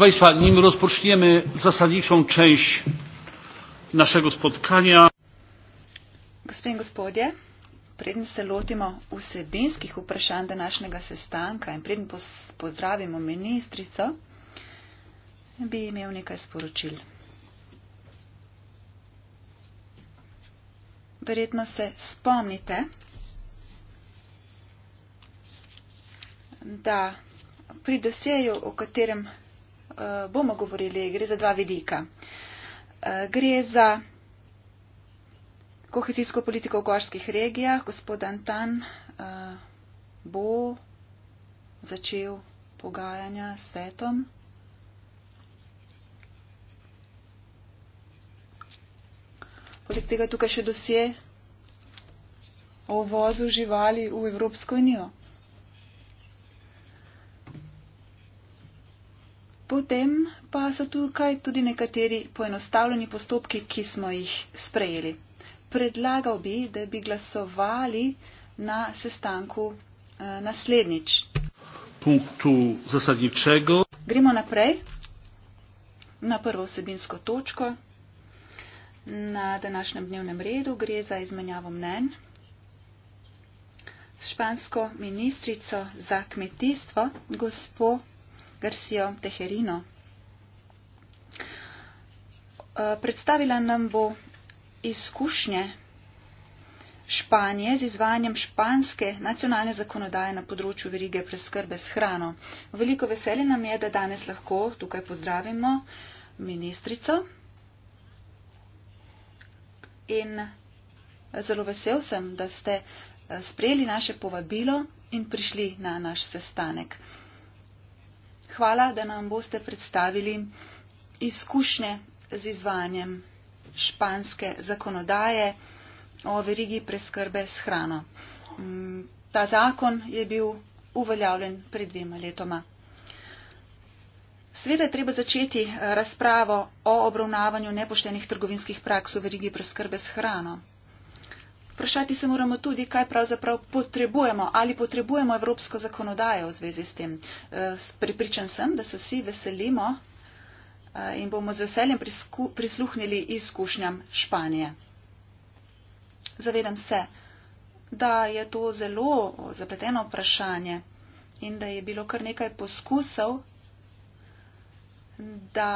państwa nim rozpoczniemy zasadniczą część naszego spotkania Gospodin gospodje preden se lotimo vsebinskih vprašanj današnjega sestanka in preden pozdravimo ministrico bi imel nekaj sporočil Verjetno se spomnite da pri dosjeju, o katerem Eh, bomo govorili, gre za dva vidika. Eh, gre za kohezijsko politiko v gorskih regijah. Gospod Antan eh, bo začel pogajanja s svetom. Poleg tega tukaj še dosje o vozu živali v Evropsko unijo. Potem pa so tukaj tudi nekateri poenostavljeni postopki, ki smo jih sprejeli. Predlagal bi, da bi glasovali na sestanku eh, naslednjič. Gremo naprej na prvo osebinsko točko. Na današnjem dnevnem redu gre za izmenjavo mnen s špansko ministrico za kmetijstvo, gospod Garcijo Teherino. Eh, predstavila nam bo izkušnje Španije z izvajanjem španske nacionalne zakonodaje na področju verige preskrbe s hrano. Veliko veselje nam je, da danes lahko tukaj pozdravimo ministrico. In eh, zelo vesel sem, da ste eh, sprejeli naše povabilo in prišli na naš sestanek hvala, da nam boste predstavili izkušnje z izvajanjem španske zakonodaje o verigi preskrbe s hrano. Mm, ta zakon je bil uveljavljen pred dvema letoma. Sveda je treba začeti eh, razpravo o obravnavanju nepoštenih trgovinskih praks v verigi preskrbe s hrano. Vprašati se moramo tudi, kaj pravzaprav potrebujemo, ali potrebujemo evropsko zakonodajo v zvezi s tem. Eh, pripričan sem, da se vsi veselimo eh, in bomo z veseljem prisluhnili izkušnjam Španije. Zavedam se, da je to zelo zapleteno vprašanje in da je bilo kar nekaj poskusov, da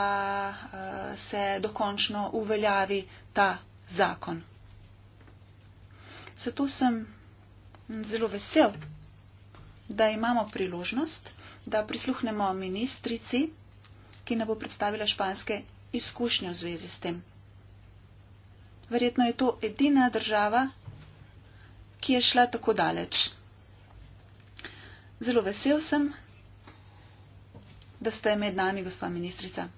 eh, se dokončno uveljavi ta zakon. Zato sem zelo vesel, da imamo priložnost, da prisluhnemo ministrici, ki ne bo predstavila španske izkušnje v zvezi s tem. Verjetno je to edina država, ki je šla tako daleč. Zelo vesel sem, da ste med nami, gospa ministrica.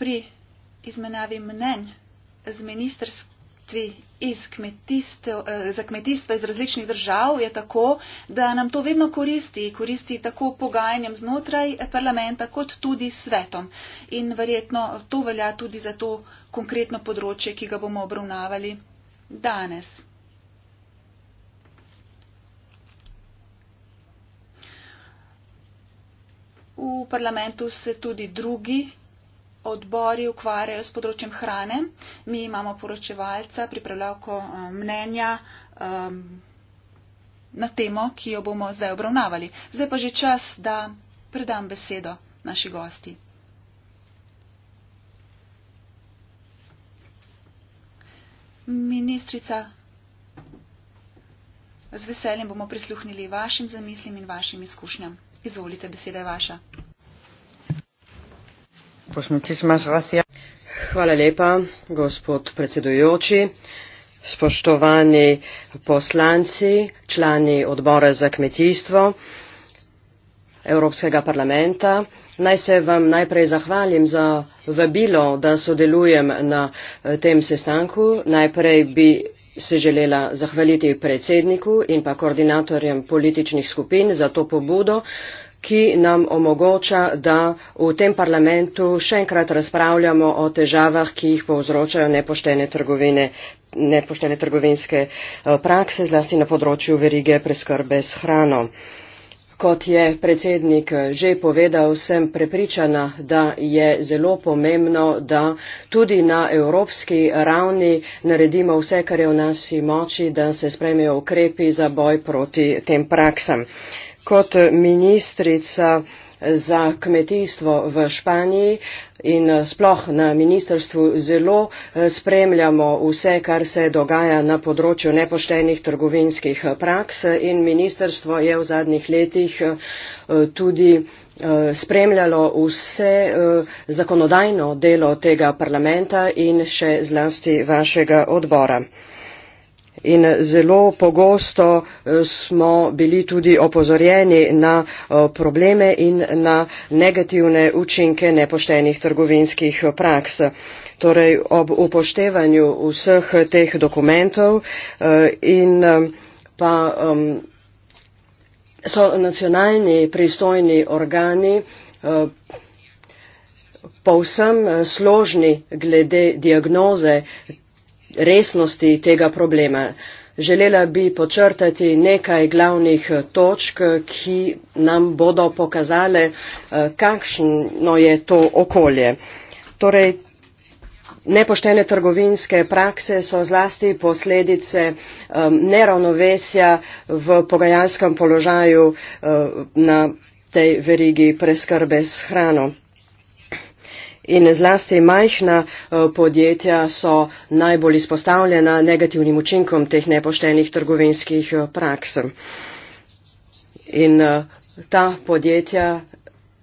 pri izmenjavi mnenj z ministrstvi iz eh, za kmetijstvo iz različnih držav je tako, da nam to vedno koristi, koristi tako pogajanjem znotraj parlamenta kot tudi svetom. In verjetno to velja tudi za to konkretno področje, ki ga bomo obravnavali danes. V parlamentu se tudi drugi odbori ukvarjajo s področjem hrane. Mi imamo poročevalca, pripravljavko eh, mnenja um, na temo, ki jo bomo zdaj obravnavali. Zdaj pa že čas, da predam besedo naši gosti. Ministrica, z veseljem bomo prisluhnili vašim zamislim in vašim izkušnjam. Izvolite, beseda je vaša. Hvala lepa, gospod predsedujoči, spoštovani poslanci, člani odbora za kmetijstvo Evropskega parlamenta. Naj se vam najprej zahvalim za vabilo, da sodelujem na eh, tem sestanku. Najprej bi se želela zahvaliti predsedniku in pa koordinatorjem političnih skupin za to pobudo, ki nam omogoča, da v tem parlamentu še enkrat razpravljamo o težavah, ki jih povzročajo nepoštene trgovine nepoštene trgovinske eh, prakse, zlasti na področju verige preskrbe s hrano. Kot je predsednik eh, že povedal, sem prepričana, da je zelo pomembno, da tudi na evropski ravni naredimo vse, kar je v nasi moči, da se spremejo ukrepi za boj proti tem praksam kot ministrica za kmetijstvo v Španiji in sploh na ministrstvu zelo eh, spremljamo vse, kar se dogaja na področju nepoštenih trgovinskih praks eh, in ministrstvo je v zadnjih letih eh, tudi spremljalo vse zakonodajno delo tega parlamenta in še zlasti vašega odbora in zelo pogosto eh, smo bili tudi opozorjeni na eh, probleme in na negativne učinke nepoštenih trgovinskih praks. Torej, ob upoštevanju vseh teh dokumentov eh, in pa so nacionalni pristojni organi povsem složni glede diagnoze resnosti tega problema. Želela bi počrtati nekaj glavnih eh, točk, eh, ki nam bodo pokazale, eh, kakšno je to okolje. Torej, nepoštene trgovinske prakse so zlasti posledice neravnovesja v pogajalskem položaju na tej verigi preskrbe s hrano in zlasti majhna eh, podjetja so najbolj izpostavljena negativnim učinkom teh nepoštenih trgovinskih eh, praks. In eh, ta podjetja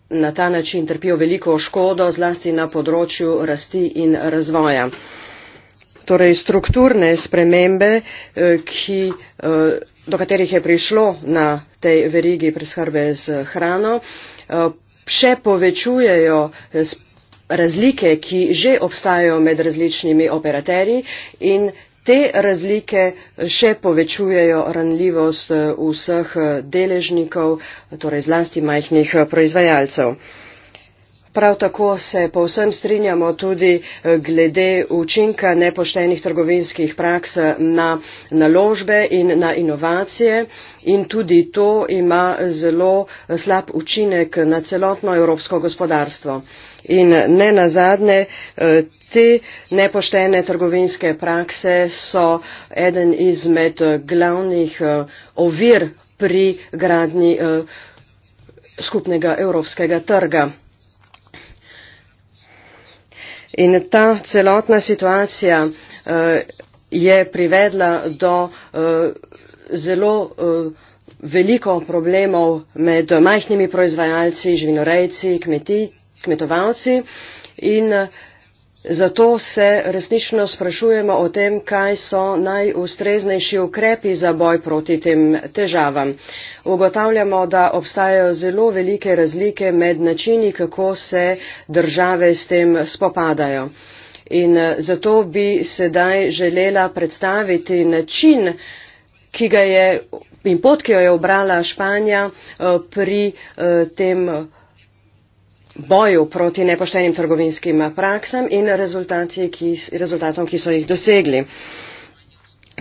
na ta način trpijo veliko škodo, zlasti na področju rasti in razvoja. Torej, strukturne spremembe, ki, do katerih je prišlo na tej verigi preskrbe z hrano, še povečujejo razlike, ki že obstajajo med različnimi operaterji in te razlike še povečujejo ranljivost eh, vseh eh, deležnikov, torej zlasti majhnih eh, proizvajalcev. Prav tako se povsem strinjamo tudi glede učinka nepoštenih trgovinskih praks na naložbe in na inovacije in tudi to ima zelo slab učinek na celotno evropsko gospodarstvo in ne nazadnje eh, te nepoštene trgovinske prakse so eden izmed eh, glavnih eh, ovir pri gradnji skupnega evropskega trga. In ta celotna situacija je privedla do zelo veliko problemov med majhnimi proizvajalci, živinorejci, kmetij, kmetovalci in eh, zato se resnično sprašujemo o tem, kaj so najustreznejši ukrepi za boj proti tem težavam. Ugotavljamo, da obstajajo zelo velike razlike med načini, kako se države s tem spopadajo. In eh, zato bi sedaj želela predstaviti način, ki ga je in pot, ki jo je obrala Španija eh, pri tem boju proti nepoštenim trgovinskim praksam in ki, rezultatom, ki so jih dosegli.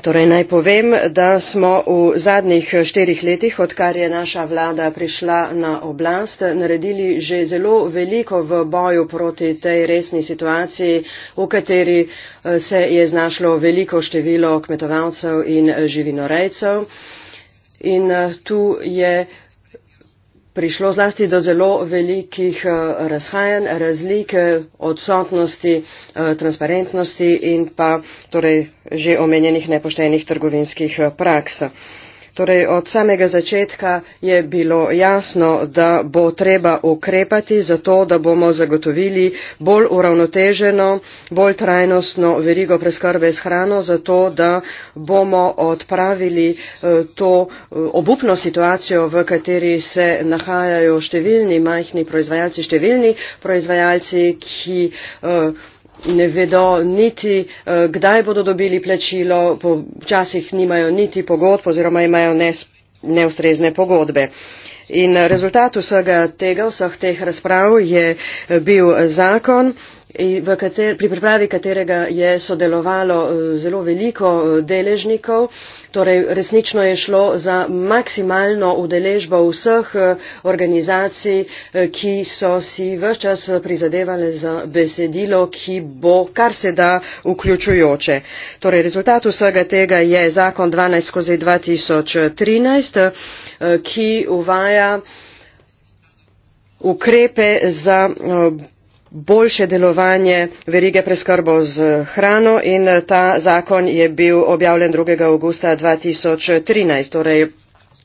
Torej naj povem, da smo v zadnjih štirih letih, odkar je naša vlada prišla na oblast, naredili že zelo veliko v boju proti tej resni situaciji, v kateri eh, se je znašlo veliko število kmetovalcev in živinorejcev. In eh, tu je uh, prišlo zlasti do zelo velikih eh, razhajanj, razlike, eh, odsotnosti, eh, transparentnosti in pa torej že omenjenih nepoštenih trgovinskih praks. Torej, od samega začetka je bilo jasno, da bo treba ukrepati za to, da bomo zagotovili bolj uravnoteženo, bolj trajnostno verigo preskrbe s hrano, zato da bomo odpravili eh, to eh, obupno situacijo, v kateri se nahajajo številni majhni proizvajalci, številni proizvajalci, ki. Uh, ne vedo niti, eh, kdaj bodo dobili plačilo, včasih nimajo niti pogodb oziroma imajo neustrezne pogodbe. In rezultat vsega tega, vseh teh razprav je eh, bil zakon, kater, pri pripravi katerega je sodelovalo eh, zelo veliko eh, deležnikov. Torej, resnično je šlo za maksimalno udeležbo vseh eh, organizacij, ki so si vse čas prizadevali za besedilo, ki bo kar se da vključujoče. Torej, rezultat vsega tega je zakon 12 skozi 2013, ki uvaja ukrepe za boljše delovanje verige preskrbo s hrano in eh, ta zakon je bil objavljen drugega avgusta dva tisoč trinajst torej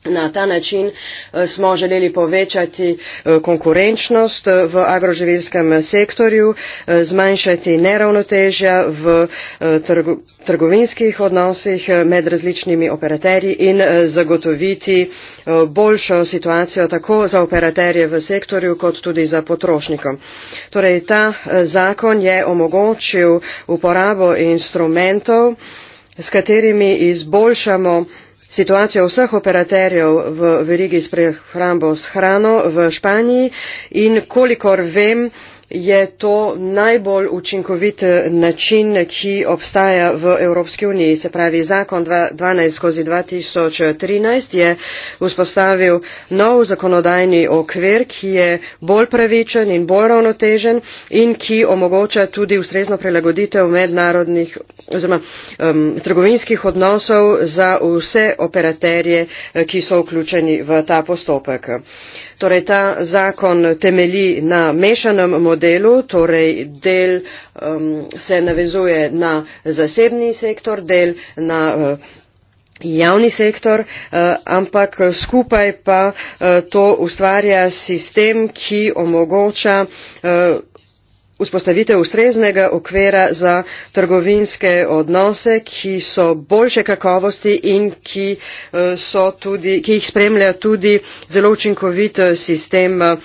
Na ta način eh, smo želeli povečati eh, konkurenčnost eh, v agroživilskem sektorju, zmanjšati neravnotežja v trgovinskih odnosih med različnimi operaterji in zagotoviti boljšo situacijo tako za operaterje v sektorju kot tudi za potrošnikom. Torej, ta zakon je omogočil uporabo instrumentov, s katerimi izboljšamo situacijo vseh operaterjev v verigi s prehrambo s hrano v španiji in kolikor vem je to najbolj učinkovit eh, način, ki obstaja v Evropski uniji. Se pravi, zakon 12 skozi 2013 je vzpostavil nov zakonodajni okvir, ki je bolj pravičen in bolj ravnotežen in ki omogoča tudi ustrezno prilagoditev mednarodnih oziroma um, trgovinskih odnosov za vse operaterje, eh, ki so vključeni v ta postopek. Uh, Torej, ta zakon temelji na mešanem modelu, torej del um, se navezuje na zasebni sektor, del na. Uh, javni sektor, uh, ampak skupaj pa uh, to ustvarja sistem, ki omogoča uh, vzpostavitev ustreznega okvira za trgovinske odnose, ki so boljše kakovosti in ki, eh, tudi, ki jih spremlja tudi zelo učinkovit eh, sistem eh,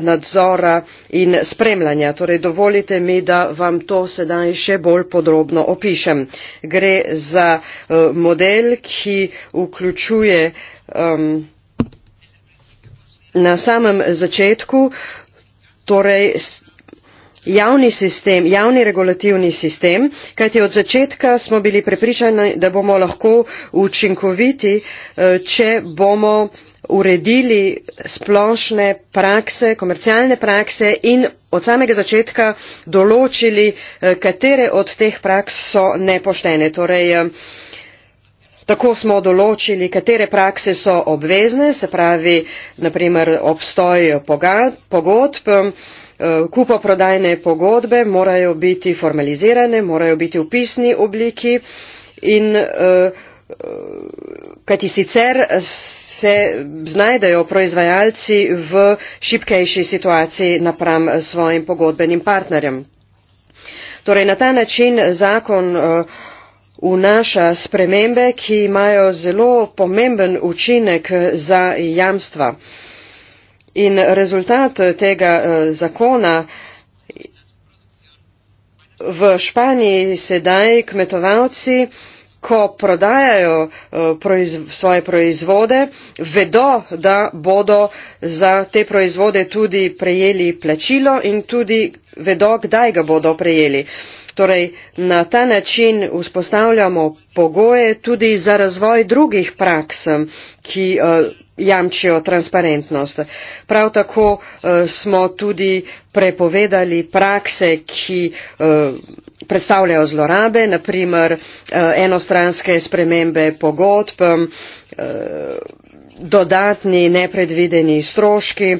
nadzora in spremljanja. Torej, dovolite mi, da vam to sedaj še bolj podrobno opišem. Gre za model, ki vključuje um, na samem začetku torej javni regulativni sistem kajti od začetka smo bili prepričani da bomo lahko učinkoviti eh, če bomo uredili splošne prakse komercialne prakse in od samega začetka določili eh, katere od teh praks so nepoštene torej eh, tako smo določili katere prakse so obvezne se pravi na primer obstoj pogodb Eh, kupoprodajne pogodbe morajo biti formalizirane morajo biti v pisni obliki in eh, eh, kajti sicer se znajdejo proizvajalci v šibkejši situaciji napram svojim pogodbenim partnerjem. Torej na ta način zakon vnaša spremembe, ki imajo zelo pomemben učinek za jamstva. In rezultat eh, tega eh, zakona v Španiji sedaj kmetovalci, ko prodajajo eh, proizv, svoje proizvode, vedo, da bodo za te proizvode tudi prejeli plačilo in tudi vedo, kdaj ga bodo prejeli. Torej, na ta način vzpostavljamo pogoje tudi za razvoj drugih praks, ki jamčijo transparentnost. Prav tako eh, smo tudi prepovedali prakse, ki eh, predstavljajo zlorabe, naprimer eh, enostranske spremembe pogodb, dodatni nepredvideni stroški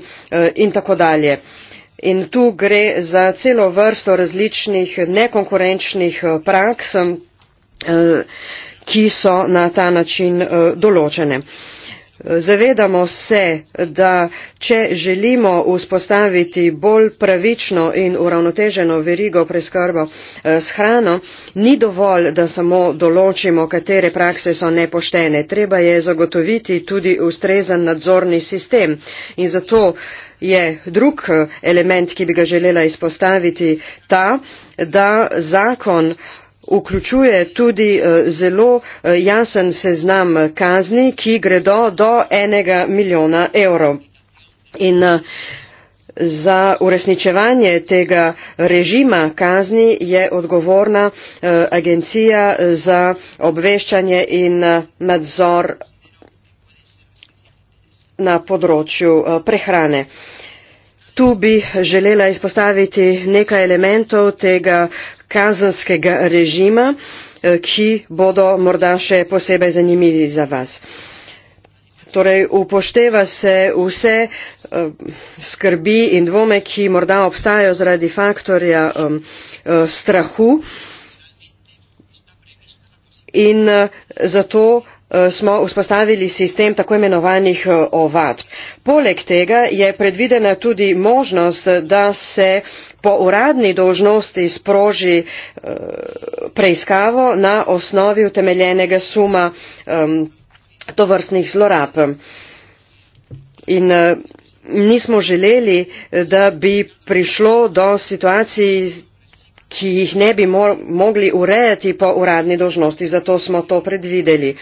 in tako dalje. In tu gre za celo vrsto različnih nekonkurenčnih praks, ki so na ta način določene zavedamo se da če želimo vzpostaviti bolj pravično in uravnoteženo verigo preskrbo eh, s hrano ni dovolj da samo določimo katere prakse so nepoštene treba je zagotoviti tudi ustrezen nadzorni sistem in zato je drug eh, element ki bi ga želela izpostaviti ta da zakon vključuje tudi eh, zelo eh, jasen seznam kazni ki gredo do enega milijona evrov in eh, za uresničevanje tega režima kazni je odgovorna agencija za obveščanje in nadzor na področju prehrane. Tu bi želela izpostaviti nekaj elementov tega kazenskega režima eh, ki bodo morda še posebej zanimivi za vas. torej upošteva se vse eh, skrbi in dvome ki morda obstajajo zaradi faktorja eh, strahu in zato smo vzpostavili sistem tako imenovanih ovadb. poleg tega je predvidena tudi možnost da se po uradni dolžnosti sproži eh, preiskavo na osnovi utemeljenega suma tovrstnih zlorab. In eh, nismo želeli, eh, da bi prišlo do situacij, ki jih ne bi mogli urejati po uradni dožnosti, zato smo to predvideli. Uh,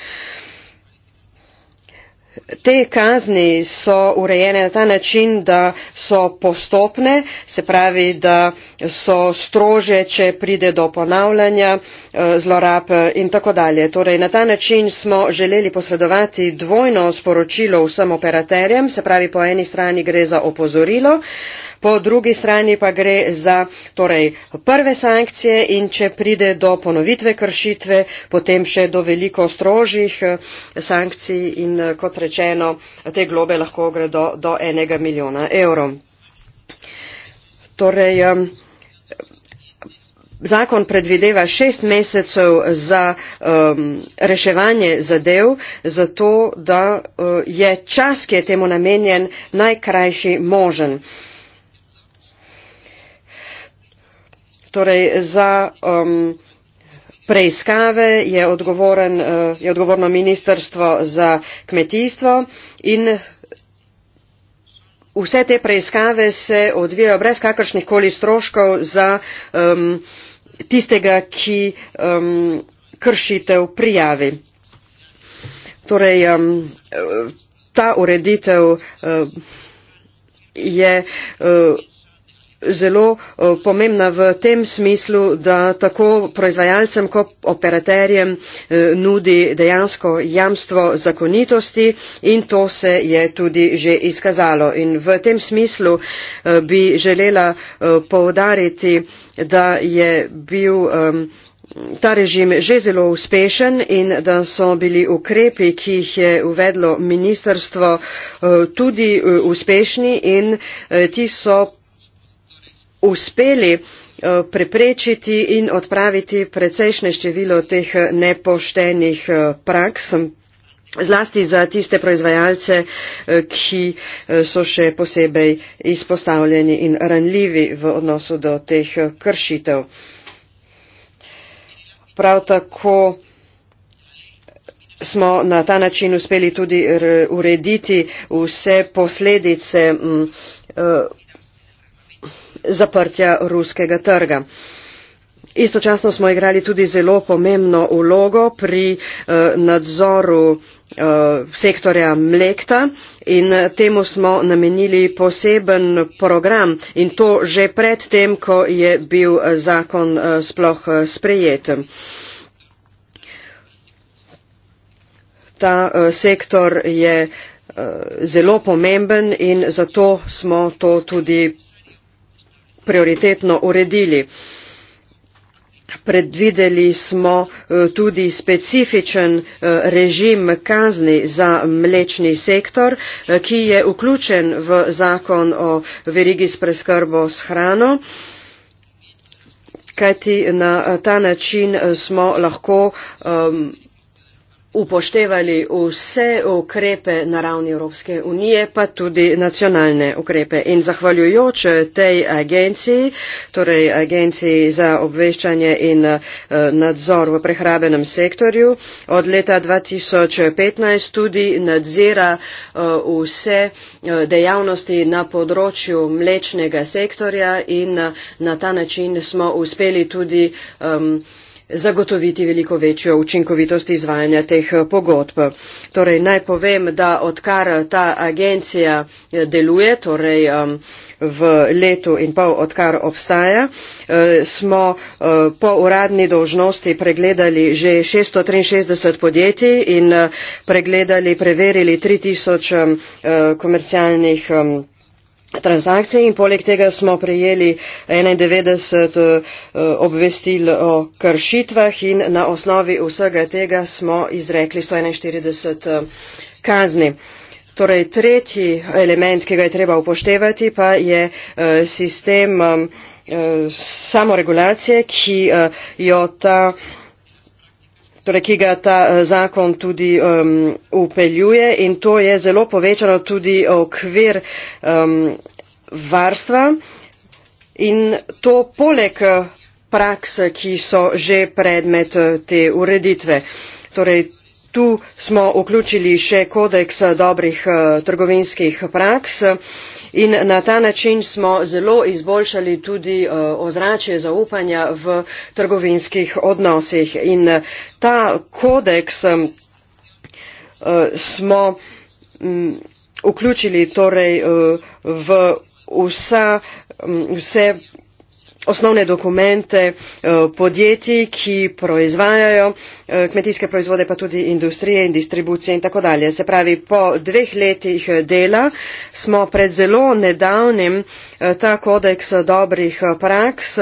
Te kazni so urejene na ta način, da so postopne, se pravi, da so strože, če pride do ponavljanja eh, zlorab eh, in tako dalje. Torej, na ta način smo želeli posredovati dvojno sporočilo vsem operaterjem, se pravi, po eni strani gre za opozorilo, po drugi strani pa gre za torej prve sankcije in če pride do ponovitve kršitve potem še do veliko strožjih eh, sankcij in eh, kot rečeno te globe lahko gredo do enega milijona evrov. Torej, Zakon predvideva šest mesecev za um, reševanje zadev, zato da uh, je čas, ki je temu namenjen, najkrajši možen. Uh, Torej za um, preiskave je, odgovoren, uh, je odgovorno ministrstvo za kmetijstvo in vse te preiskave se odvijajo brez kakršnih koli stroškov za um, tistega, ki um, kršitev prijavi. Torej, um, ta ureditev uh, je uh, zelo eh, pomembna v tem smislu, da tako proizvajalcem kot operaterjem eh, nudi dejansko jamstvo zakonitosti in to se je tudi že izkazalo. In v tem smislu eh, bi želela povdariti, da je bil ta režim že zelo uspešen in da so bili ukrepi, ki jih je uvedlo ministerstvo, tudi uspešni in ti so uspeli eh, preprečiti in odpraviti precejšnje število teh nepoštenih eh, praks zlasti za tiste proizvajalce, eh, ki so še posebej izpostavljeni in ranljivi v odnosu do teh kršitev. Prav tako smo na ta način uspeli tudi urediti vse posledice mm, zaprtja ruskega trga. Istočasno smo igrali tudi zelo pomembno vlogo pri eh, nadzoru eh, sektorja mlekta in temu smo namenili poseben program in to že pred tem, ko je bil eh, zakon sploh sprejet. Ta sektor je zelo pomemben in zato smo to tudi prioritetno uredili. Predvideli smo eh, tudi specifičen eh, režim kazni za mlečni sektor, eh, ki je vključen v zakon o verigi s preskrbo s hrano kajti na ta način smo lahko um, upoštevali vse ukrepe na ravni Evropske unije, pa tudi nacionalne ukrepe. In zahvaljujoč tej agenciji, torej Agenciji za obveščanje in eh, nadzor v prehrabenem sektorju, od leta 2015 tudi nadzira eh, vse eh, dejavnosti na področju mlečnega sektorja in na ta način smo uspeli tudi um, zagotoviti veliko večjo učinkovitost izvajanja teh eh, pogodb. Torej, naj povem, da odkar ta agencija eh, deluje, torej v letu in pol odkar obstaja, eh, smo po uradni dolžnosti pregledali že 663 podjetij in pregledali, preverili 3000 komercialnih podjetij transakcije in poleg tega smo prejeli 91 eh, obvestil o kršitvah in na osnovi vsega tega smo izrekli 141 eh, kazni. Torej, tretji element, ki ga je treba upoštevati, pa je eh, sistem samoregulacije, ki jo ta torej, ki ga ta eh, zakon tudi um, upeljuje in to je zelo povečano tudi okvir um, varstva in to poleg eh, praks, ki so že predmet eh, te ureditve. Torej, tu smo vključili še kodeks dobrih uh, trgovinskih praks. Uh, in na ta način smo zelo izboljšali tudi eh, ozračje zaupanja v trgovinskih odnosih in eh, ta kodeks eh, smo mm, vključili torej v vsa mm, vse osnovne dokumente eh, podjetij ki proizvajajo eh, kmetijske proizvode pa tudi industrije in distribucije in tako dalje se pravi po dveh letih eh, dela smo pred zelo nedavnim ta kodeks dobrih praks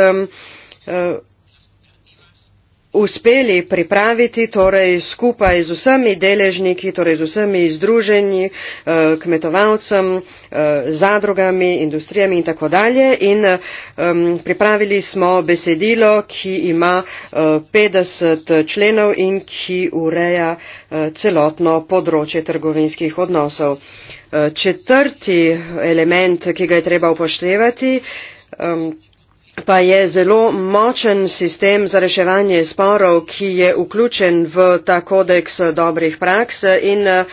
uspeli pripraviti torej skupaj z vsemi deležniki torej z vsemi združenji eh, kmetovalcem eh, zadrugami industrijami in tako dalje in pripravili smo besedilo ki ima eh, petdeset členov in ki ureja celotno področje trgovinskih odnosov. četrti element ki ga je treba upoštevati pa je zelo močen sistem za reševanje sporov ki je vključen v ta kodeks dobrih praks in eh,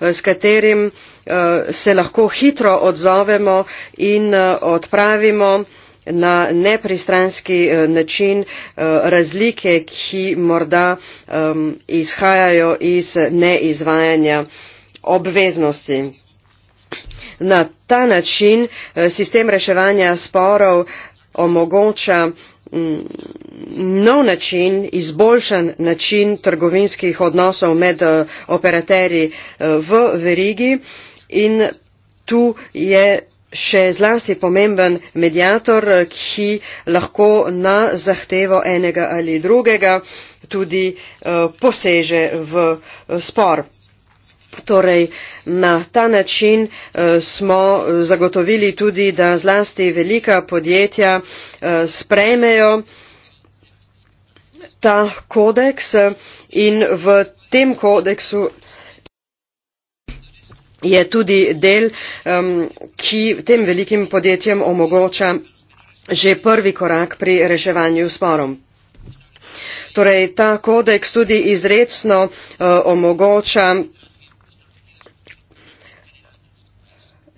s katerim eh, se lahko hitro odzovemo in eh, odpravimo na nepristranski način razlike ki morda izhajajo iz neizvajanja obveznosti. Na ta način sistem reševanja sporov omogoča mm, nov način, izboljšan način trgovinskih odnosov med eh, operaterji eh, v verigi in tu je še zlasti pomemben medijator, eh, ki lahko na zahtevo enega ali drugega tudi poseže v spor. Torej, na ta način eh, smo eh, zagotovili tudi, da zlasti velika podjetja eh, sprejmejo ta kodeks in v tem kodeksu je tudi del, ki tem velikim podjetjem omogoča že prvi korak pri reševanju sporom. Torej, ta kodeks tudi izredno omogoča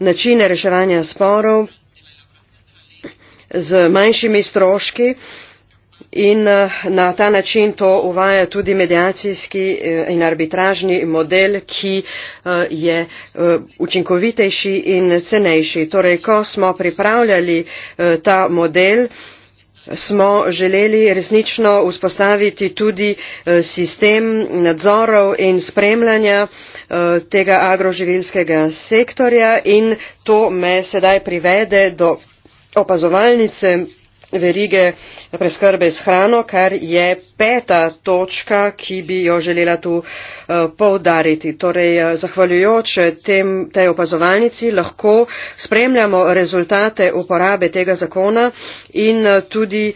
načine reševanja sporov z manjšimi stroški in eh, na ta način to uvaja tudi mediacijski eh, in arbitražni model, ki eh, je učinkovitejši in cenejši. Torej, ko smo pripravljali ta model, smo želeli resnično vzpostaviti tudi eh, sistem nadzorov in spremljanja eh, tega agroživilskega sektorja in to me sedaj privede do opazovalnice verige preskrbe s hrano, kar je peta točka, ki bi jo želela tu eh, poudariti. Torej, eh, zahvaljujoč tem, tej opazovalnici lahko spremljamo rezultate uporabe tega zakona in eh, tudi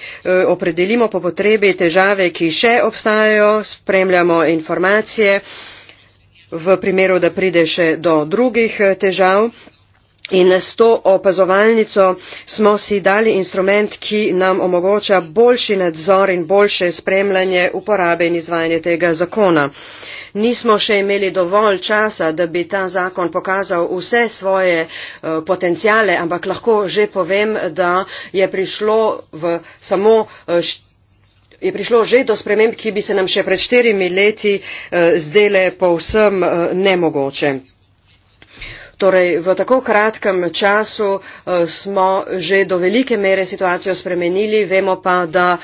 opredelimo po potrebi težave, ki še obstajajo, spremljamo informacije v primeru, da pride še do drugih težav in s to opazovalnico smo si dali instrument ki nam omogoča boljši nadzor in boljše spremljanje uporabe in izvajanje tega zakona. nismo še imeli dovolj časa da bi ta zakon pokazal vse svoje eh, potenciale ampak lahko že povem da je prišlo v samo eh, je prišlo že do sprememb ki bi se nam še pred štirimi leti eh, zdele povsem nemogoče. Torej, v tako kratkem času eh, smo že do velike mere situacijo spremenili, vemo pa, da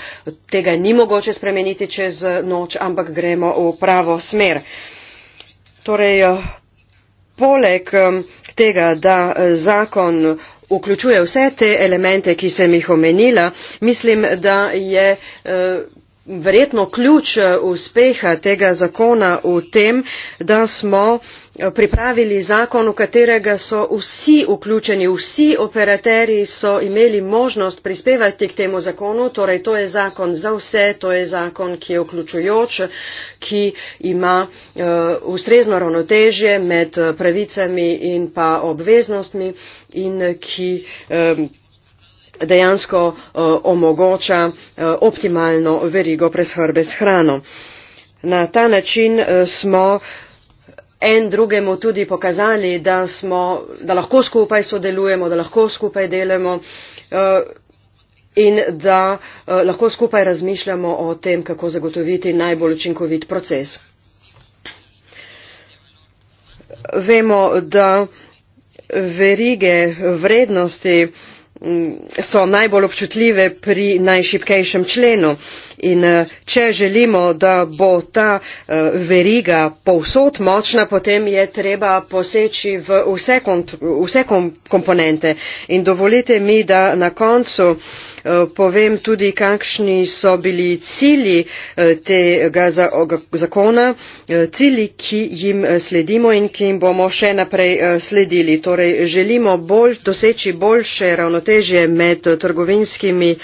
tega ni mogoče spremeniti čez noč, ampak gremo v pravo smer. Torej, eh, poleg eh, tega, da zakon vključuje vse te elemente, ki sem jih omenila, mislim, da je. Verjetno ključ uspeha tega zakona v tem, da smo pripravili zakon v katerega so vsi vključeni vsi operaterji so imeli možnost prispevati k temu zakonu torej to je zakon za vse to je zakon ki je vključujoč ki ima eh, ustrezno ravnotežje med eh, pravicami in pa obveznostmi in ki eh, dejansko omogoča optimalno verigo preskrbe s hrano. na ta način smo en drugemu tudi pokazali, da, smo, da lahko skupaj sodelujemo, da lahko skupaj delamo eh, in da eh, lahko skupaj razmišljamo o tem, kako zagotoviti najbolj učinkovit proces. Vemo, da verige vrednosti uh, Mm, so najbolj občutljive pri najšipkejšem členu. In eh, če želimo, da bo ta eh, veriga povsod močna, potem je treba poseči v vse, kont, vse komponente. In dovolite mi, da na koncu uh, Eh, povem tudi, kakšni so bili cilji eh, tega zakona, eh, cilji, ki jim sledimo in ki jim bomo še naprej sledili. Torej, želimo bolj, doseči boljše ravnotežje med trgovinskimi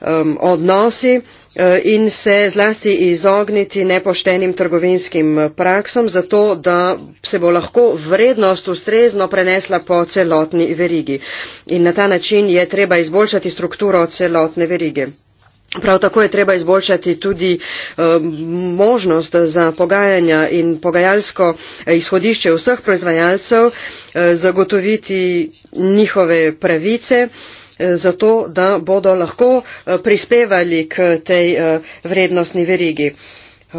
um, odnosi. E, in se zlasti izogniti nepoštenim trgovinskim praksam zato da se bo lahko vrednost ustrezno prenesla po celotni verigi in na ta način je treba izboljšati strukturo celotne verige. Prav tako je treba izboljšati tudi e, možnost za pogajanja in pogajalsko e, izhodišče vseh proizvajalcev, zagotoviti njihove pravice Eh, zato, da bodo lahko eh, prispevali k tej eh, vrednostni verigi.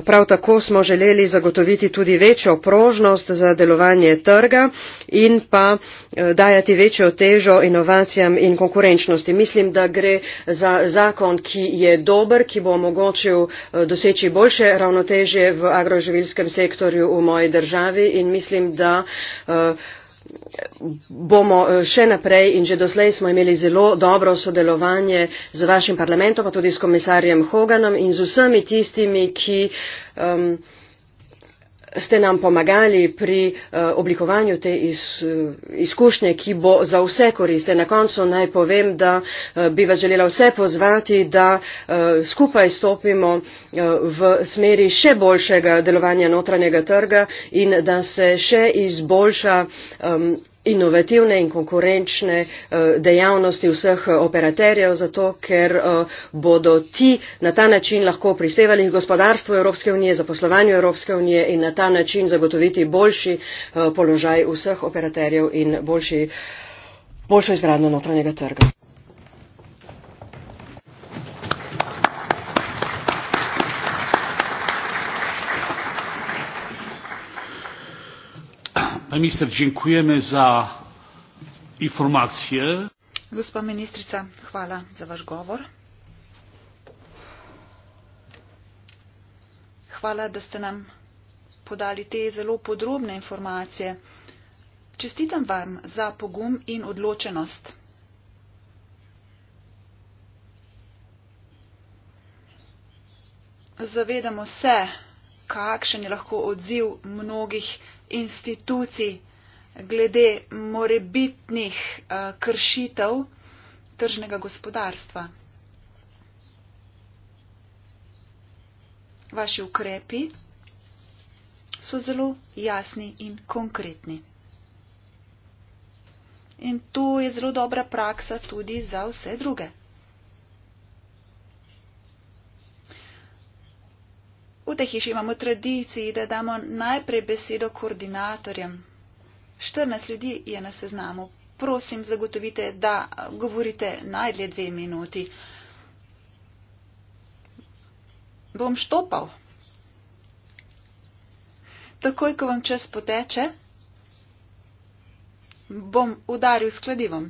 Prav tako smo želeli zagotoviti tudi večjo prožnost za delovanje trga in pa dajati večjo težo inovacijam in konkurenčnosti. Mislim, da gre za zakon, ki je dober, ki bo omogočil doseči boljše ravnoteže v agroživilskem sektorju v moji državi in mislim, da uh, bomo eh, še naprej in že doslej smo imeli zelo dobro sodelovanje z vašim parlamentom pa tudi s komisarjem hoganom in z vsemi tistimi ki um, ste nam pomagali pri eh, oblikovanju te eh, izkušnje, ki bo za vse koriste. Na koncu naj povem, da eh, bi vas želela vse pozvati, da skupaj stopimo v smeri še boljšega delovanja notranjega trga in da se še izboljša inovativne in konkurenčne eh, dejavnosti vseh eh, operaterjev, zato ker eh, bodo ti na ta način lahko prispevali gospodarstvu Evropske unije, zaposlovanju Evropske unije in na ta način zagotoviti boljši položaj vseh operaterjev in boljši, boljšo izgradno notranjega trga. gospa ministrica hvala za vaš govor hvala da ste nam podali te zelo podrobne informacije čestitam vam za pogum in odločenost zavedamo se kakšen je lahko odziv mnogih institucij glede morebitnih eh, kršitev tržnega gospodarstva. Vaši ukrepi so zelo jasni in konkretni. In to je zelo dobra praksa tudi za vse druge. V tej hiši imamo tradiciji, da damo najprej besedo koordinatorjem. 14 ljudi je na seznamu. Prosim, zagotovite, da govorite najdlje dve minuti. Bom štopal. Takoj, ko vam čas poteče, bom udaril skladivom.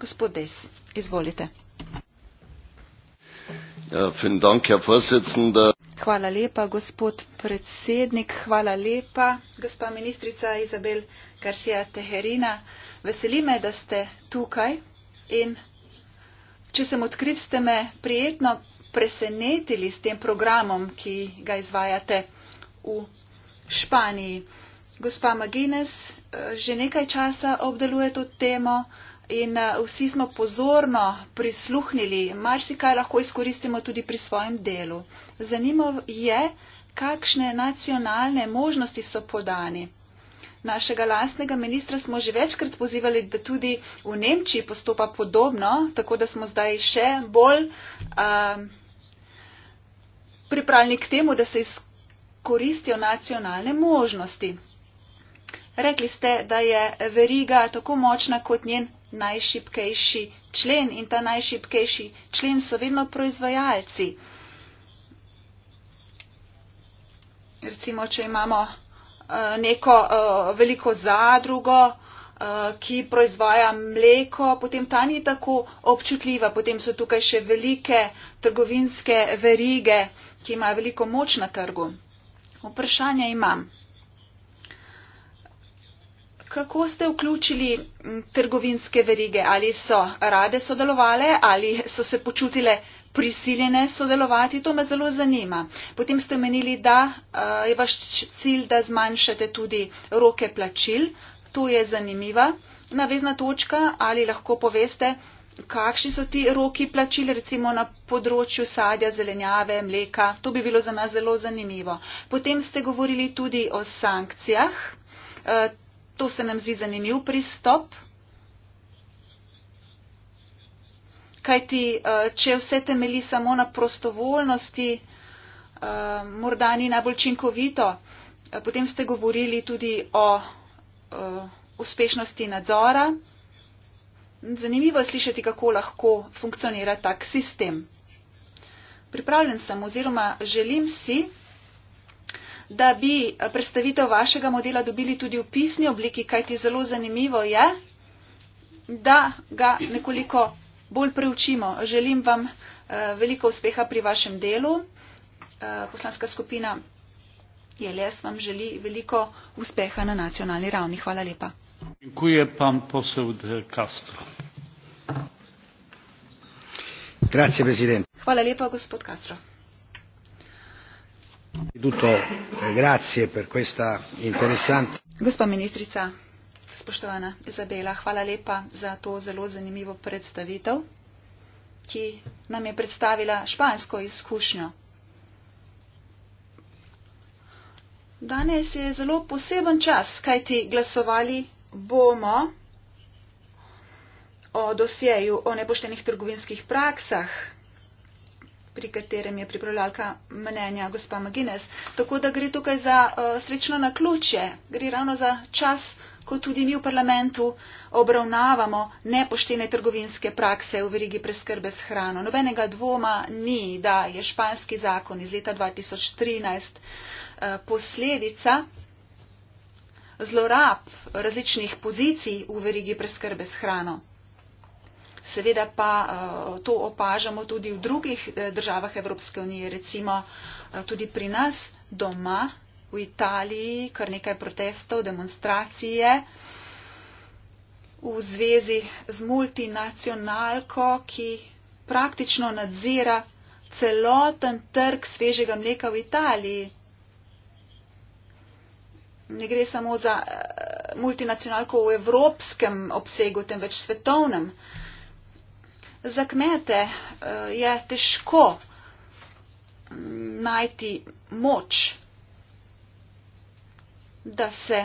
Gospod Des, izvolite. Ja, Hvala lepa, gospod predsednik. Hvala lepa, gospa ministrica Izabel Garcia Teherina. Veseli me, da ste tukaj in če sem odkrit, ste me prijetno presenetili s tem programom, ki ga izvajate v Španiji. Gospa Magines, že nekaj časa obdeluje to temo in eh, vsi smo pozorno prisluhnili. Marsikaj lahko izkoristimo tudi pri svojem delu. Zanimivo je, kakšne nacionalne možnosti so podani. Našega lastnega ministra smo že večkrat pozivali, da tudi v Nemčiji postopa podobno, tako da smo zdaj še bolj um, pripravljeni k temu, da se izkoristijo nacionalne možnosti. Rekli ste, da je veriga tako močna kot njen najšipkejši člen in ta najšipkejši člen so vedno proizvajalci. Recimo, če imamo eh, neko eh, veliko zadrugo, eh, ki proizvaja mleko, potem ta ni tako občutljiva, potem so tukaj še velike trgovinske verige, ki imajo veliko moč na trgu. Vprašanje imam. Kako ste vključili trgovinske verige? Ali so rade sodelovali ali so se počutile prisiljene sodelovati? To me zelo zanima. Potem ste omenili, da je vaš cilj, da zmanjšate tudi roke plačil. To je zanimiva navezna točka. Ali lahko poveste, kakšni so ti roki plačil, recimo na področju sadja, zelenjave, mleka? To bi bilo za nas zelo zanimivo. Potem ste govorili tudi o sankcijah. To se nam zdi zanimiv pristop. Kaj ti, eh, če vse temeli samo na prostovoljnosti, eh, morda ni najbolj činkovito. Eh, potem ste govorili tudi o uspešnosti nadzora. Zanimivo je slišati, kako lahko funkcionira tak sistem. Pripravljen sem oziroma želim si, da bi predstavitev vašega modela dobili tudi v pisni obliki, kajti zelo zanimivo je, da ga nekoliko bolj preučimo. Želim vam eh, veliko uspeha pri vašem delu. Eh, poslanska skupina Jeles vam želi veliko uspeha na nacionalni ravni. Hvala lepa. Dziękuję pan poseł De Castro. Grazie, Presidente. Hvala lepa, gospod Castro. Eh, Gospa ministrica, spoštovana Izabela, hvala lepa za to zelo zanimivo predstavitev, ki nam je predstavila špansko izkušnjo. Danes je zelo poseben čas, kaj ti glasovali bomo o dosjeju o nepoštenih trgovinskih praksah pri katerem je pripravljalka mnenja gospa Magines. Tako da gre tukaj za uh, srečno naključje, gre ravno za čas, ko tudi mi v parlamentu obravnavamo nepoštene trgovinske prakse v verigi preskrbe s hrano. Nobenega dvoma ni, da je španski zakon iz leta 2013 uh, eh, posledica zlorab različnih pozicij v verigi preskrbe s hrano. Seveda pa eh, to opažamo tudi v drugih eh, državah Evropske unije, recimo eh, tudi pri nas doma v Italiji, kar nekaj protestov, demonstracije v zvezi z multinacionalko, ki praktično nadzira celoten trg svežega mleka v Italiji. Ne gre samo za multinacionalko v evropskem obsegu, temveč svetovnem. Uh, Za kmete eh, je težko mm, najti moč, da se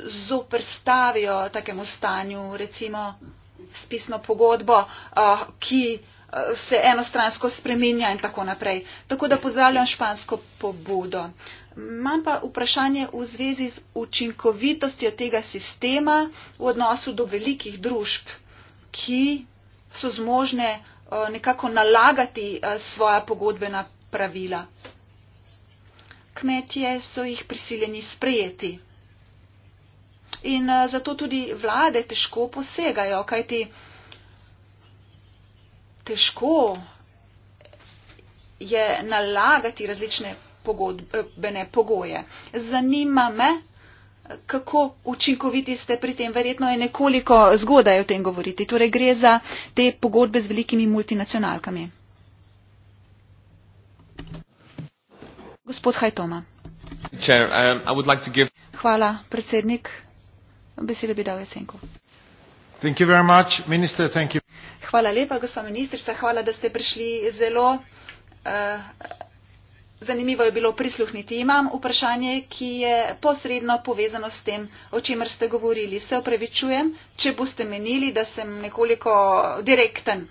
zoprstavijo takemu stanju, recimo s pismo pogodbo, eh, ki eh, se enostransko spreminja in tako naprej. Tako da pozdravljam špansko pobudo. Imam pa vprašanje v zvezi z učinkovitostjo tega sistema v odnosu do velikih družb ki so zmožne eh, nekako nalagati eh, svoja pogodbena pravila. Kmetje so jih prisiljeni sprejeti. In eh, zato tudi vlade težko posegajo, kajti težko je nalagati različne pogodbene pogoje. Zanima me, Kako učinkoviti ste pri tem? Verjetno je nekoliko zgodaj o tem govoriti. Torej gre za te pogodbe z velikimi multinacionalkami. Gospod Hajtoma. Chair, um, give... Hvala, predsednik. Besedo bi dal Jesenko. Hvala lepa, gospod ministrica. Hvala, da ste prišli zelo. Uh, Zanimivo je bilo prisluhniti. Imam vprašanje, ki je posredno povezano s tem, o čemer ste govorili. Se opravičujem, če boste menili, da sem nekoliko direkten.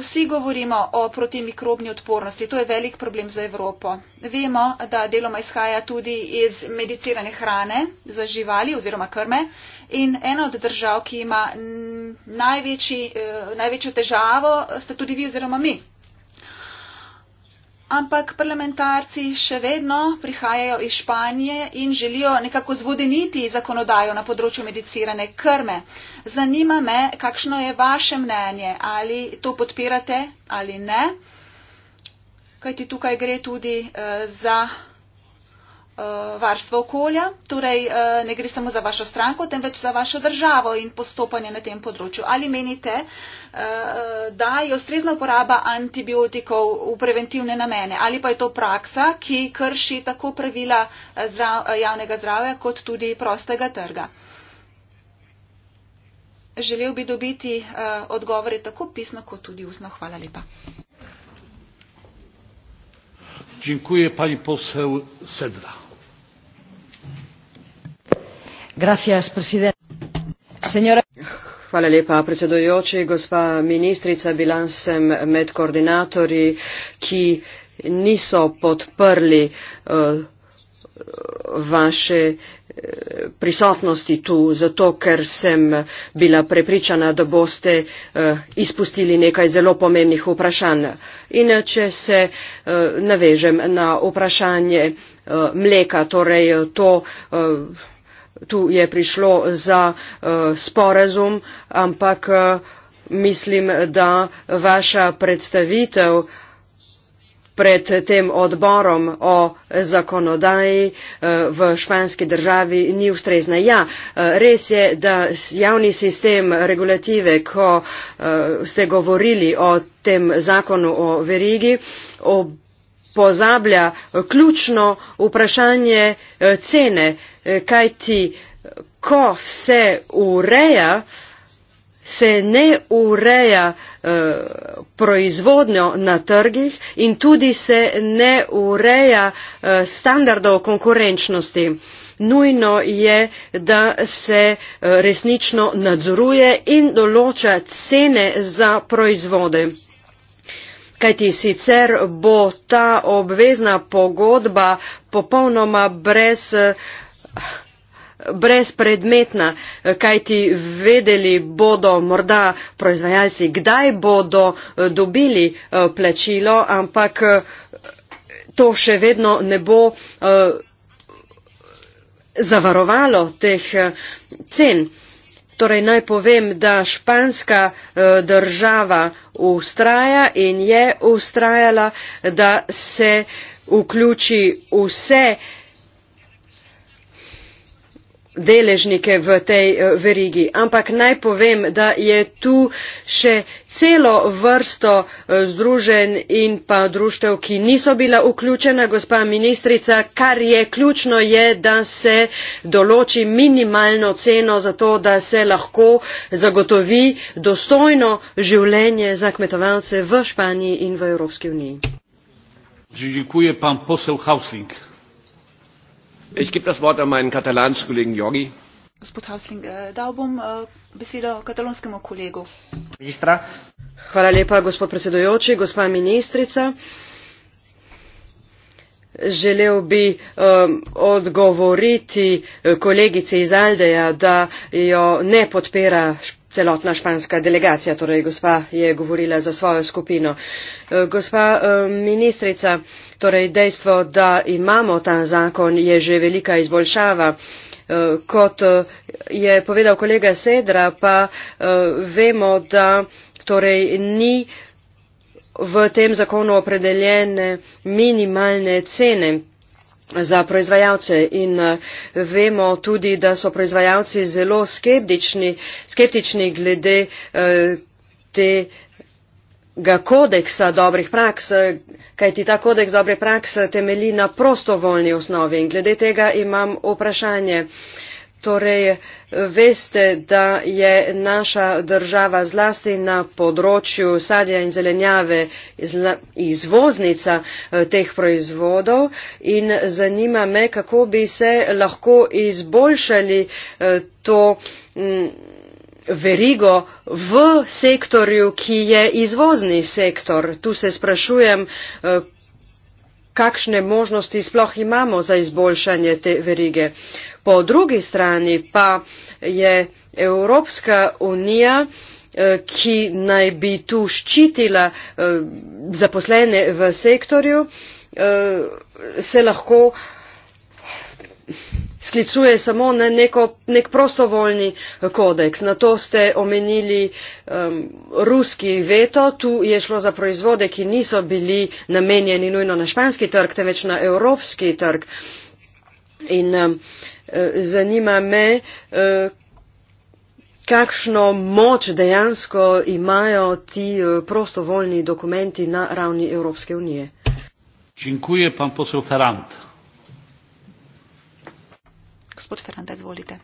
Vsi govorimo o protimikrobni odpornosti. To je velik problem za Evropo. Vemo, da deloma izhaja tudi iz medicirane hrane za živali oziroma krme. In ena od držav, ki ima največji, eh, največjo težavo, ste tudi vi oziroma mi ampak parlamentarci še vedno prihajajo iz Španije in želijo nekako zvodeniti zakonodajo na področju medicirane krme. Zanima me, kakšno je vaše mnenje, ali to podpirate ali ne, kajti tukaj gre tudi uh, za Eh, varstva okolja. Torej, eh, ne gre samo za vašo stranko, temveč za vašo državo in postopanje na tem področju. Ali menite, eh, da je ustrezna uporaba antibiotikov v preventivne namene ali pa je to praksa, ki krši tako pravila zdrav, javnega zdravja kot tudi prostega trga? Želel bi dobiti odgovore tako pisno kot tudi ustno. Hvala lepa. Dziękuję pani poseł Sedra hvala lepa predsedujoči gospa ministrica bila sem med koordinatorji ki niso podprli eh, vaše eh, prisotnosti tu zato ker sem bila prepričana da boste eh, izpustili nekaj zelo pomembnih vprašanj in če se navežem na vprašanje mleka torej to tu je prišlo za eh, sporazum, ampak eh, mislim, da vaša predstavitev pred tem odborom o zakonodaji eh, v španski državi ni ustrezna. Ja, res je, da javni sistem regulative, ko ste govorili o tem zakonu o verigi, pozablja ključno vprašanje cene Eh, kajti ko se ureja, se ne ureja eh, proizvodnjo na trgih in tudi se ne ureja eh, standardov konkurenčnosti. Nujno je, da se resnično nadzoruje in določa cene za proizvode. Kajti sicer bo ta obvezna pogodba popolnoma brez uh, brezpredmetna, kajti vedeli bodo morda proizvajalci, kdaj bodo eh, dobili eh, plačilo, ampak eh, to še vedno ne bo zavarovalo teh cen. Torej naj povem, da španska država ustraja in je ustrajala, da se vključi vse deležnike v tej eh, verigi ampak naj povem da je tu še celo vrsto eh, združenj in pa društev ki niso bila vključena gospa ministrica kar je ključno je da se določi minimalno ceno zato da se lahko zagotovi dostojno življenje za kmetovalce v španiji in v evropski uniji. Ich gebe das Wort an meinen katalanischen Kollegen Jogi. Gospod Hausling, eh, dal bom eh, besedo katalonskemu kolegu. Ministra. Hvala lepa, gospod predsedojoči, gospa ministrica. Želel bi um, odgovoriti kolegici iz Aldeja, da jo ne podpira celotna španska delegacija, torej gospa je govorila za svojo skupino. Gospa um, ministrica. Torej, dejstvo, da imamo ta zakon, je že velika izboljšava. Eh, kot eh, je povedal kolega Sedra, pa eh, vemo, da torej ni v tem zakonu opredeljene minimalne cene za proizvajalce in vemo tudi, da so proizvajalci zelo skeptični, skeptični glede te etičnega kodeksa dobrih praks, kajti ta kodeks dobre prakse temelji na prostovoljni osnovi in glede tega imam vprašanje. Torej, veste, da je naša država zlasti na področju sadja in zelenjave izvoznica eh, teh proizvodov in zanima me, kako bi se lahko izboljšali eh, to. Mm, verigo v sektorju, ki je izvozni sektor. Tu se sprašujem, eh, kakšne možnosti sploh imamo za izboljšanje te verige. Po drugi strani pa je Evropska unija eh, ki naj bi tu ščitila eh, zaposlene v sektorju, se lahko sklicuje samo na neko, nek prostovoljni eh, kodeks. Na to ste omenili um, ruski veto, tu je šlo za proizvode, ki niso bili namenjeni nujno na španski trg, temveč na evropski trg. In um, zanima me, um, kakšno moč dejansko imajo ti prostovoljni dokumenti na ravni Evropske unije. Dziękuję, pan poseł Ferrante gospod fernandez izvolite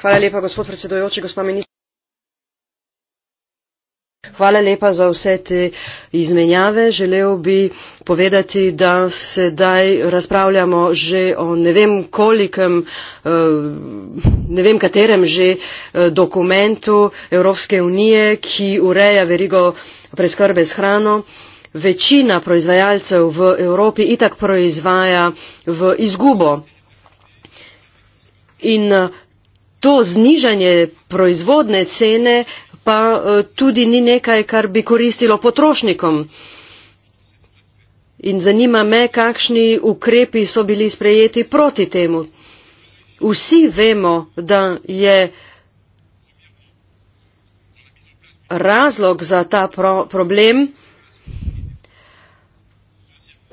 Hvala lepa za vse te izmenjave. Želel bi povedati, da sedaj razpravljamo že o ne vem kolikem, eh, ne vem katerem že eh, dokumentu Evropske unije, ki ureja verigo preskrbe s hrano večina proizvajalcev v Evropi itak proizvaja v izgubo. In eh, to znižanje proizvodne cene pa eh, tudi ni nekaj, kar bi koristilo potrošnikom. In zanima me, kakšni ukrepi so bili sprejeti proti temu. Vsi vemo, da je razlog za ta pro problem,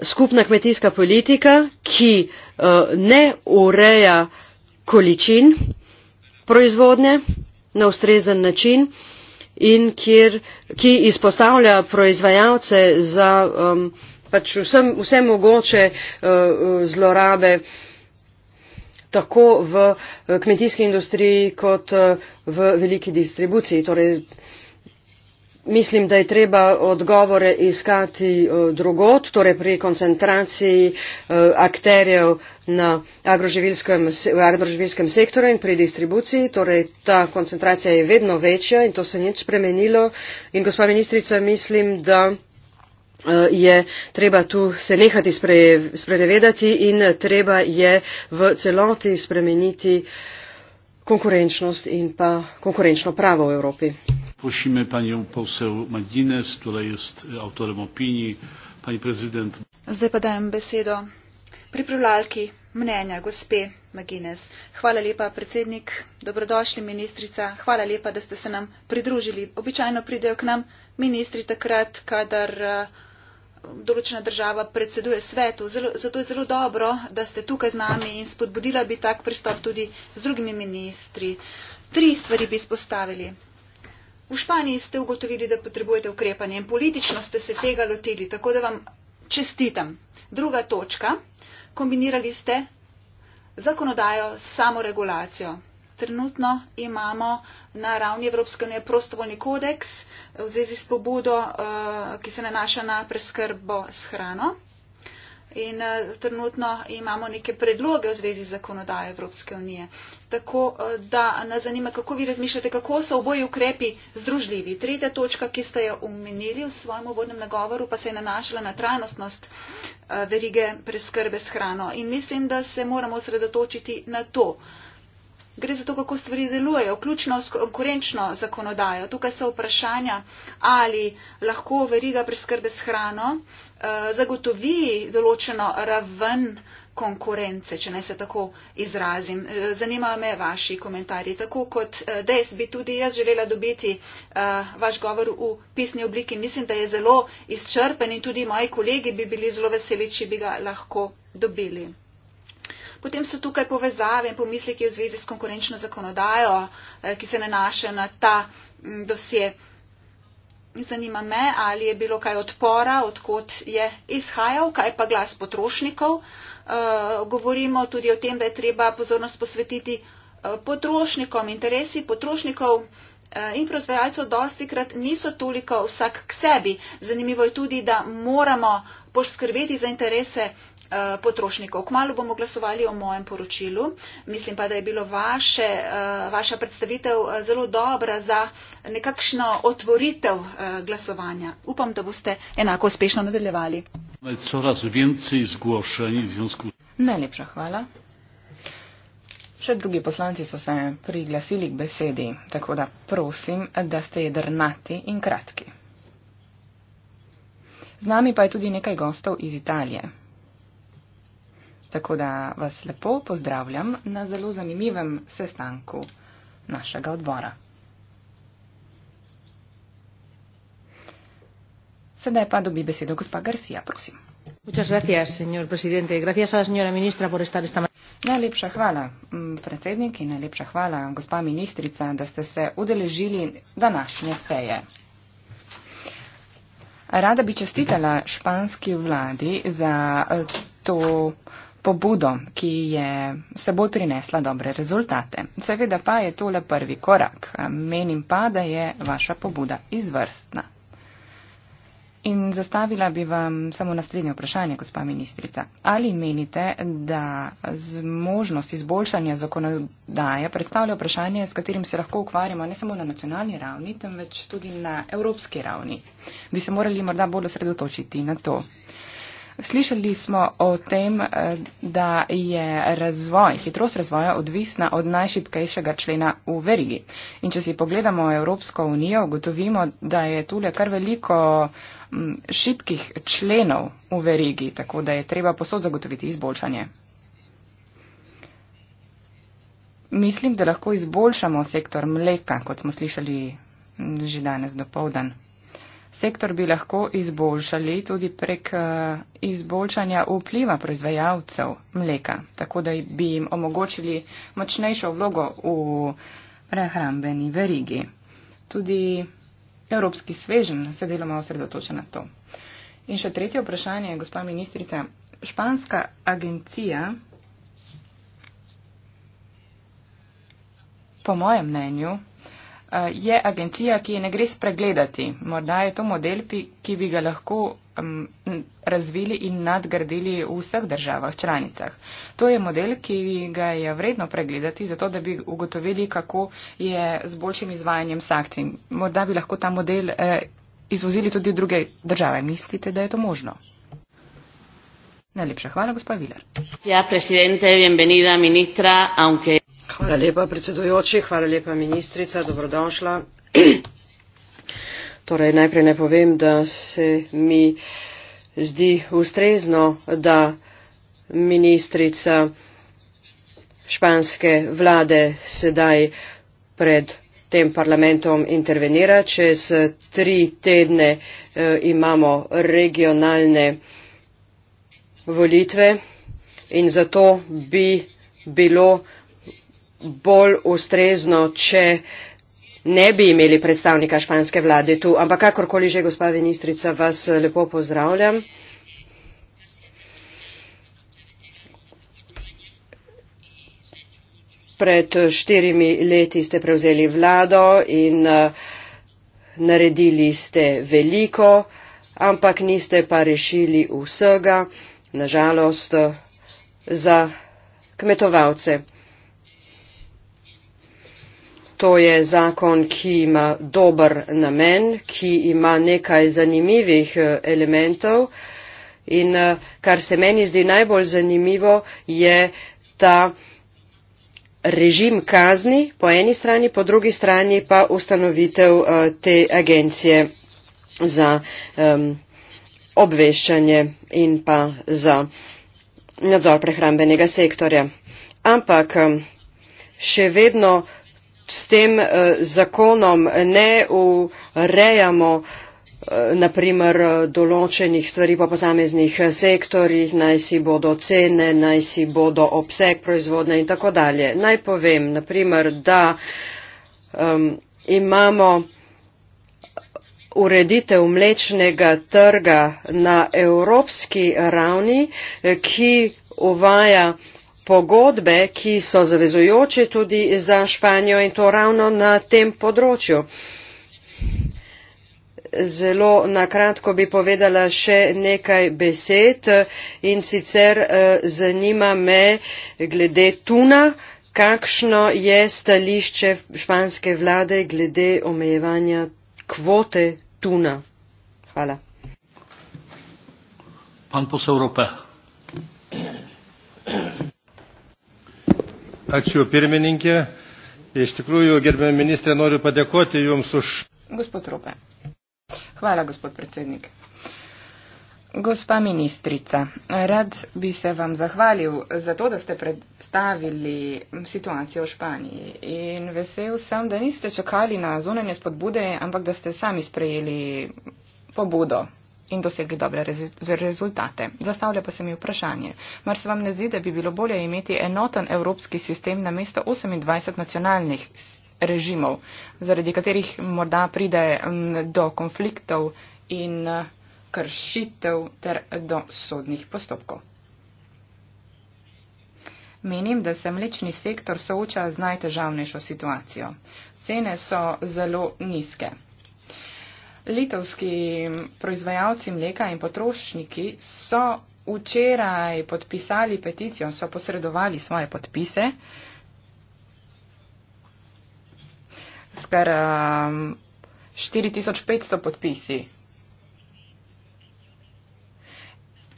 skupna kmetijska politika, ki uh, ne ureja količin proizvodnje na ustrezen način in kjer, ki izpostavlja proizvajalce za um, pač vsem, vse mogoče uh, zlorabe tako v eh, kmetijski industriji kot v veliki distribuciji. Torej, mislim da je treba odgovore iskati eh, drugod torej pri koncentraciji eh, akterjev na agroživilskem, v agroživilskem sektorju in pri distribuciji torej ta koncentracija je vedno večja in to se ni spremenilo in gospa ministrica mislim da eh, je treba tu se nehati sprenevedati in treba je v celoti spremeniti konkurenčnost in pa konkurenčno pravo v Evropi. Prosimy panią poseł Magines, która jest e, autorem opinii. Pani prezydent. Zdaj pa dajem besedo pripravljalki mnenja gospe Magines. Hvala lepa, predsednik, dobrodošli, ministrica. Hvala lepa, da ste se nam pridružili. Običajno pridejo k nam ministri takrat, kadar e, določena država predseduje svetu. Zelo, zato je zelo dobro, da ste tukaj z nami in spodbudila bi tak pristop tudi z drugimi ministri. Tri stvari bi spostavili. V Španiji ste ugotovili, da potrebujete ukrepanje in politično ste se tega lotili, tako da vam čestitam. Druga točka, kombinirali ste zakonodajo s samoregulacijo. Trenutno imamo na ravni Evropske unije prostovoljni kodeks v zvezi s pobudo, eh, ki se nanaša na preskrbo s hrano in uh, trenutno imamo neke predloge v zvezi z zakonodajo Evropske unije. Tako uh, da nas zanima, kako vi razmišljate, kako so oboji ukrepi združljivi. Tretja točka, ki ste jo omenili v svojem uvodnem nagovoru, pa se je nanašala na trajnostnost uh, verige preskrbe s hrano. In mislim, da se moramo osredotočiti na to. Uh, Gre za to, kako stvari delujejo, vključno s konkurenčno zakonodajo. Tukaj so vprašanja, ali lahko veriga preskrbe s hrano eh, zagotovi določeno raven konkurence, če naj se tako izrazim. Eh, zanimajo me vaši komentarji. Tako kot eh, DES bi tudi jaz želela dobiti eh, vaš govor v pisni obliki. Mislim, da je zelo izčrpen in tudi moji kolegi bi bili zelo veseli, če bi ga lahko dobili. Potem so tukaj povezave in pomisleki v zvezi s konkurenčno zakonodajo, eh, ki se nanašajo na ta mm, dosje. Zanima me, ali je bilo kaj odpora, odkot je izhajal, kaj pa glas potrošnikov. Eh, govorimo tudi o tem, da je treba pozornost posvetiti eh, potrošnikom, interesi potrošnikov. In proizvajalcev dosti krat niso toliko vsak k sebi. Zanimivo je tudi, da moramo poskrbeti za interese Eh, potrošnikov. Kmalo bomo glasovali o mojem poročilu. Mislim pa, da je bilo vaše, eh, vaša predstavitev eh, zelo dobra za nekakšno otvoritev glasovanja. Upam, da boste enako uspešno nadaljevali. Najlepša hvala. Še drugi poslanci so se priglasili k besedi, tako da prosim, da ste jedrnati in kratki. Z nami pa je tudi nekaj gostov iz Italije. Tako da vas lepo pozdravljam na zelo zanimivem sestanku našega odbora. Sedaj pa dobi besedo gospa Garcia, prosim. Najlepša hvala, mm, predsednik, in najlepša hvala, gospa ministrica, da ste se udeležili današnje seje. Rada bi čestitala španski vladi za eh, to pobudo, ki je seboj prinesla dobre rezultate. Seveda pa je tole prvi korak. Menim pa, da je vaša pobuda izvrstna. In zastavila bi vam samo naslednje vprašanje, gospa ministrica. Ali menite, da možnost izboljšanja zakonodaje predstavlja vprašanje, s katerim se lahko ukvarjamo ne samo na nacionalni ravni, temveč tudi na evropski ravni? Bi se morali morda bolj osredotočiti na to? Slišali smo o tem, eh, da je razvoj, hitrost razvoja odvisna od najšipkejšega člena v verigi. In če si pogledamo Evropsko unijo, gotovimo, da je tule kar veliko mm, šipkih členov v verigi, tako da je treba posod zagotoviti izboljšanje. Mislim, da lahko izboljšamo sektor mleka, kot smo slišali mm, že danes do povdan. Sektor bi lahko izboljšali tudi prek eh, izboljšanja vpliva proizvajalcev mleka, tako da bi jim omogočili močnejšo vlogo v prehrambeni verigi. Tudi Evropski svežen se deloma osredotoča na to. In še tretje vprašanje, gospa ministrica. Španska agencija, po mojem mnenju, Eh, je agencija, ki je ne gre spregledati. Morda je to model, ki bi ga lahko um, razvili in nadgradili v vseh državah članicah. To je model, ki ga je vredno pregledati, zato da bi ugotovili, kako je z boljšim izvajanjem sankcij. Morda bi lahko ta model eh, izvozili tudi v druge države. Mislite, da je to možno? Najlepša hvala, gospod Viler. Ja, Hvala lepa, predsedujoči, hvala lepa, ministrica, dobrodošla. torej, najprej ne povem, da se mi zdi ustrezno, da ministrica španske vlade sedaj pred tem parlamentom intervenira. Čez tri tedne eh, imamo regionalne volitve in zato bi bilo bolj ustrezno, če ne bi imeli predstavnika španske vlade tu. Ampak kakorkoli že, gospa ministrica, vas lepo pozdravljam. Pred štirimi leti ste prevzeli vlado in eh, naredili ste veliko, ampak niste pa rešili vsega, nažalost, za kmetovalce. To je zakon, ki ima dober namen, ki ima nekaj zanimivih eh, elementov in eh, kar se meni zdi najbolj zanimivo je ta režim kazni po eni strani, po drugi strani pa ustanovitev eh, te agencije za um, obveščanje in pa za nadzor prehrambenega sektorja. Ampak še vedno s tem eh, zakonom ne urejamo eh, naprimer določenih stvari po posameznih eh, sektorjih, naj si bodo cene, naj si bodo obseg proizvodne in tako dalje. Naj povem, naprimer, da um, imamo ureditev mlečnega trga na evropski ravni, ki uvaja pogodbe ki so zavezujoče tudi za španijo in to ravno na tem področju. Zelo nakratko bi povedala še nekaj besed in sicer eh, zanima me glede tuna, kakšno je stališče španske vlade glede omejevanja kvote tuna. Hvala. Pan posel Rope iš tikrųjų gerbiami ministrė noriu padėkoti jums už gospod rupe hvala gospod predsednik Gospa ministrica, rad bi se vam zahvalil za to, da ste predstavili situacijo v Španiji in vesel sem, da niste čakali na zunanje spodbude, ampak da ste sami sprejeli pobudo in dosegli dobre rez rezultate. Zastavlja pa se mi vprašanje, mar se vam ne zdi, da bi bilo bolje imeti enoten evropski sistem na mesto 28 nacionalnih režimov, zaradi katerih morda pride m, do konfliktov in kršitev ter do sodnih postopkov. Menim, da se mlečni sektor sooča z najtežavnejšo situacijo. Cene so zelo nizke. Litovski proizvajalci mleka in potrošniki so včeraj podpisali peticijo, so posredovali svoje podpise, skoraj 4500 um, podpisi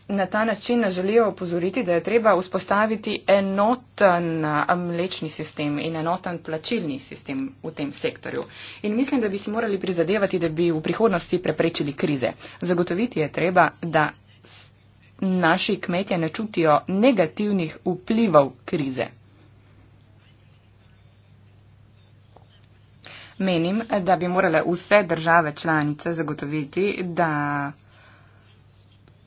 na ta način želijo opozoriti, da je treba vzpostaviti enoten mlečni sistem in enoten plačilni sistem v tem sektorju. In mislim, da bi si morali prizadevati, da bi v prihodnosti preprečili krize. Zagotoviti je treba, da naši kmetje ne čutijo negativnih vplivov krize. Menim, da bi morale vse države članice zagotoviti, da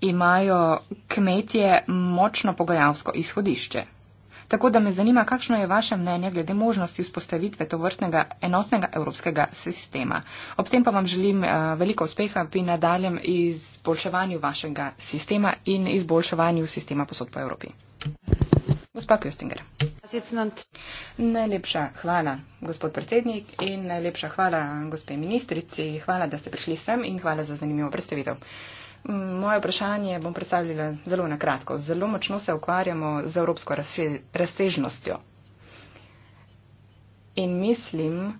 imajo kmetje močno pogajalsko izhodišče. Tako da me zanima, kakšno je vaše mnenje glede možnosti vzpostavitve tovrstnega enotnega evropskega sistema. Ob tem pa vam želim eh, veliko uspeha pri nadaljem izboljševanju vašega sistema in izboljševanju sistema posod po Evropi. Gospa Köstinger. Najlepša hvala, gospod predsednik, in najlepša hvala, gospe ministrici. Hvala, da ste prišli sem in hvala za zanimivo predstavitev. Moje vprašanje bom predstavljala zelo na kratko. Zelo močno se ukvarjamo z evropsko razsežnostjo. In mislim,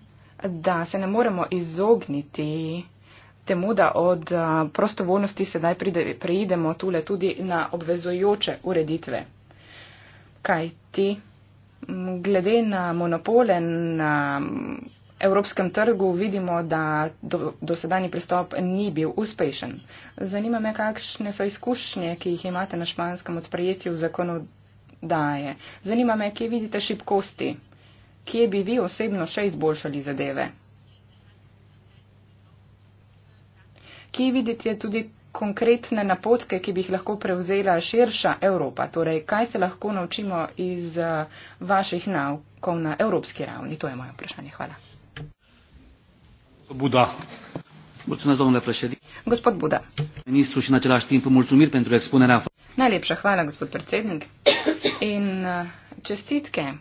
da se ne moremo izogniti temu, da od prostovoljnosti sedaj preidemo tule tudi na obvezujoče ureditve. Kaj ti? Glede na monopole, na evropskem trgu vidimo, da do, dosedani pristop ni bil uspešen. Zanima me, kakšne so izkušnje, ki jih imate na španskem od sprejetju zakonodaje. Zanima me, kje vidite šibkosti, kje bi vi osebno še izboljšali zadeve. Kje vidite tudi konkretne napotke, ki bi jih lahko prevzela širša Evropa? Torej, kaj se lahko naučimo iz eh, vaših naukov na evropski ravni? To je moje vprašanje. Hvala. Buda. Mulțumesc, domnule președinte. Gospod Buda. Ministru și în același timp mulțumiri pentru expunerea. Najlepša hvala, gospod predsednik. In uh, čestitke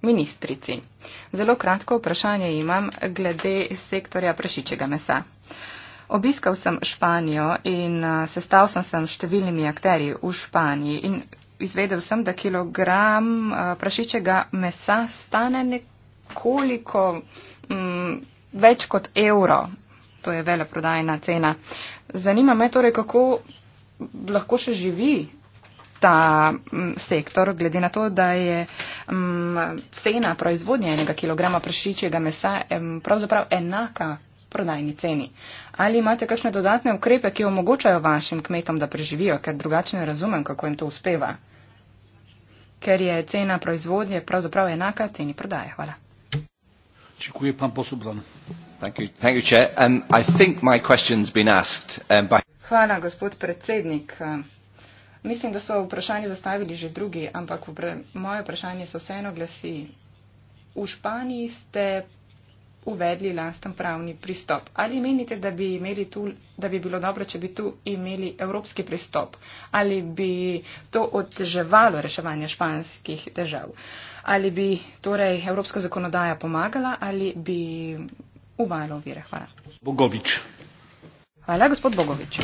ministrici. Zelo kratko vprašanje imam glede sektorja prašičega mesa. Obiskal sem Španijo in uh, sestal sem se s številnimi akterji v Španiji in izvedel sem, da kilogram uh, prašičega mesa stane nekoliko. Mm, več kot evro, to je veleprodajna cena. Zanima me torej, kako lahko še živi ta m, mm, sektor, glede na to, da je m, mm, cena proizvodnje enega kilograma prašičjega mesa m, pravzaprav enaka prodajni ceni. Ali imate kakšne dodatne ukrepe, ki omogočajo vašim kmetom, da preživijo, ker drugače ne razumem, kako jim to uspeva? Ker je cena proizvodnje pravzaprav enaka ceni prodaje. Hvala. Dziękuję pan poseł Blan. Thank you. Thank you, Chair. Um, I think my question's been asked um, by... Hvala, gospod predsednik. Mislim, da so vprašanje zastavili že drugi, ampak moje vprašanje se vseeno glasi. V Španiji ste uvedli lasten pravni pristop. Ali menite, da bi, imeli tu, da bi bilo dobro, če bi tu imeli evropski pristop? Ali bi to oteževalo reševanje španskih držav? Uh, ali bi torej evropska zakonodaja pomagala ali bi uvajala ovire. Hvala. Bogovič. Hvala, gospod Bogovič.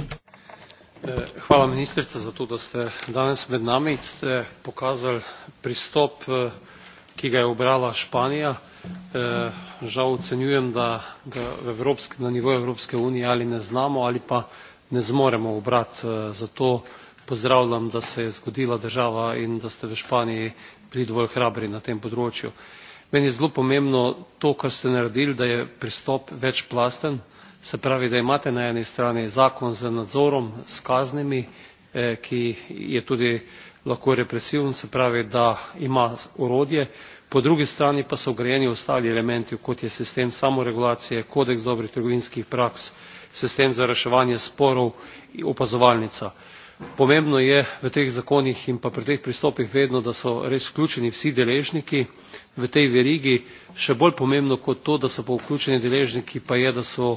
Eh, hvala ministrica za to, da ste danes med nami. Ste pokazali pristop, eh, ki ga je obrala Španija. Eh, žal ocenjujem, da ga na nivoju Evropske unije ali ne znamo ali pa ne zmoremo obrati. Zato pozdravljam da se je zgodila država in da ste v španiji bili dovolj hrabri na tem področju. meni je zelo pomembno to kar ste naredili da je pristop večplasten se pravi da imate na eni strani zakon z nadzorom s kaznimi eh, ki je tudi lahko represiven se pravi da ima orodje po drugi strani pa so vgrajeni ostali elementi kot je sistem samoregulacije kodeks dobrih trgovinskih praks sistem za reševanje sporov opazovalnica pomembno je v teh zakonih in pa pri teh pristopih vedno da so res vključeni vsi deležniki v tej verigi še bolj pomembno kot to da so pa vključeni deležniki pa je da, so,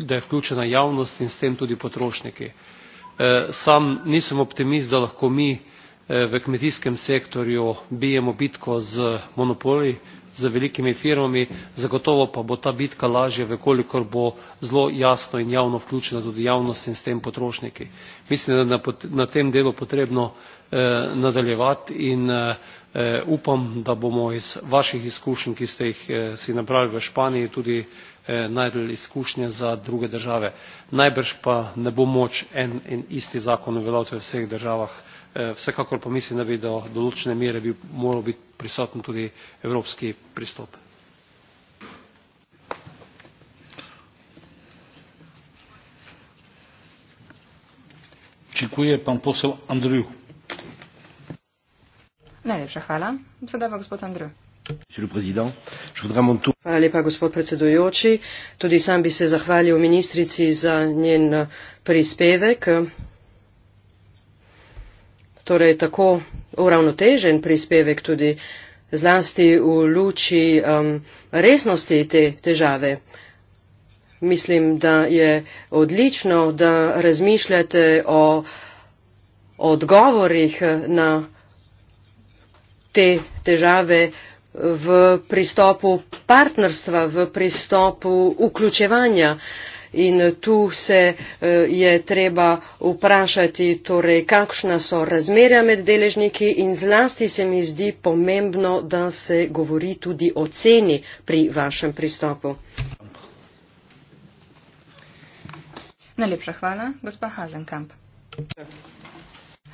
da je vključena javnost in s tem tudi potrošniki. Eh, sam nisem optimist da lahko mi eh, v kmetijskem sektorju bijemo bitko z monopoli z velikimi firmami zagotovo pa bo ta bitka lažja v kolikor bo zelo jasno in javno vključena tudi javnost in s tem potrošniki. mislim da je na tem delu potrebno eh, nadaljevati in eh, upam da bomo iz vaših izkušenj ki ste jih eh, si napravili v španiji tudi eh, najdel izkušnje za druge države najbrž pa ne bo moč en in isti zakon uveljavljati v vseh državah eh, vsekakor pa mislim da bi do določene mere bi moral biti prisoten tudi evropski pristop. Čekuje pan posel Andriju. Najlepša hvala. Sedaj pa gospod Andriju. Hvala lepa, gospod predsedujoči. Tudi sam bi se zahvalil ministrici za njen prispevek torej tako uravnotežen prispevek tudi zlasti v luči um, resnosti te težave. Mislim, da je odlično, da razmišljate o odgovorih na te težave v pristopu partnerstva, v pristopu vključevanja. Uh, in tu se eh, je treba vprašati, torej, kakšna so razmerja med deležniki in zlasti se mi zdi pomembno, da se govori tudi o ceni pri vašem pristopu. Najlepša hvala, gospa Hazenkamp.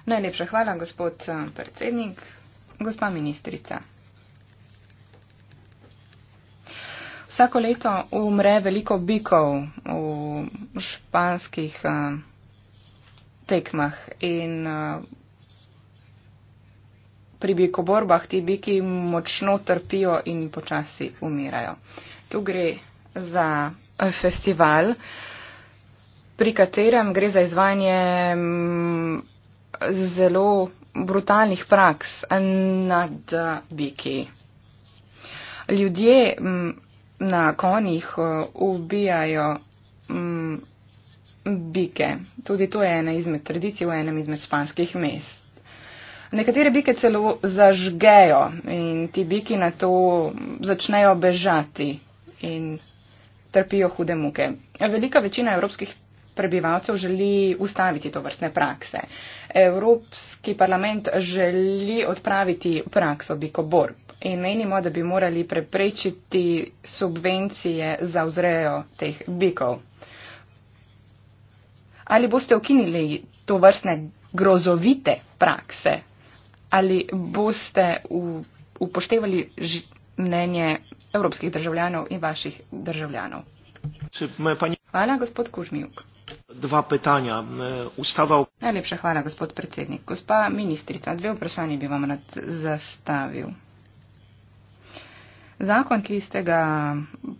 Najlepša hvala, gospod eh, predsednik, gospa ministrica. Vsako leto umre veliko bikov v španskih uh, tekmah in uh, pri bikoborbah ti biki močno trpijo in počasi umirajo. Tu gre za eh, festival, pri katerem gre za izvajanje mm, zelo brutalnih praks nad biki. Ljudje mm, na konjih eh, ubijajo mm, bike. Tudi to je ena izmed tradicij v enem izmed španskih mest. Nekatere bike celo zažgejo in ti biki na to začnejo bežati in trpijo hude muke. Velika večina evropskih prebivalcev želi ustaviti to vrstne prakse. Evropski parlament želi odpraviti prakso bikoborg in menimo, da bi morali preprečiti subvencije za vzrejo teh bikov. Ali boste okinili to vrstne grozovite prakse? Ali boste upoštevali mnenje evropskih državljanov in vaših državljanov? Hvala, gospod Kužmijuk. Dva pitanja. Ustava... Najlepša hvala, gospod predsednik. Gospa ministrica, dve vprašanje bi vam rad zastavil. Zakon, ki ste ga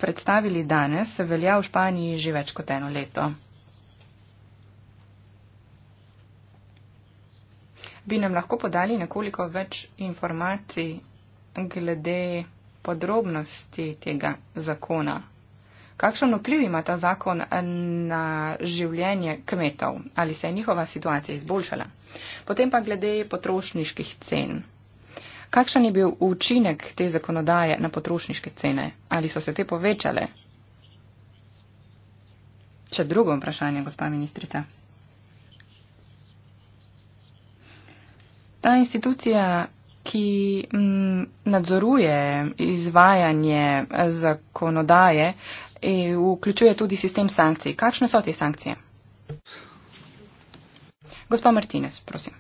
predstavili danes, velja v Španiji že več kot eno leto. Bi nam lahko podali nekoliko več informacij glede podrobnosti tega zakona? Kakšen vpliv ima ta zakon na življenje kmetov? Ali se je njihova situacija izboljšala? Potem pa glede potrošniških cen. Kakšen je bil učinek te zakonodaje na potrošniške cene? Ali so se te povečale? Če drugo vprašanje, gospa ministrica. Ta institucija, ki m, mm, nadzoruje izvajanje zakonodaje, e, vključuje tudi sistem sankcij. Kakšne so te sankcije? Gospa Martinez, prosim.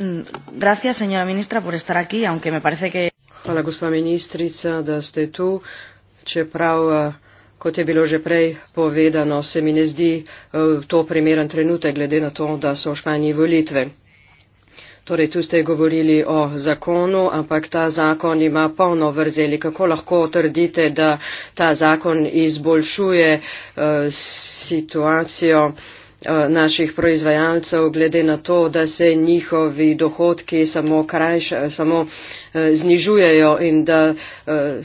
Mm, gracias, señora ministra, por estar aquí, aunque me parece que. Hvala, gospa ministrica, da ste tu. Čeprav, eh, kot je bilo že prej povedano, se mi ne zdi eh, to primeren trenutek, glede na to, da so v Španiji volitve. Torej, tu ste govorili o zakonu, ampak ta zakon ima polno vrzeli. Kako lahko trdite, da ta zakon izboljšuje uh, situacijo? Uh, Eh, naših proizvajalcev, glede na to, da se njihovi dohodki samo, krajš, samo eh, znižujejo in da eh,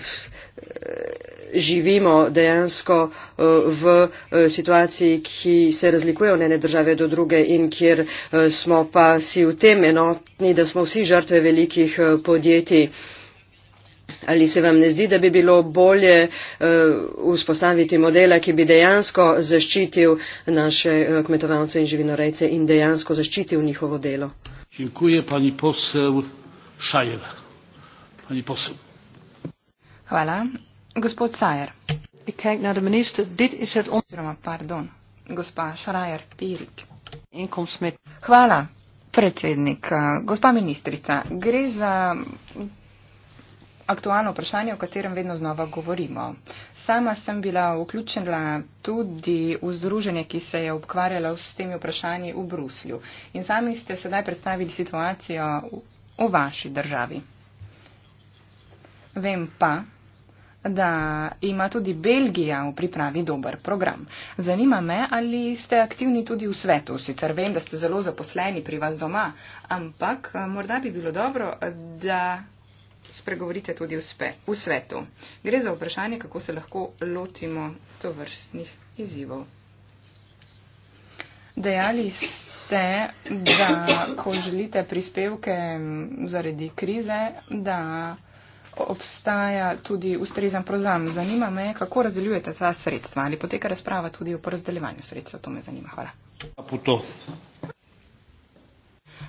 živimo dejansko v situaciji, ki se razlikuje od ene države do druge in kjer smo pa si v tem enotni, da smo vsi žrtve velikih podjetij ali se vam ne zdi, da bi bilo bolje eh, vzpostaviti modela, ki bi dejansko zaščitil naše eh, kmetovalce in živinorejce in dejansko zaščitil njihovo delo. Dziękuję, pani poseł Szajer. Pani poseł. Hvala. Gospod Sajer. Ik kijk naar de minister. Dit is het onderwerp. Pardon. Gospa Schreier, Pirik. Inkomst met. Hvala, predsednik. Eh, gospa ministrica, gre za aktualno vprašanje, o katerem vedno znova govorimo. Sama sem bila vključena tudi v združenje, ki se je obkvarjalo s temi vprašanji v Bruslju. In sami ste sedaj predstavili situacijo v vaši državi. Vem pa, da ima tudi Belgija v pripravi dober program. Zanima me, ali ste aktivni tudi v svetu. Sicer vem, da ste zelo zaposleni pri vas doma, ampak eh, morda bi bilo dobro, da spregovorite tudi v svetu. Gre za vprašanje, kako se lahko lotimo to vrstnih izzivov. Dejali ste, da ko želite prispevke zaradi krize, da obstaja tudi ustrezan program. Zanima me, kako razdeljujete ta sredstva ali poteka razprava tudi o porazdeljevanju sredstva. To me zanima. Hvala. Kaputo.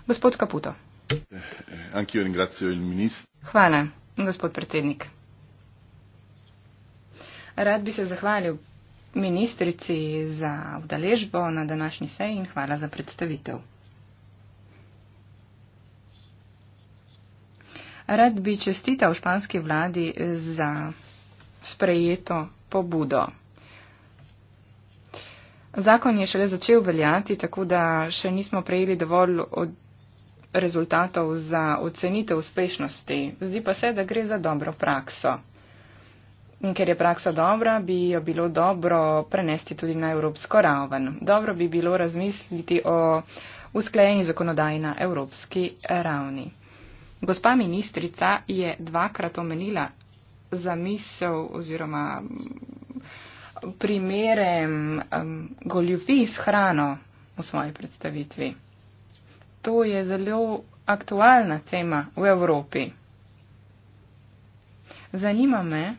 Gospod Kaputo. Anch'io ringrazio il ministro. Hvala, gospod predsednik. Rad bi se zahvalil ministrici za udeležbo na današnji seji in hvala za predstavitev. Rad bi čestital španski vladi za sprejeto pobudo. Zakon je šele začel veljati, tako da še nismo prejeli dovolj od rezultatov za ocenitev uspešnosti. Zdi pa se, da gre za dobro prakso. In ker je praksa dobra, bi jo bilo dobro prenesti tudi na evropsko raven. Dobro bi bilo razmisliti o usklejeni zakonodaji na evropski ravni. Gospa ministrica je dvakrat omenila zamisel oziroma mm, primere um, goljufij s hrano v svoji predstavitvi to je zelo aktualna tema v Evropi. Zanima me,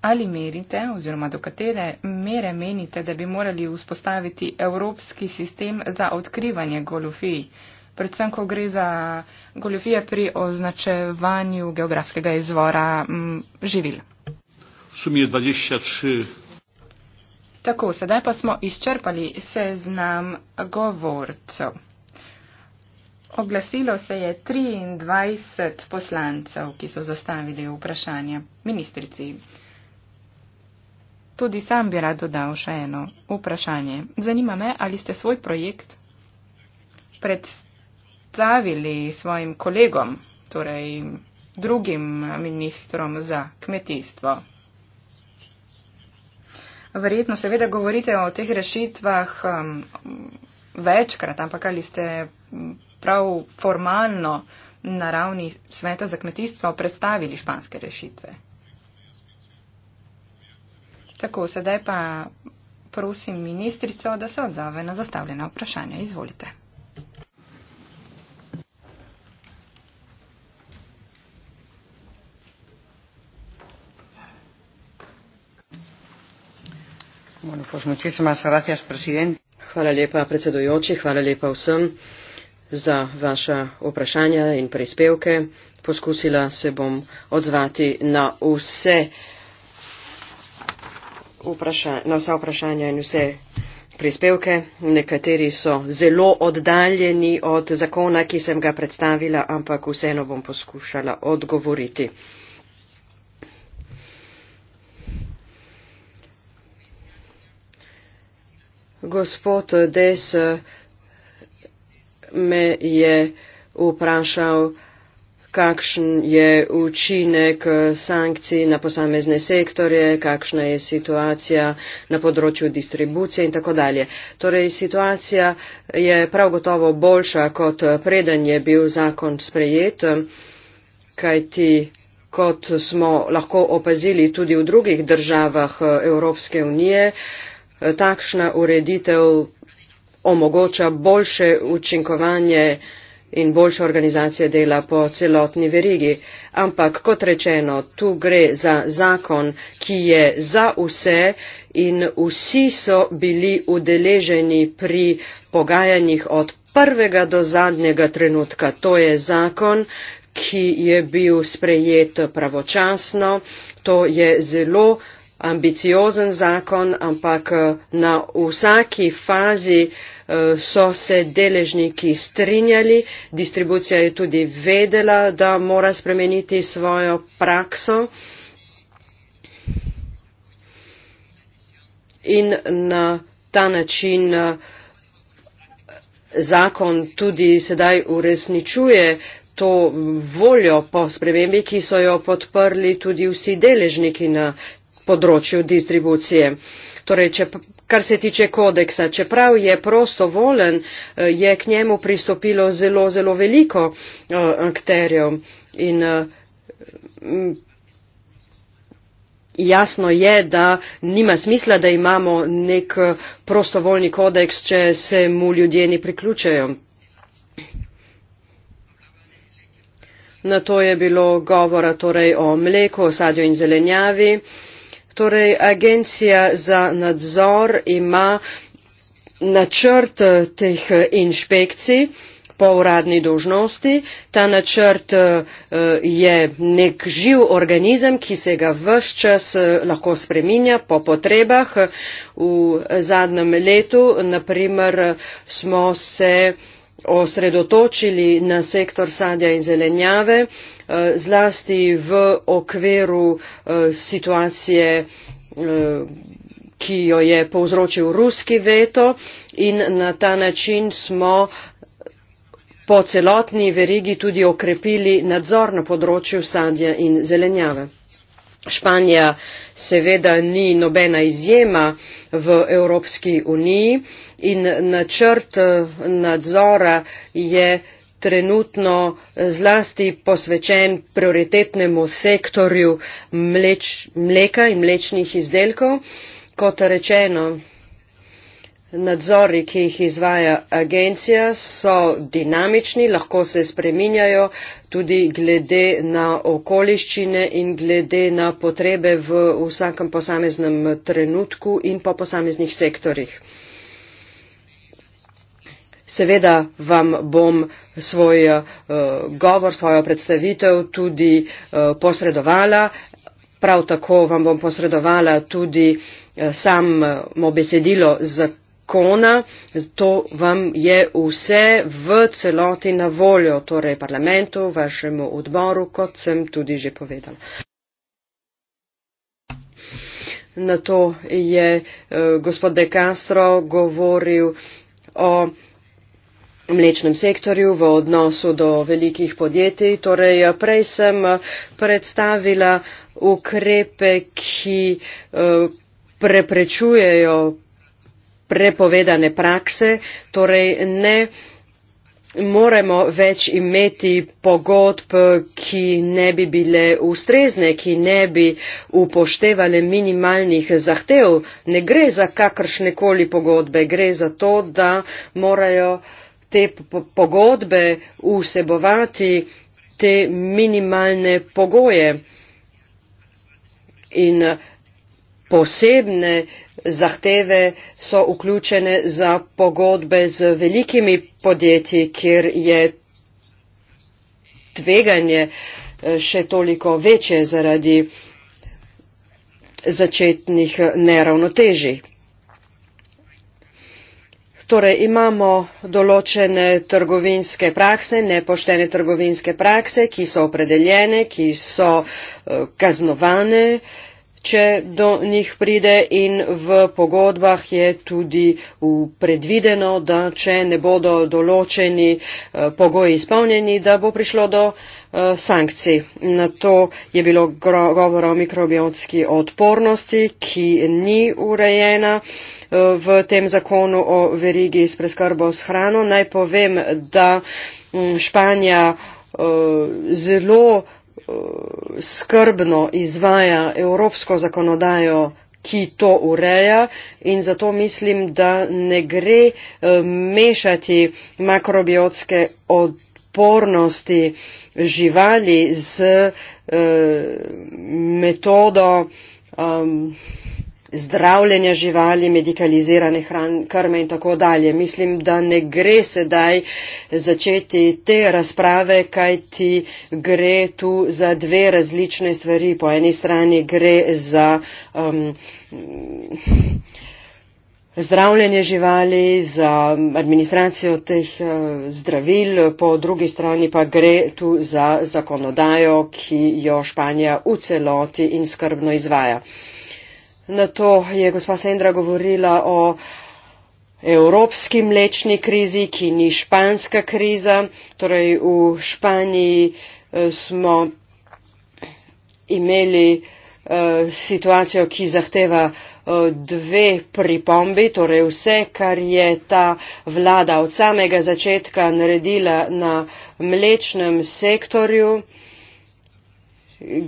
ali merite oziroma do katere mere menite, da bi morali vzpostaviti evropski sistem za odkrivanje golofij, predvsem, ko gre za golofije pri označevanju geografskega izvora mm, živil. 23 Tako, sedaj pa smo izčrpali seznam govorcev. Oglasilo se je 23 poslancev, ki so zastavili vprašanje ministrici. Tudi sam bi rad dodal še eno vprašanje. Zanima me, ali ste svoj projekt predstavili svojim kolegom, torej drugim ministrom za kmetijstvo. Verjetno seveda govorite o teh rešitvah um, večkrat, ampak ali ste prav formalno na ravni sveta za kmetijstvo predstavili španske rešitve. Tako, sedaj pa prosim ministrico, da se odzove na zastavljena vprašanja. Izvolite. Hvala lepa predsedojoči, hvala lepa vsem za vaša vprašanja in prispevke. Poskusila se bom odzvati na vse, vprašanja, na vse vprašanja in vse prispevke. Nekateri so zelo oddaljeni od zakona, ki sem ga predstavila, ampak vseeno bom poskušala odgovoriti. Gospod Des eh, me je vprašal, kakšen je učinek eh, sankcij na posamezne sektorje, kakšna je situacija na področju distribucije in tako dalje. Torej, situacija je prav gotovo boljša, kot eh, preden je bil zakon sprejet, kajti kot smo lahko opazili tudi v drugih državah Evropske unije, Eh, takšna ureditev omogoča boljše učinkovanje in boljšo organizacijo dela po celotni verigi. Ampak, kot rečeno, tu gre za zakon, ki je za vse in vsi so bili udeleženi pri pogajanjih od prvega do zadnjega trenutka. To je zakon, ki je bil sprejet pravočasno. To je zelo ambiciozen zakon, ampak eh, na vsaki fazi eh, so se deležniki strinjali, distribucija je tudi vedela, da mora spremeniti svojo prakso. In na ta način eh, zakon tudi sedaj uresničuje to voljo po spremembi, ki so jo podprli tudi vsi deležniki na področju distribucije. Torej, če, kar se tiče kodeksa, čeprav je prostovolen, eh, je k njemu pristopilo zelo, zelo veliko eh, akterjev. In eh, jasno je, da nima smisla, da imamo nek prostovoljni kodeks, če se mu ljudje ne priključajo. Na to je bilo govora torej o mleku, sadju in zelenjavi. Uh, Torej, agencija za nadzor ima načrt eh, teh eh, inšpekcij po uradni dožnosti. Ta načrt eh, je nek živ organizem, ki se ga vse čas lahko spreminja po potrebah. V zadnjem letu, naprimer, smo se osredotočili na sektor sadja in zelenjave. Eh, zlasti v okviru eh, situacije, eh, ki jo je povzročil ruski veto in na ta način smo po celotni verigi tudi okrepili nadzor na področju sadja in zelenjave. Španija seveda ni nobena izjema v Evropski uniji in načrt nadzora je trenutno eh, zlasti posvečen prioritetnemu sektorju mleč, mleka in mlečnih izdelkov. Kot rečeno, nadzori, ki jih izvaja agencija, so dinamični, lahko se spreminjajo tudi glede na okoliščine in glede na potrebe v vsakem posameznem trenutku in po posameznih sektorjih. Seveda vam bom svoj uh, govor, svojo predstavitev tudi uh, posredovala. Prav tako vam bom posredovala tudi uh, samo besedilo zakona. To vam je vse v celoti na voljo, torej parlamentu, vašemu odboru, kot sem tudi že povedala. Na to je uh, gospod De Castro govoril o mlečnem sektorju, v odnosu do velikih podjetij. Torej, prej sem predstavila ukrepe, ki eh, preprečujejo prepovedane prakse, torej ne moremo več imeti pogodb, ki ne bi bile ustrezne, ki ne bi upoštevale minimalnih zahtev. Ne gre za kakršne koli pogodbe, gre za to, da morajo te pogodbe vsebovati te minimalne pogoje in posebne zahteve so vključene za pogodbe z velikimi podjetji, kjer je tveganje eh, še toliko večje zaradi začetnih neravnotežij. Torej imamo določene trgovinske prakse, nepoštene trgovinske prakse, ki so opredeljene, ki so eh, kaznovane, če do njih pride in v pogodbah je tudi predvideno, da če ne bodo določeni eh, pogoji izpolnjeni, da bo prišlo do eh, sankcij. Na to je bilo govora o mikrobiotski odpornosti, ki ni urejena v tem zakonu o verigi s preskrbo s hrano. Naj povem, da mm, Španija eh, zelo eh, skrbno izvaja evropsko zakonodajo ki to ureja in zato mislim, da ne gre eh, mešati makrobiotske odpornosti živali z metodo um, zdravljenja živali, medikalizirane krme in tako dalje. Mislim, da ne gre sedaj začeti te razprave, kaj ti gre tu za dve različne stvari. Po eni strani gre za um, zdravljenje živali, za administracijo teh uh, zdravil, po drugi strani pa gre tu za zakonodajo, ki jo Španija v celoti in skrbno izvaja. Na to je gospa Sendra govorila o evropski mlečni krizi, ki ni španska kriza. Torej v Španiji eh, smo imeli eh, situacijo, ki zahteva eh, dve pripombi, torej vse, kar je ta vlada od samega začetka naredila na mlečnem sektorju,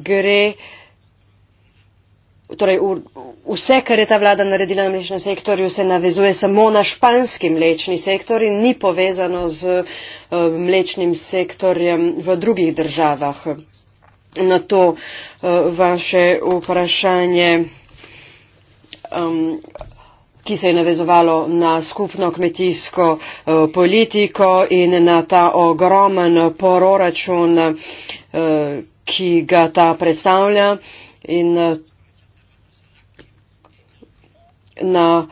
gre uh, torej vse, kar je ta vlada naredila na mlečnem sektorju, se navezuje samo na španski mlečni sektor in ni povezano z eh, mlečnim sektorjem v drugih državah. Na to eh, vaše vprašanje, ki se je navezovalo na skupno kmetijsko eh, politiko in na ta ogromen proračun, ki ga ta predstavlja. In na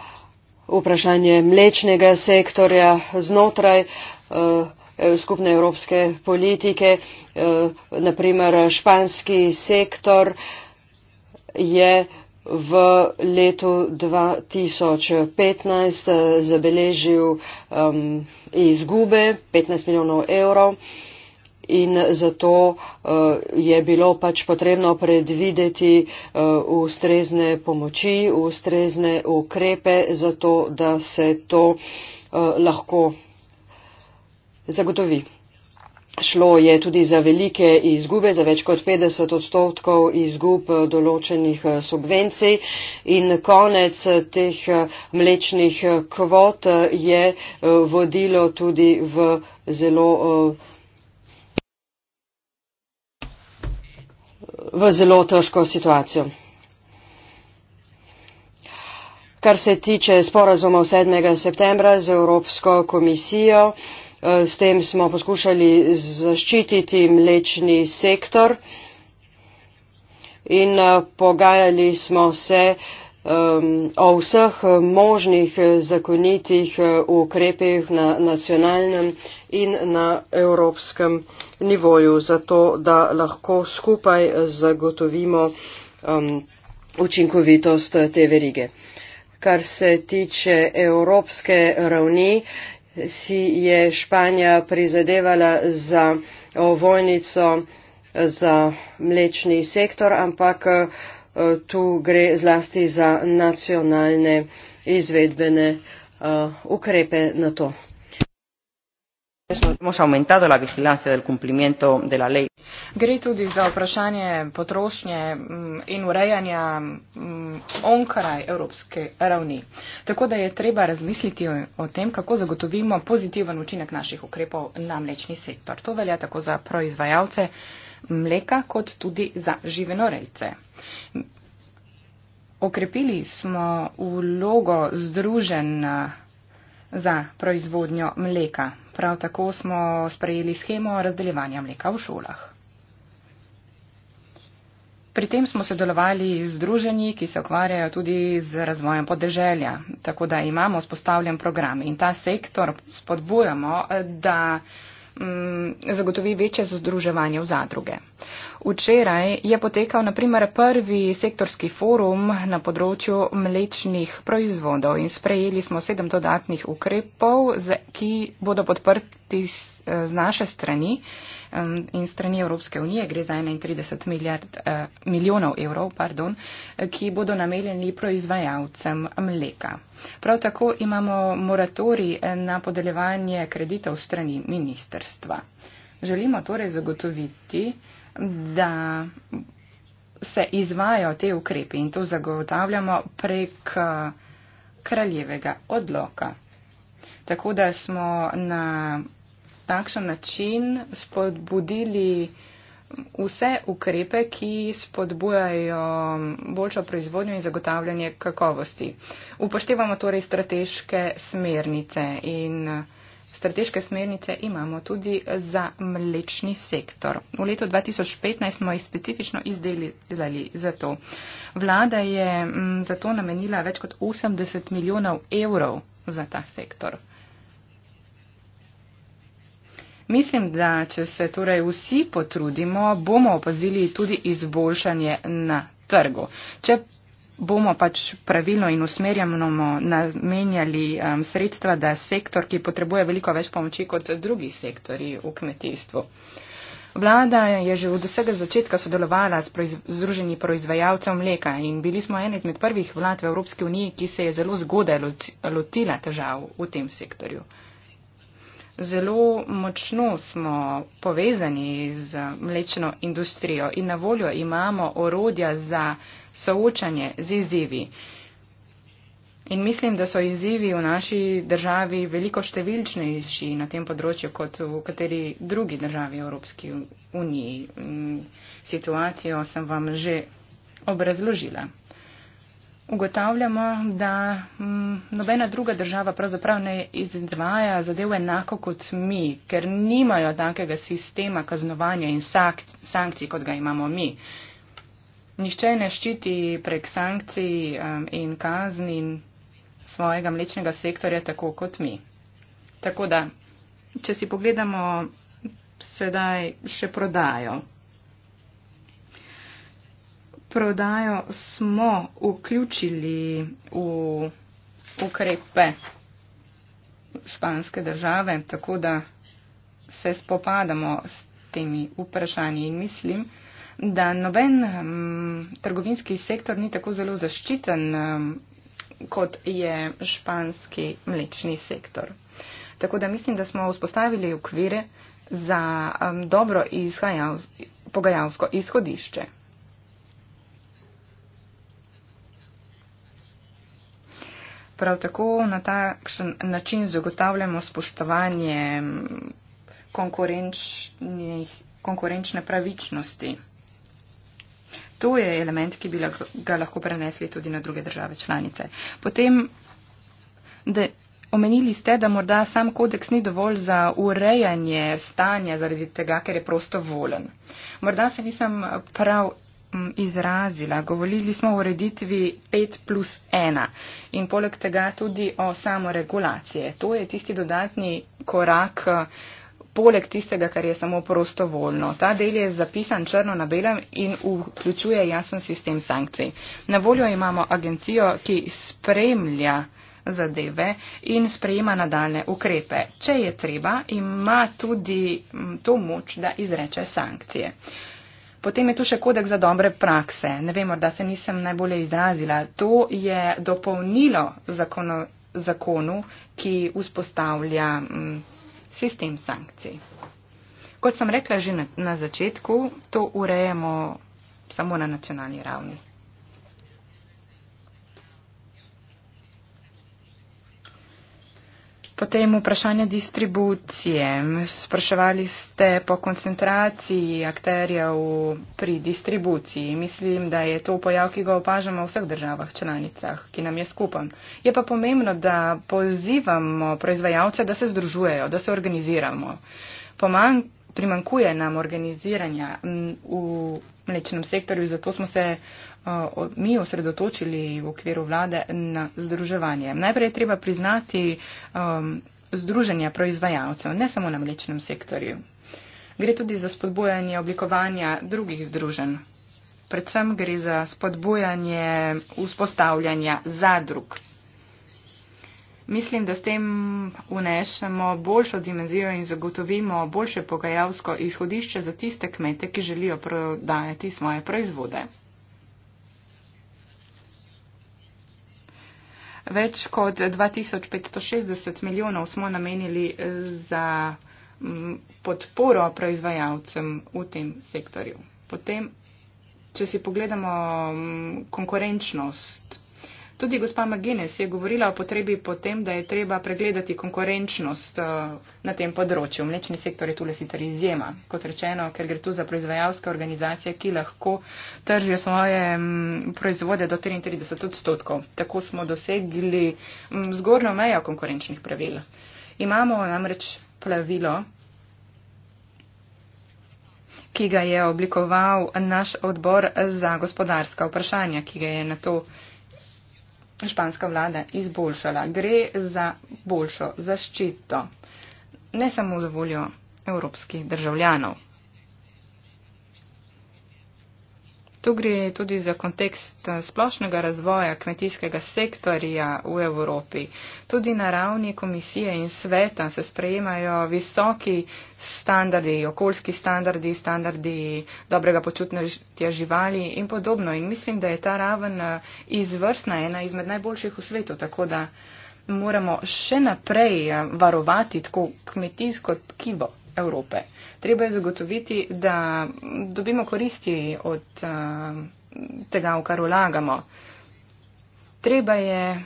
vprašanje mlečnega sektorja znotraj eh, skupne evropske politike. Eh, Naprimer, španski sektor je v letu 2015 eh, zabeležil um, izgube 15 milijonov evrov. Um, in zato eh, je bilo pač potrebno predvideti eh, ustrezne pomoči, ustrezne ukrepe, zato da se to eh, lahko zagotovi. Šlo je tudi za velike izgube, za več kot 50 odstotkov izgub določenih subvencij in konec teh mlečnih kvot je vodilo tudi v zelo v zelo težko situacijo. Kar se tiče sporazuma 7. septembra z Evropsko komisijo, eh, s tem smo poskušali zaščititi mlečni sektor in eh, pogajali smo se ehm, o vseh možnih zakonitih eh, ukrepih na nacionalnem in na evropskem nivoju, zato da lahko skupaj zagotovimo um, učinkovitost te verige. Kar se tiče evropske ravni, si je Španija prizadevala za ovojnico za mlečni sektor, ampak uh, tu gre zlasti za nacionalne izvedbene uh, ukrepe na to. No, hemos aumentado la vigilancia del cumplimiento de la ley. Gre tudi za vprašanje potrošnje mm, in urejanja mm, onkraj evropske ravni. Tako da je treba razmisliti o tem, kako zagotovimo pozitiven učinek naših ukrepov na mlečni sektor. To velja tako za proizvajalce mleka, kot tudi za živinorejce. Okrepili smo vlogo združen za proizvodnjo mleka. Prav tako smo sprejeli schemo razdeljevanja mleka v šolah. Pri tem smo sodelovali z združenji, ki se ukvarjajo tudi z razvojem podeželja, tako da imamo spostavljen program in ta sektor spodbujamo, da Mm, zagotovi večje združevanje v zadruge. Včeraj je potekal naprimer prvi sektorski forum na področju mlečnih proizvodov in sprejeli smo sedem dodatnih ukrepov, ki bodo podprti eh, z naše strani. Uh, in strani Evropske unije gre za 31 milijard, eh, milijonov evrov, pardon, ki bodo namenjeni proizvajalcem mleka. Prav tako imamo moratori eh, na podeljevanje kreditev strani ministerstva. Želimo torej zagotoviti, da se izvajo te ukrepe in to zagotavljamo prek eh, kraljevega odloka. Tako da smo na takšen način spodbudili vse ukrepe, ki spodbujajo boljšo proizvodnjo in zagotavljanje kakovosti. Upoštevamo torej strateške smernice in strateške smernice imamo tudi za mlečni sektor. V letu 2015 smo jih specifično izdelali za to. Vlada je mm, za to namenila več kot 80 milijonov evrov za ta sektor. Mislim, da če se torej vsi potrudimo, bomo opazili tudi izboljšanje na trgu. Če bomo pač pravilno in usmerjamo namenjali um, sredstva, da sektor, ki potrebuje veliko več pomoči kot drugi sektori v kmetijstvu. Vlada je že od vsega začetka sodelovala s proiz Združenji proizvajalcev mleka in bili smo ene izmed prvih vlad v Evropski uniji, ki se je zelo zgodaj lotila težav v tem sektorju zelo močno smo povezani z mlečno industrijo in na voljo imamo orodja za soočanje z izzivi. In mislim, da so izzivi v naši državi veliko številčnejši na tem področju kot v kateri drugi državi Evropski uniji. Situacijo sem vam že obrazložila ugotavljamo, da m, mm, nobena druga država pravzaprav ne izdvaja zadev enako kot mi, ker nimajo takega sistema kaznovanja in sankcij, kot ga imamo mi. Nihče ne ščiti prek sankcij um, in kazni svojega mlečnega sektorja tako kot mi. Tako da, če si pogledamo sedaj še prodajo prodajo smo vključili v ukrepe španske države, tako da se spopadamo s temi vprašanji in mislim, da noben m, mm, trgovinski sektor ni tako zelo zaščiten, m, mm, kot je španski mlečni sektor. Tako da mislim, da smo vzpostavili okvire za m, mm, dobro izhajav, pogajalsko izhodišče. Prav tako na takšen način zagotavljamo spoštovanje konkurenčne pravičnosti. To je element, ki bi ga lahko prenesli tudi na druge države članice. Potem, da omenili ste, da morda sam kodeks ni dovolj za urejanje stanja zaradi tega, ker je prosto volen. Morda se nisem prav Mm, izrazila. Govorili smo o ureditvi 5 plus 1 in poleg tega tudi o samoregulaciji. To je tisti dodatni korak eh, poleg tistega, kar je samo prostovoljno. Ta del je zapisan črno na belem in vključuje jasen sistem sankcij. Na voljo imamo agencijo, ki spremlja zadeve in sprejema nadaljne ukrepe. Če je treba, ima tudi mm, to moč, da izreče sankcije. Uh, Potem je tu še kodek za dobre prakse. Ne vem, morda se nisem najbolje izrazila. To je dopolnilo zakonu, zakonu ki vzpostavlja m, mm, sistem sankcij. Kot sem rekla že na, na začetku, to urejemo samo na nacionalni ravni. Potem vprašanje distribucije. Spraševali ste po koncentraciji akterjev pri distribuciji. Mislim, da je to pojav, ki ga opažamo v vseh državah članicah, ki nam je skupen. Je pa pomembno, da pozivamo proizvajalce, da se združujejo, da se organiziramo. Pomanjk primankuje nam organiziranja v mlečnem sektorju, zato smo se mi osredotočili v okviru vlade na združevanje. Najprej je treba priznati um, združenja proizvajalcev, ne samo na mlečnem sektorju. Gre tudi za spodbojanje oblikovanja drugih združenj. Predvsem gre za spodbojanje vzpostavljanja zadrug, Mislim, da s tem unešamo boljšo dimenzijo in zagotovimo boljše pogajalsko izhodišče za tiste kmete, ki želijo prodajati svoje proizvode. Več kot 2560 milijonov smo namenili eh, za mm, podporo proizvajalcem v tem sektorju. Potem, če si pogledamo mm, konkurenčnost Tudi gospa Magines je govorila o potrebi potem, da je treba pregledati konkurenčnost eh, na tem področju. Mlečni sektor je tule sicer izjema, kot rečeno, ker gre tu za proizvajalske organizacije, ki lahko tržijo svoje mm, proizvode do 33 odstotkov. Tako smo dosegli mm, zgornjo mejo konkurenčnih pravil. Imamo namreč plavilo ki ga je oblikoval naš odbor za gospodarska vprašanja, ki ga je na to španska vlada izboljšala. Gre za boljšo zaščito, ne samo za voljo evropskih državljanov. Tu gre tudi za kontekst eh, splošnega razvoja kmetijskega sektorja v Evropi. Tudi na ravni komisije in sveta se sprejemajo visoki standardi, okoljski standardi, standardi dobrega počutja živali in podobno. In mislim, da je ta raven eh, izvrstna, ena izmed najboljših v svetu, tako da moramo še naprej eh, varovati tako kmetijsko tkivo Evrope treba je zagotoviti, da dobimo koristi od tega, v kar vlagamo. Treba je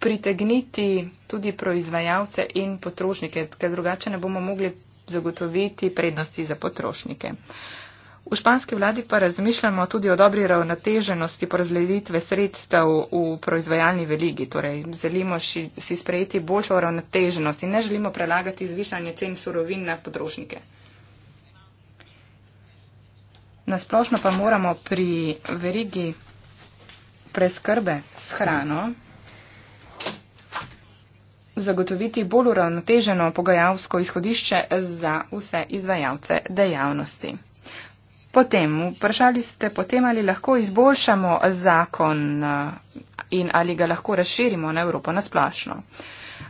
pritegniti tudi proizvajalce in potrošnike, ker drugače ne bomo mogli zagotoviti prednosti za potrošnike. V španski vladi pa razmišljamo tudi o dobri ravnoteženosti porazdelitve sredstev v proizvajalni veligi. Torej, želimo si sprejeti boljšo ravnoteženost in ne želimo prelagati zvišanje cen surovin na potrošnike. Nasplošno pa moramo pri verigi preskrbe s hrano zagotoviti bolj uravnoteženo pogajalsko izhodišče za vse izvajalce dejavnosti. Potem, vprašali ste potem, ali lahko izboljšamo zakon eh, in ali ga lahko razširimo na Evropo nasplošno.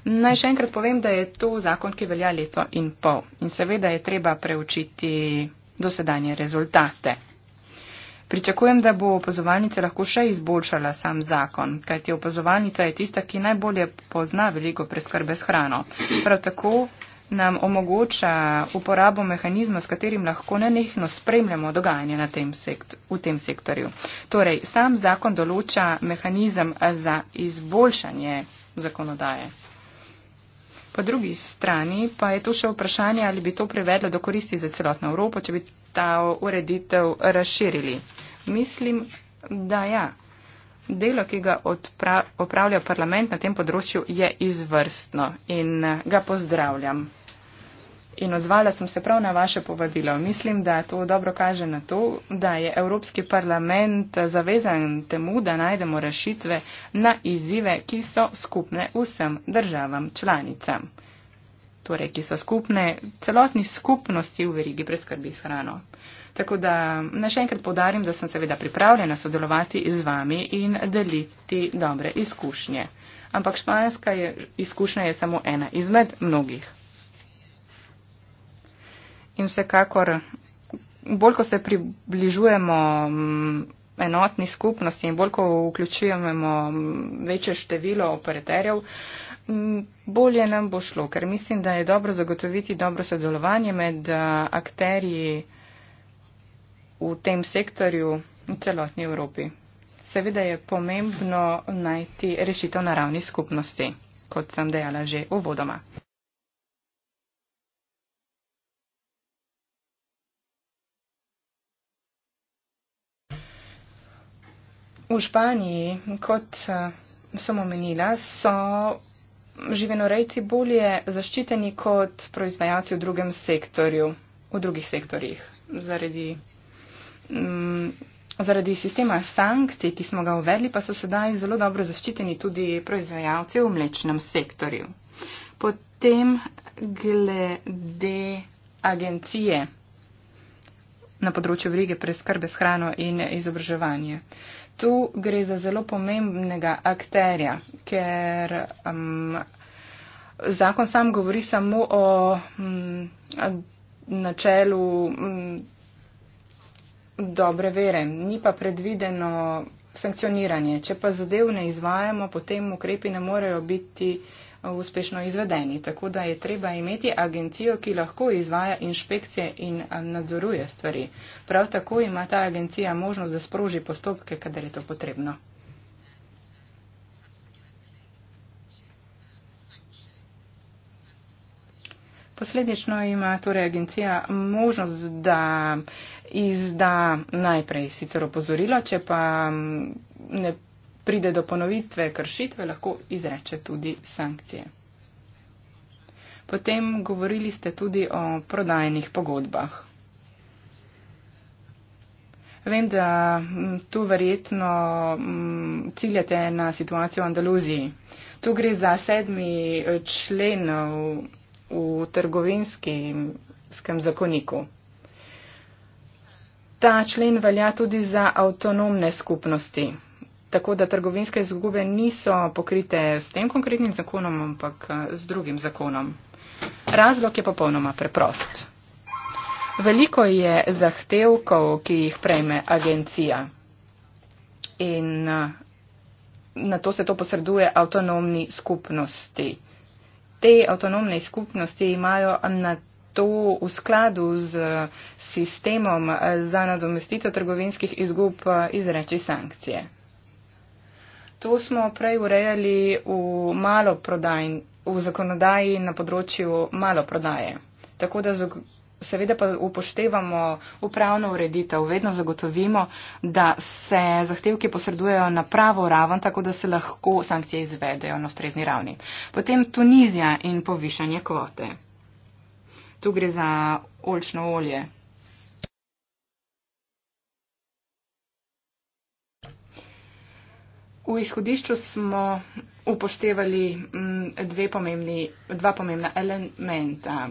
Naj še enkrat povem, da je to zakon, ki velja leto in pol. In seveda je treba preučiti dosedanje rezultate. Pričakujem, da bo opazovalnica lahko še izboljšala sam zakon, kajti opazovalnica je tista, ki najbolje pozna veliko preskrbe s hrano. Prav tako nam omogoča uporabo mehanizma, s katerim lahko nenehno spremljamo dogajanje na tem sekt, v tem sektorju. Torej, sam zakon določa mehanizem za izboljšanje zakonodaje. Po drugi strani pa je tu še vprašanje, ali bi to prevedlo do koristi za celotno Evropo, če bi ta ureditev razširili. Mislim, da ja. Delo, ki ga opravlja parlament na tem področju, je izvrstno in eh, ga pozdravljam in odzvala sem se prav na vaše povabilo. Mislim, da to dobro kaže na to, da je Evropski parlament zavezan temu, da najdemo rešitve na izzive, ki so skupne vsem državam članicam. Torej, ki so skupne celotni skupnosti v verigi preskrbi s hrano. Tako da naj še enkrat podarim, da sem seveda pripravljena sodelovati z vami in deliti dobre izkušnje. Ampak španska je, izkušnja je samo ena izmed mnogih. In vsekakor, bolj ko se približujemo mm, enotni skupnosti in bolj ko vključujemo mm, večje število operaterjev, mm, bolje nam bo šlo, ker mislim, da je dobro zagotoviti dobro sodelovanje med eh, akterji v tem sektorju v celotni Evropi. Seveda je pomembno najti rešitev na ravni skupnosti, kot sem dejala že uvodoma. V Španiji, kot eh, sem omenila, so živenorejci bolje zaščiteni kot proizvajalci v drugem sektorju, v drugih sektorjih, zaradi, m, mm, zaradi sistema sankcij, ki smo ga uvedli, pa so sedaj zelo dobro zaščiteni tudi proizvajalci v mlečnem sektorju. Potem glede agencije na področju brige preskrbe s hrano in izobraževanje tu gre za zelo pomembnega akterja, ker um, zakon sam govori samo o um, načelu um, dobre vere, ni pa predvideno sankcioniranje. Če pa zadev ne izvajamo, potem ukrepi ne morejo biti uspešno izvedeni. Tako da je treba imeti agencijo, ki lahko izvaja inšpekcije in nadzoruje stvari. Prav tako ima ta agencija možnost, da sproži postopke, kadar je to potrebno. Posledično ima torej agencija možnost, da izda najprej sicer opozorilo, če pa ne pride do ponovitve kršitve, lahko izreče tudi sankcije. Potem govorili ste tudi o prodajnih pogodbah. Vem, da mm, tu verjetno mm, ciljate na situacijo v Andaluziji. Tu gre za sedmi eh, člen v, v trgovinskem zakoniku. Ta člen velja tudi za avtonomne skupnosti. Tako da trgovinske izgube niso pokrite s tem konkretnim zakonom, ampak eh, z drugim zakonom. Razlog je popolnoma preprost. Veliko je zahtevkov, ki jih prejme agencija. In eh, na to se to posreduje avtonomni skupnosti. Te avtonomne skupnosti imajo na to v skladu z eh, sistemom za nadomestitev trgovinskih izgub izreči sankcije. To smo prej urejali v, v zakonodaji na področju maloprodaje. Tako da seveda pa upoštevamo upravno ureditev, vedno zagotovimo, da se zahtevki posredujejo na pravo raven, tako da se lahko sankcije izvedejo na strezni ravni. Potem Tunizija in povišanje kvote. Tu gre za olčno olje. V izhodišču smo upoštevali mm, dve pomembni, dva pomembna elementa.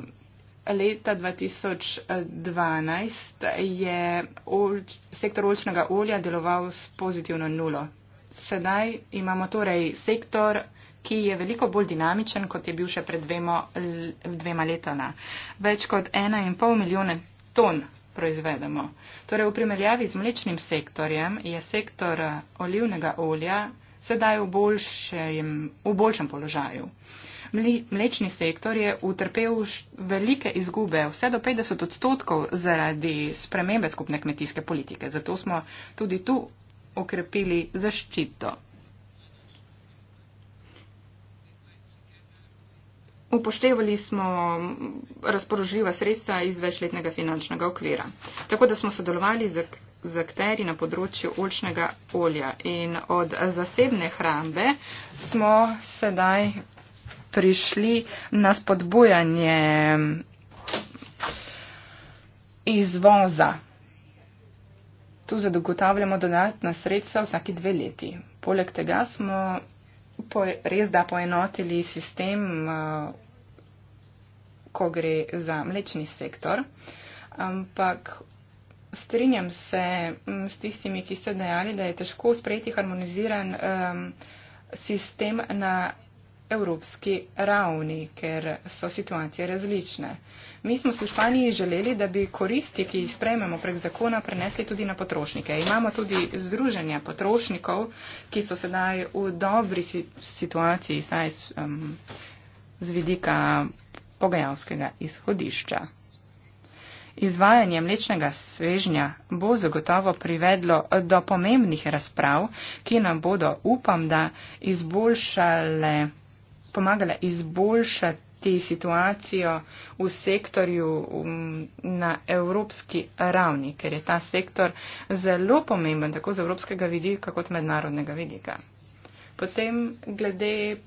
Leta 2012 je ol, sektor olčnega olja deloval s pozitivno nulo. Sedaj imamo torej sektor, ki je veliko bolj dinamičen, kot je bil še pred dvema, dvema letoma. Več kot 1,5 milijone ton proizvedemo. Torej, v primerjavi z mlečnim sektorjem je sektor eh, olivnega olja sedaj v, boljšem, v boljšem položaju. Mlečni sektor je utrpel velike izgube, vse do 50 odstotkov zaradi spremembe skupne kmetijske politike. Zato smo tudi tu okrepili zaščito. Upoštevali smo razpoložljiva sredstva iz večletnega finančnega okvira. Tako da smo sodelovali z, z akteri na področju olčnega olja in od zasebne hrambe smo sedaj prišli na spodbujanje izvoza. Tu zagotavljamo dodatna sredstva vsaki dve leti. Poleg tega smo res da poenotili sistem, eh, ko gre za mlečni sektor, ampak strinjam se mm, s tistimi, ki ste dejali, da je težko sprejeti harmoniziran eh, sistem na evropski ravni, ker so situacije različne. Mi smo se v Španiji želeli, da bi koristi, ki jih sprejmemo prek zakona, prenesli tudi na potrošnike. Imamo tudi združenja potrošnikov, ki so sedaj v dobri situaciji, saj um, z vidika pogajalskega izhodišča. Izvajanje mlečnega svežnja bo zagotovo privedlo do pomembnih razprav, ki nam bodo, upam, da izboljšale pomagala izboljšati situacijo v sektorju um, na evropski ravni, ker je ta sektor zelo pomemben, tako z evropskega vidika kot mednarodnega vidika. Potem glede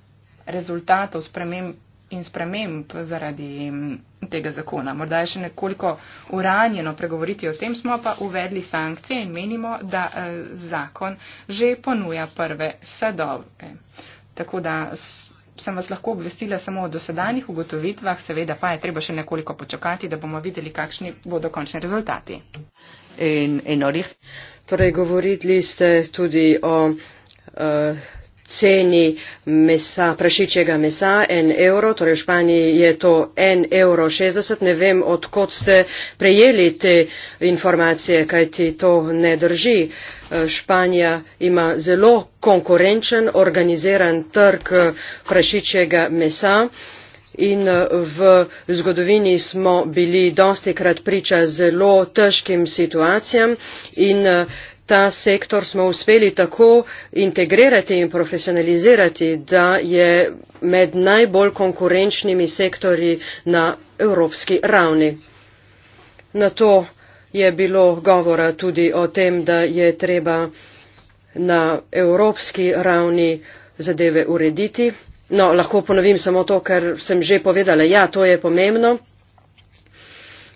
rezultatov sprememb in sprememb zaradi um, tega zakona. Morda je še nekoliko uranjeno pregovoriti o tem, smo pa uvedli sankcije in menimo, da eh, zakon že ponuja prve sadove. Tako da sem vas lahko obvestila samo o dosedanjih ugotovitvah, seveda pa je treba še nekoliko počakati, da bomo videli, kakšni bodo končni rezultati. In, in torej, govorili ste tudi o. Uh, ceni mesa, prašičjega mesa en evro, torej v Španiji je to en evro šestdeset. Ne vem, odkot ste prejeli te informacije, kajti to ne drži. Eh, Španija ima zelo konkurenčen, organiziran trg eh, prašičjega mesa. In eh, v zgodovini smo bili dosti krat priča zelo težkim situacijam in uh, ta sektor smo uspeli tako integrirati in profesionalizirati, da je med najbolj konkurenčnimi sektori na evropski ravni. Na to je bilo govora tudi o tem, da je treba na evropski ravni zadeve urediti. No, lahko ponovim samo to, kar sem že povedala. Ja, to je pomembno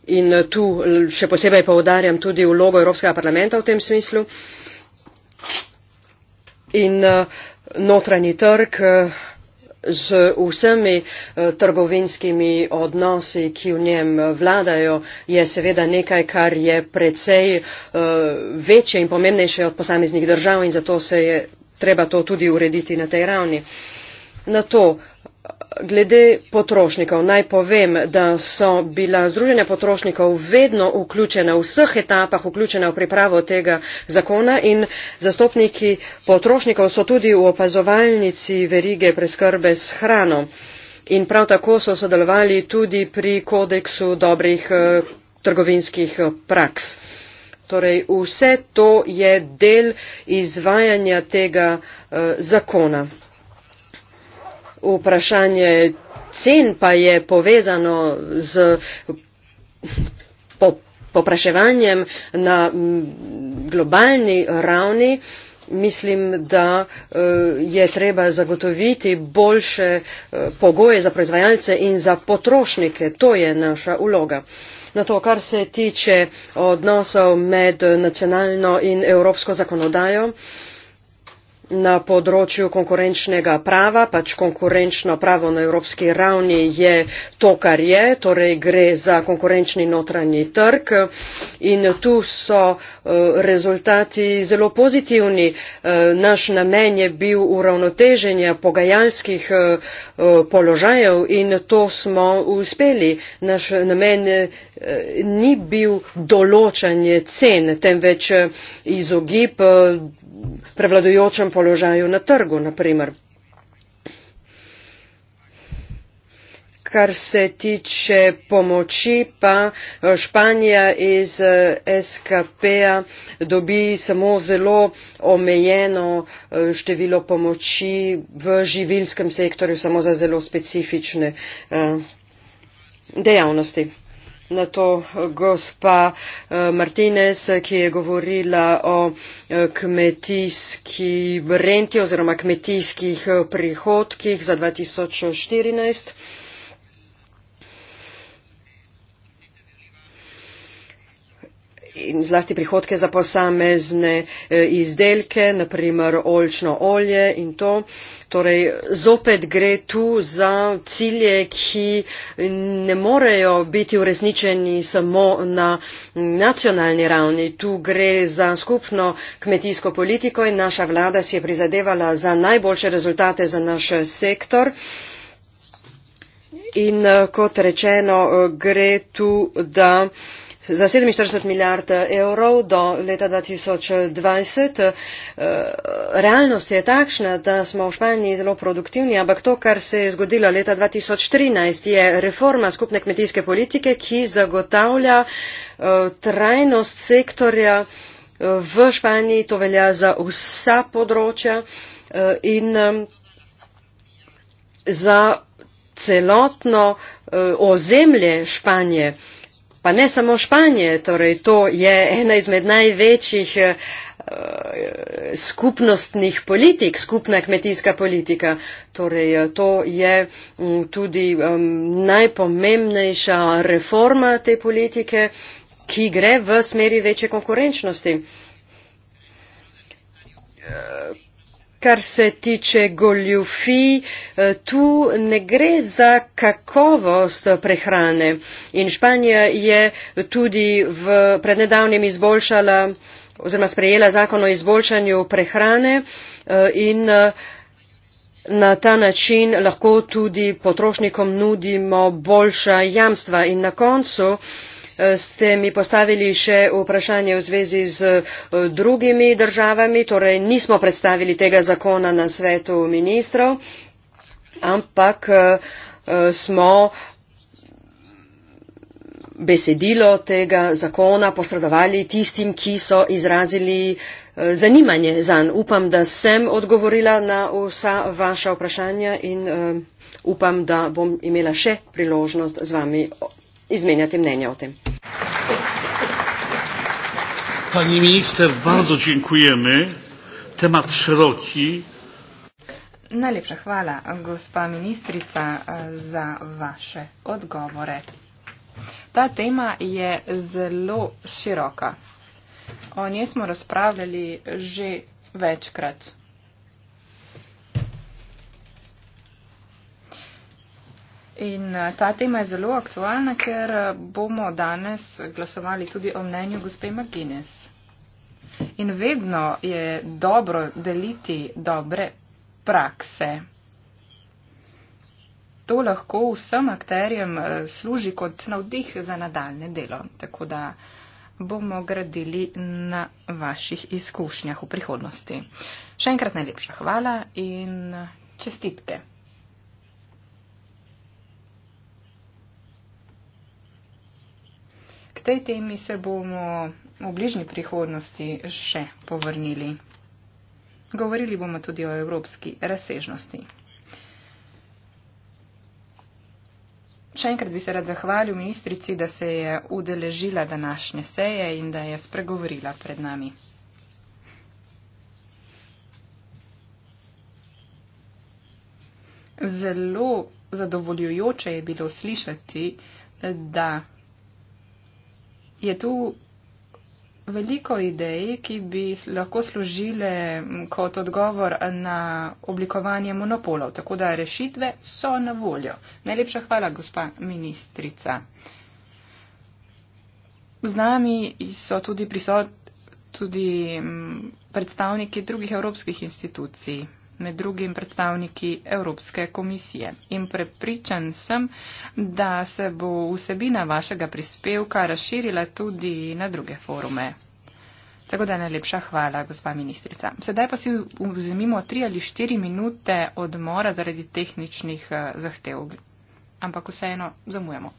in eh, tu še posebej poudarjam tudi vlogo evropskega parlamenta v tem smislu in eh, notranji trg eh, z vsemi trgovinskimi odnosi, ki v njem vladajo, je seveda nekaj, kar je precej večje in pomembnejše od posameznih držav in zato se je treba to tudi urediti na tej ravni. Na to glede potrošnikov naj povem da so bila združenja potrošnikov vedno vključena v vseh etapah vključena v pripravo tega zakona in zastopniki potrošnikov so tudi v opazovalnici verige preskrbe s hrano in prav tako so sodelovali tudi pri kodeksu dobrih eh, trgovinskih eh, praks. Torej vse to je del izvajanja tega eh, zakona vprašanje cen pa je povezano z popraševanjem na globalni ravni. Mislim, da eh, je treba zagotoviti boljše eh, pogoje za proizvajalce in za potrošnike. To je naša uloga. Na to, kar se tiče odnosov med nacionalno in evropsko zakonodajo, Na področju konkurenčnega prava, pač konkurenčno pravo na evropski ravni je to, kar je, torej gre za konkurenčni notranji trg in tu so eh, rezultati zelo pozitivni. Eh, naš namen je bil uravnoteženje pogajalskih eh, položajev in to smo uspeli. Naš namen ni bil določanje cen, temveč izogib prevladujočem položaju na trgu, naprimer. Kar se tiče pomoči, pa eh, Španija iz eh, SKP-a dobi samo zelo omejeno eh, število pomoči v živilskem sektorju, samo za zelo specifične dejavnosti na to eh, gospa eh, Martinez, ki je govorila o eh, kmetijski renti oziroma kmetijskih prihodkih za 2014. in zlasti prihodke za posamezne eh, izdelke, naprimer olčno olje in to. Torej, zopet gre tu za cilje, ki ne morejo biti uresničeni samo na nacionalni ravni. Tu gre za skupno kmetijsko politiko in naša vlada si je prizadevala za najboljše rezultate za naš sektor. In eh, kot rečeno, eh, gre tu, da za sedeminštirideset milijard eh, evrov do leta dva tisoč dvajset eh, realnost je takšna da smo v španiji zelo produktivni ampak to kar se je zgodilo leta dva tisoč trinajst je reforma skupne kmetijske politike ki zagotavlja eh, trajnost sektorja v španiji to velja za vsa področja in za celotno ozemlje španije pa ne samo Španije, torej to je ena izmed največjih eh, skupnostnih politik, skupna kmetijska politika. Torej, eh, to je mm, tudi um, najpomembnejša reforma te politike, ki gre v smeri večje konkurenčnosti. Eh, kar se tiče goljufij, eh, tu ne gre za kakovost prehrane. In Španija je tudi v prednedavnem izboljšala oziroma sprejela zakon o izboljšanju prehrane eh, in eh, na ta način lahko tudi potrošnikom nudimo boljša jamstva. In na koncu uh, Eh, ste mi postavili še vprašanje v zvezi z eh, drugimi državami, torej nismo predstavili tega zakona na svetu ministrov, ampak eh, smo besedilo tega zakona posredovali tistim, ki so izrazili zanimanje zanj. Upam, da sem odgovorila na vsa vaša vprašanja in upam, da bom imela še priložnost z vami izmenjati mnenja o tem. Pani minister, bardzo dziękujemy. Temat szeroki. Najlepsza chwala, gospa ministrica, za wasze odgovore. Ta tema je zelo široka. O njej smo razpravljali že večkrat In eh, ta tema je zelo aktualna, ker eh, bomo danes glasovali tudi o mnenju gospe McGuinness. In vedno je dobro deliti dobre prakse. To lahko vsem akterjem eh, služi kot navdih za nadaljne delo. Tako da bomo gradili na vaših izkušnjah v prihodnosti. Še enkrat najlepša hvala in čestitke. tej temi se bomo v bližnji prihodnosti še povrnili. Govorili bomo tudi o evropski razsežnosti. Še enkrat bi se rad zahvalil ministrici, da se je udeležila današnje seje in da je spregovorila pred nami. Zelo zadovoljujoče je bilo slišati, da je tu veliko idej, ki bi lahko služile kot odgovor na oblikovanje monopolov. Tako da rešitve so na voljo. Najlepša hvala, gospa ministrica. Z nami so tudi prisotni tudi mm, predstavniki drugih evropskih institucij med drugim predstavniki Evropske komisije. In prepričan sem, da se bo vsebina vašega prispevka razširila tudi na druge forume. Tako da najlepša hvala, gospa ministrica. Sedaj pa si vzemimo tri ali štiri minute odmora zaradi tehničnih eh, zahtev. Ampak vseeno zamujamo.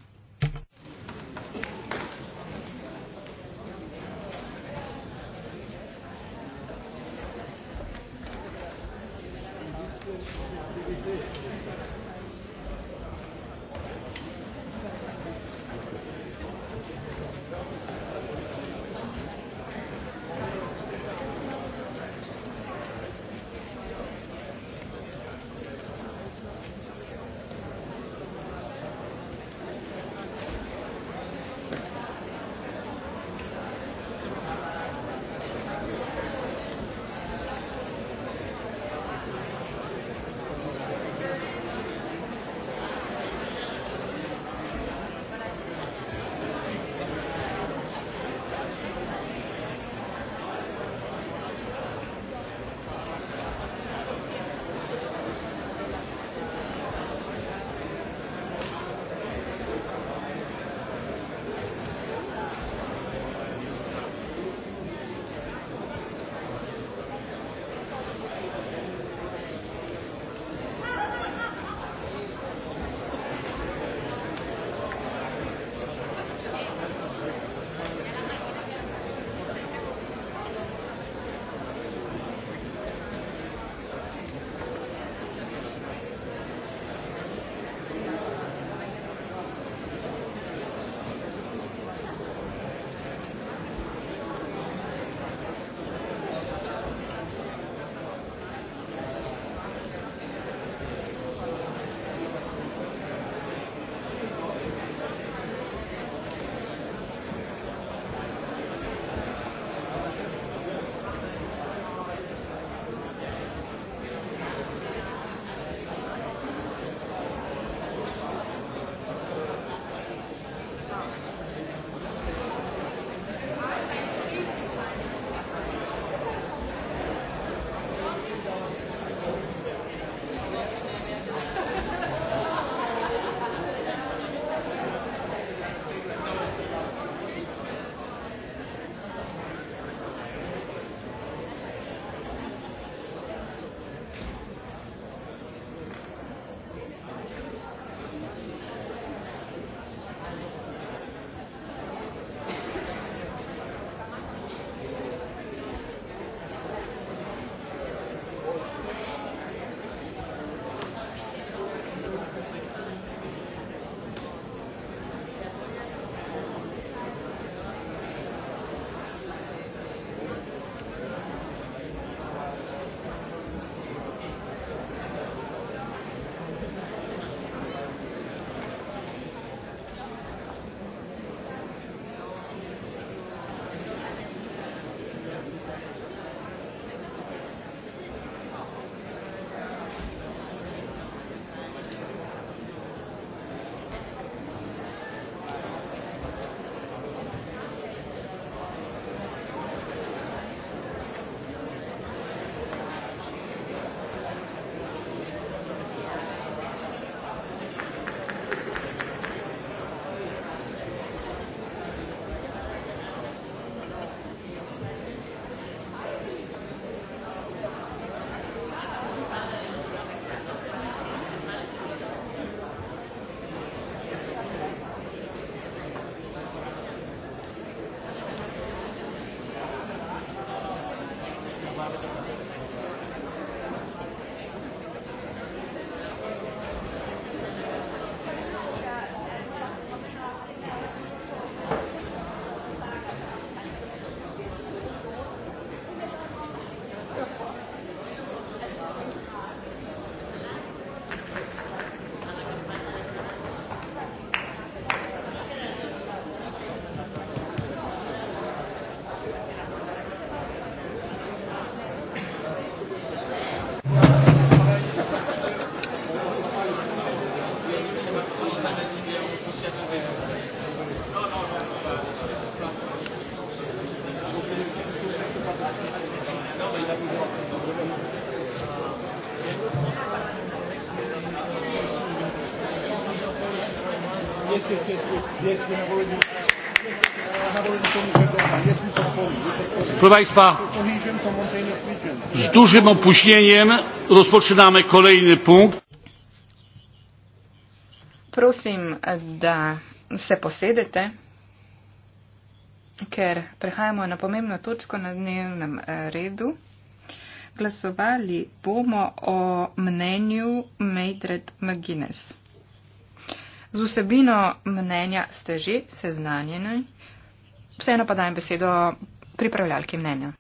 yes, yes, yes, yes, we have already. Proszę Państwa, z dużym opóźnieniem rozpoczynamy kolejny punkt. Prosim, da se posedete, ker prehajamo na pomembno točko na dnevnem eh, redu. Glasovali bomo o mnenju Madrid McGuinness. Z vsebino mnenja ste že seznanjeni, vseeno pa dajem besedo pripravljalki mnenja.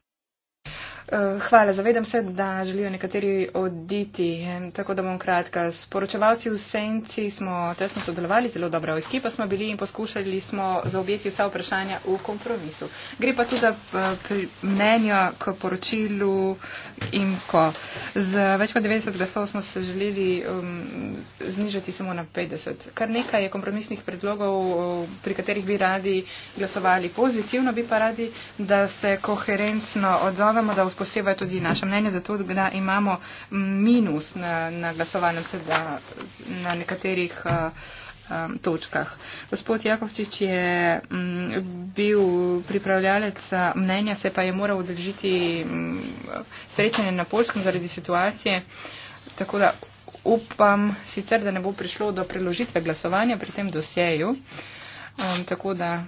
Eh, hvala, zavedam se, da želijo nekateri oditi, eh, tako da bom kratka. S poročevalci v Senci smo tesno sodelovali, zelo dobra ekipa smo bili in poskušali smo zaobjeti vsa vprašanja v kompromisu. Gre pa tudi za eh, mnenja k poročilu in ko. Z več kot 90 glasov smo se želeli um, znižati samo na 50. Kar nekaj je kompromisnih predlogov, pri katerih bi radi glasovali pozitivno, bi pa radi, da se koherentno odzovemo, da upoštevajo tudi naše mnenje, zato da imamo minus na, na glasovanjem sedaj na nekaterih um, točkah. Gospod Jakovčič je um, bil pripravljalec eh, mnenja, se pa je moral držiti um, mm, srečanje na Polskem zaradi situacije. Tako da upam sicer, da ne bo prišlo do preložitve glasovanja pri tem dosjeju. Um, tako da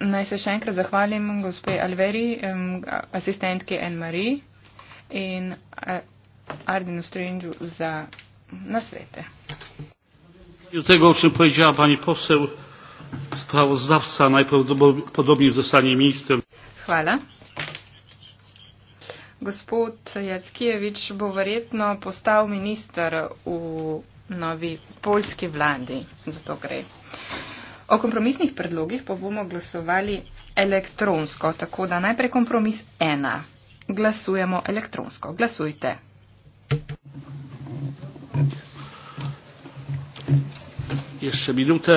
Naj se še enkrat zahvalim gospe Alveri, um, asistentki Anne Marie in uh, Ardenu Strangeu za nasvete. Do tego, o czym powiedziała pani poseł, sprawozdawca najprawdopodobniej zostanie ministrem. Chwala. Gospod Jackiewicz był wierzytno postał minister u nowej polskiej władzy. Za to grej. O kompromisnih predlogih pa bomo glasovali elektronsko, tako da najprej kompromis 1. Glasujemo elektronsko. Glasujte. Je še minute.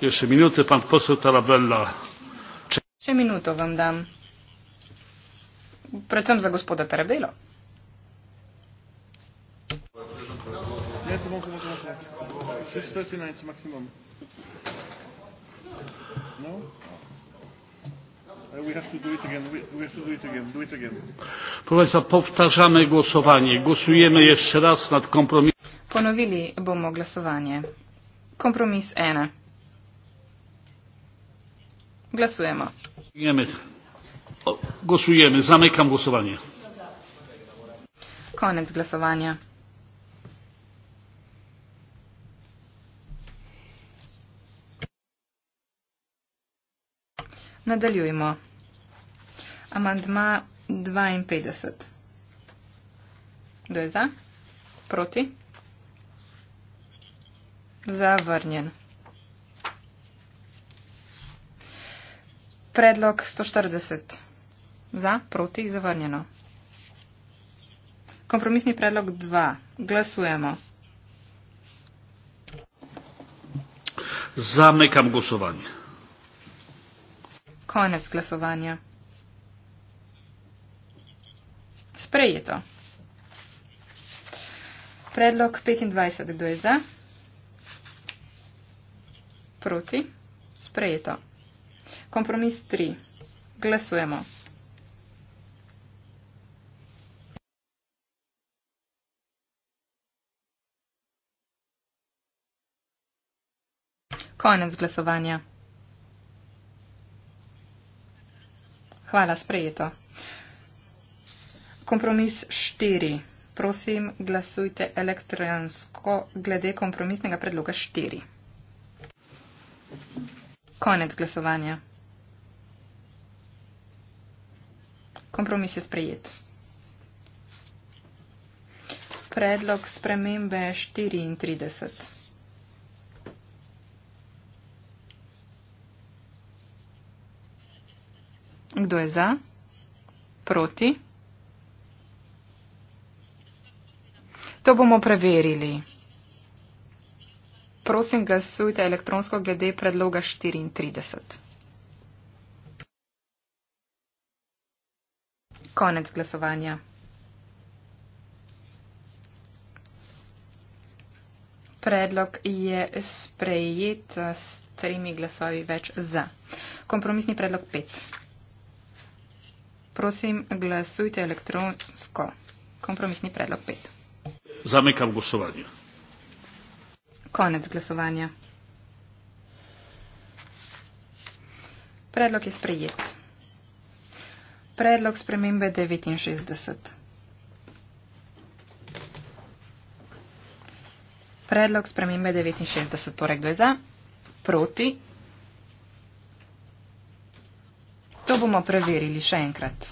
Je še minute, pan posel Tarabella. Če... Še minuto vam dam. Predvsem za gospoda Tarabelo. Ja, to bom, to bom, to bom. 6, 13, maksimum. No? We have to do it again. We have to do it again. Do it again. Proszę Państwa, powtarzamy głosowanie. Głosujemy jeszcze raz nad kompromisem. Ponowili bomo głosowanie. Kompromis N. Głosujemy. Głosujemy. Głosujemy. Zamykam głosowanie. Koniec głosowania. Nadaljujemo. Amandma 52. Kdo je za? Proti? Zavrnjen. Predlog 140. Za, proti, zavrnjeno. Kompromisni predlog 2. Glasujemo. Zamekam glasovanje. Konec glasovanja. Sprejeto. Predlog 25. Kdo je za? Proti. Sprejeto. Kompromis 3. Glasujemo. Konec glasovanja. Hvala, sprejeto. Kompromis 4. Prosim, glasujte elektronsko glede kompromisnega predloga 4. Konec glasovanja. Kompromis je sprejet. Predlog spremembe 34. Kdo je za? Proti? To bomo preverili. Prosim, glasujte elektronsko glede predloga 34. Konec glasovanja. Predlog je sprejet s tremi glasovi več za. Kompromisni predlog 5. Prosim, glasujte elektronsko. Kompromisni predlog 5. Zamekam glasovanje. Konec glasovanja. Predlog je sprejet. Predlog spremembe 69. Predlog spremembe 69. Torej, kdo je za? Proti? To bomo preverili še enkrat.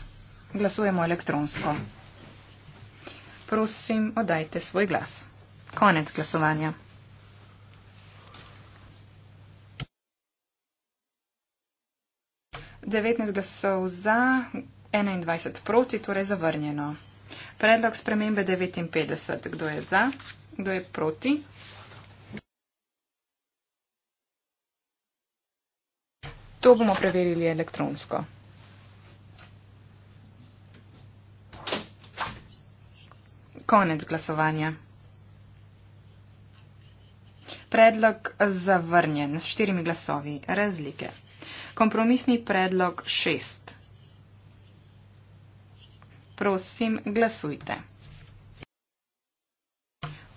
Glasujemo elektronsko. Prosim, oddajte svoj glas. Konec glasovanja. Devetnaest glasov za, enaindvajset proti, torej zavrnjeno. Predlog spremembe devetinpetdeset. Kdo je za? Kdo je proti? To bomo preverili elektronsko. Konec glasovanja. Predlog zavrnjen s štirimi glasovi razlike. Kompromisni predlog šest. Prosim, glasujte.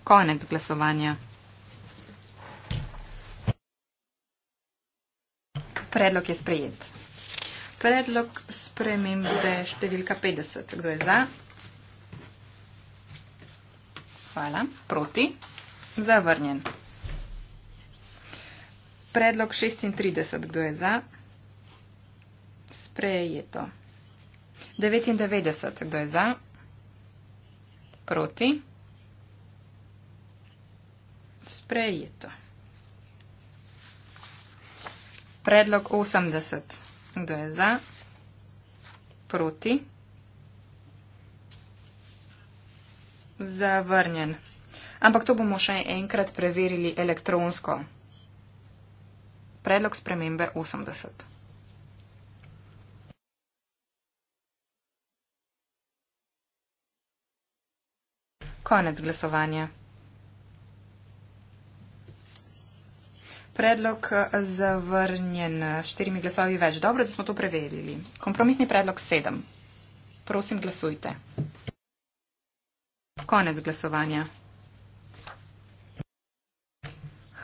Konec glasovanja. Predlog je sprejet. Predlog spremembe številka 50. Kdo je za? Hvala. Proti? Zavrnjen. Predlog 36. Kdo je za? Sprejeto. 99. Kdo je za? Proti? Sprejeto predlog 80. Kdo je za? Proti? Zavrnjen. Ampak to bomo še enkrat preverili elektronsko. Predlog spremembe 80. Konec glasovanja. predlog eh, zavrnjen štirimi glasovi več. Dobro, da smo to preverili. Kompromisni predlog sedem. Prosim, glasujte. Konec glasovanja.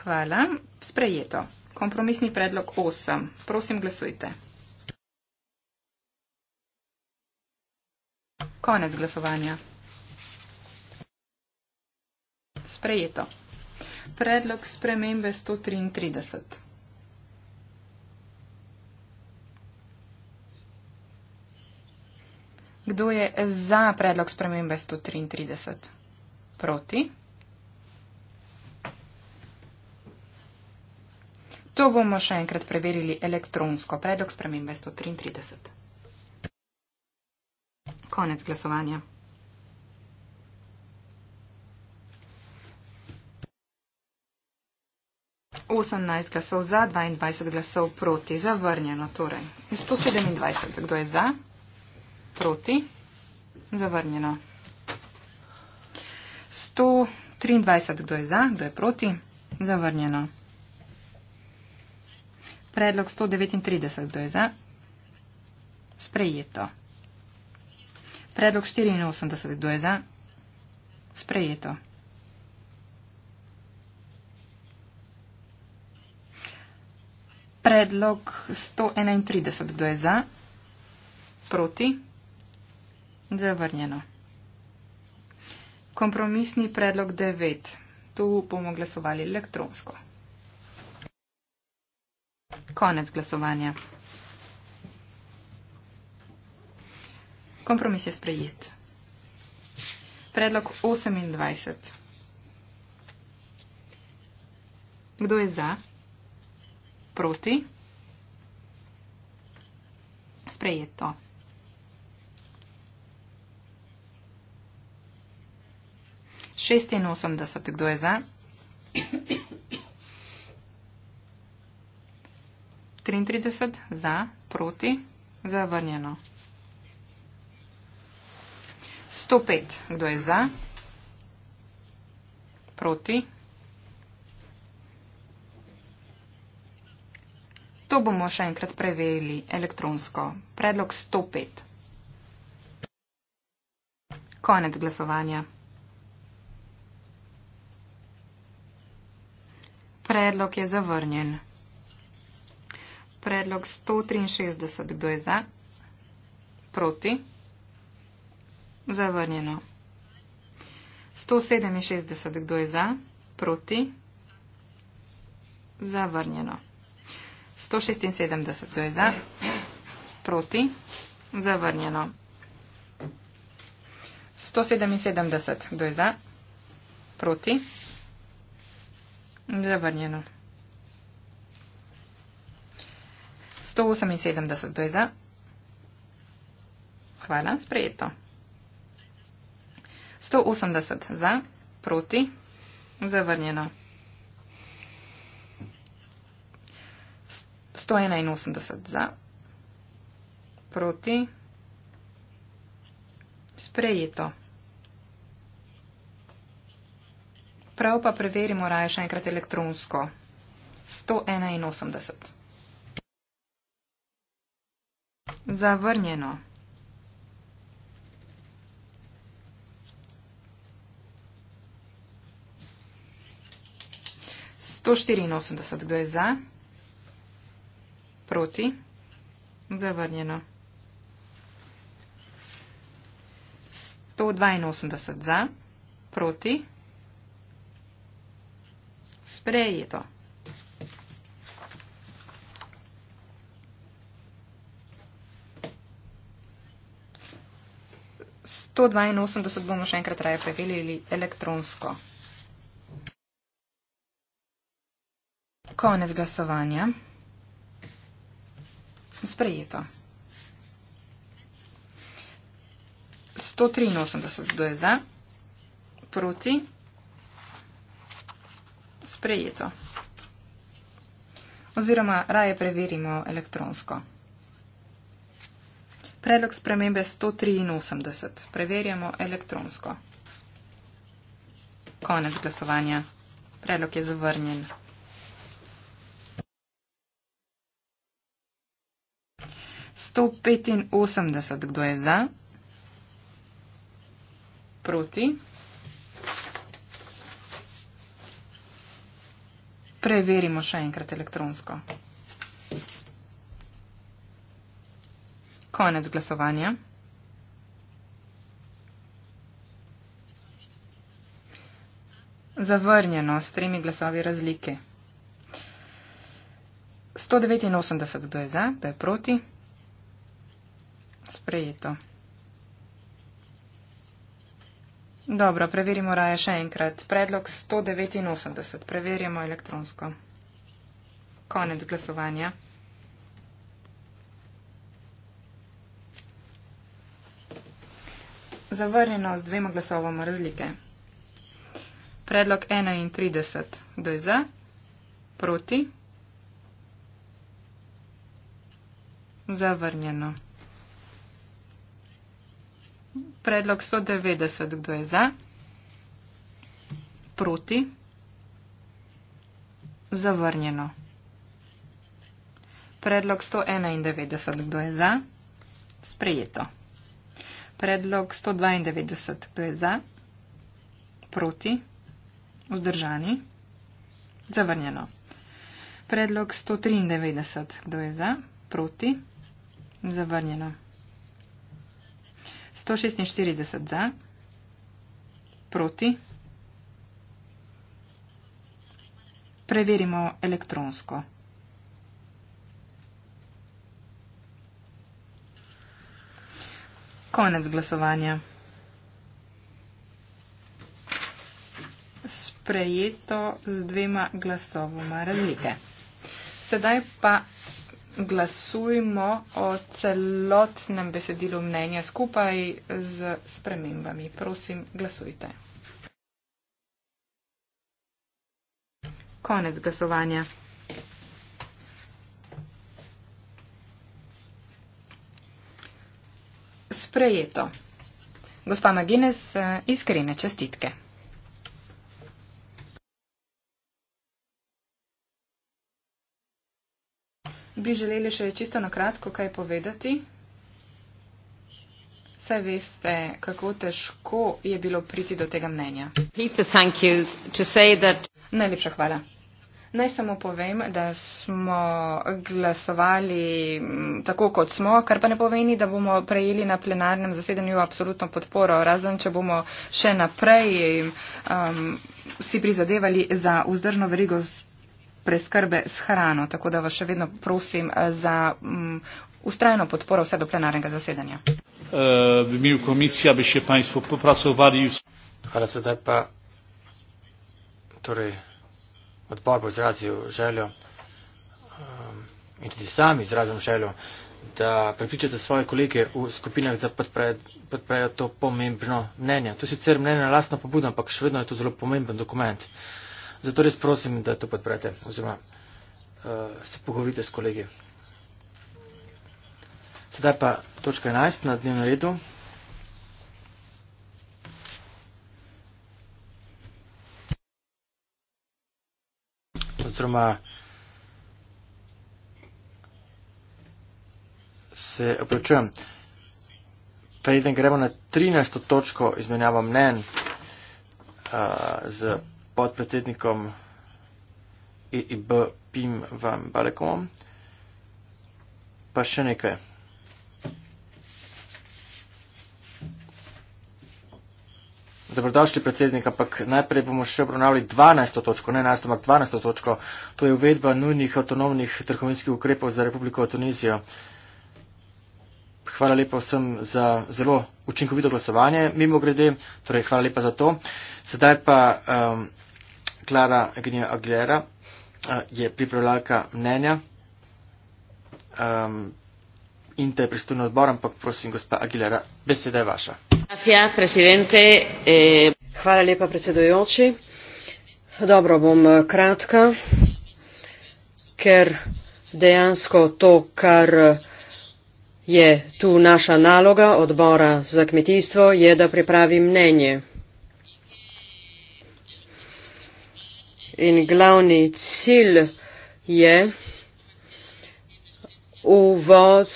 Hvala. Sprejeto. Kompromisni predlog 8. Prosim, glasujte. Konec glasovanja. Sprejeto predlog spremembe 133. Kdo je za predlog spremembe 133? Proti? To bomo še enkrat preverili elektronsko. Predlog spremembe 133. Konec glasovanja. 18 glasov za, 22 glasov proti, zavrnjeno torej. 127, kdo je za? Proti? Zavrnjeno. 123, kdo je za, kdo je proti? Zavrnjeno. Predlog 139, kdo je za? Sprejeto. Predlog 84, kdo je za? Sprejeto. Predlog 131. Kdo je za? Proti? Zavrnjeno. Kompromisni predlog 9. Tu bomo glasovali elektronsko. Konec glasovanja. Kompromis je sprejet. Predlog 28. Kdo je za? Prosti. Sprejeto. Šestinosemdeset, kdo je za? Trintrideset, za, proti, zavrnjeno. Sto pet, kdo je za? Proti, zavrnjeno. To bomo še enkrat preverili elektronsko. Predlog 105. Konec glasovanja. Predlog je zavrnjen. Predlog 163. Kdo je za? Proti? Zavrnjeno. 167. Kdo je za? Proti? Zavrnjeno. 176 je za, proti, zavrnjeno. 177 je za, proti, zavrnjeno. 178 je za, hvala, sprejeto. 180 za, proti, zavrnjeno. 181 za, proti, sprejeto. Prav pa preverimo raje še enkrat elektronsko. 181. Zavrnjeno. Sto štiriinosemdeset, kdo je za? Proti. Zavrnjeno. 182 za. Proti. Sprejeto. To 82 bomo še enkrat raje preverili elektronsko. Konec glasovanja sprejeta. 183 do je za, proti, sprejeto. Oziroma, raje preverimo elektronsko. Predlog spremembe 183. Preverjamo elektronsko. Konec glasovanja. Predlog je zavrnjen. 185, kdo je za? Proti? Preverimo še enkrat elektronsko. Konec glasovanja. Zavrnjeno s tremi glasovi razlike. 189 kdo je za, kdo je proti, sprejeto. Dobro, preverimo raje še enkrat. Predlog 189. Preverjamo elektronsko. Konec glasovanja. Zavrnjeno z dvema glasovoma razlike. Predlog 31. Kdo je za? Proti? Zavrnjeno. Predlog 190, kdo je za? Proti? Zavrnjeno. Predlog 191, kdo je za? Sprejeto. Predlog 192, kdo je za? Proti? Vzdržani? Zavrnjeno. Predlog 193, kdo je za? Proti? Zavrnjeno. 146 za, proti. Preverimo elektronsko. Konec glasovanja. Sprejeto z dvema glasovoma razlike. Sedaj pa glasujmo o celotnem besedilu mnenja skupaj z spremembami. Prosim, glasujte. Konec glasovanja. Sprejeto. Gospa Magines, eh, iskrene čestitke. bi želeli še čisto na kratko kaj povedati. Saj veste, kako težko je bilo priti do tega mnenja. Najlepša hvala. Naj samo povem, da smo glasovali mm, tako, kot smo, kar pa ne pomeni, da bomo prejeli na plenarnem zasedanju absolutno podporo, razen če bomo še naprej um, si prizadevali za vzdržno verigo preskrbe s hrano. Tako da vas še vedno prosim eh, za um, ustrajno podporo vse do plenarnega zasedanja. Eh, Hvala sedaj pa. Torej, odbor bo izrazil željo ehm, in tudi sam izrazim željo, da prepričate svoje kolege v skupinah, da podprejo, podprejo to pomembno mnenje. To je sicer mnenje na lastno pobudo, ampak še vedno je to zelo pomemben dokument. Uh, Zato res prosim, da to podprete oziroma uh, se pogovorite s kolegi. Sedaj pa točka 11 na dnevnem redu. Oziroma se opravičujem. Preden gremo na 13. točko izmenjava mnen uh, eh, z podpredsednikom EIB PIM van Balekomom. Pa še nekaj. Dobrodošli predsednik, ampak najprej bomo še obravnavali 12. točko, ne 11. ampak 12. točko. To je uvedba nujnih avtonomnih trgovinskih ukrepov za Republiko Tunizijo. Hvala lepa vsem za zelo učinkovito glasovanje. Mimo grede, torej hvala lepa za to. Sedaj pa. Um, Klara Gnjo Aguilera uh, je pripravljalka mnenja um, in te pristojno odbor, ampak prosim, gospa Aguilera, beseda je vaša. Eh, Hvala lepa, predsedujoči. Dobro, bom eh, kratka, ker dejansko to, kar je tu naša naloga odbora za kmetijstvo, je, da pripravi mnenje. In glavni cilj je uvod,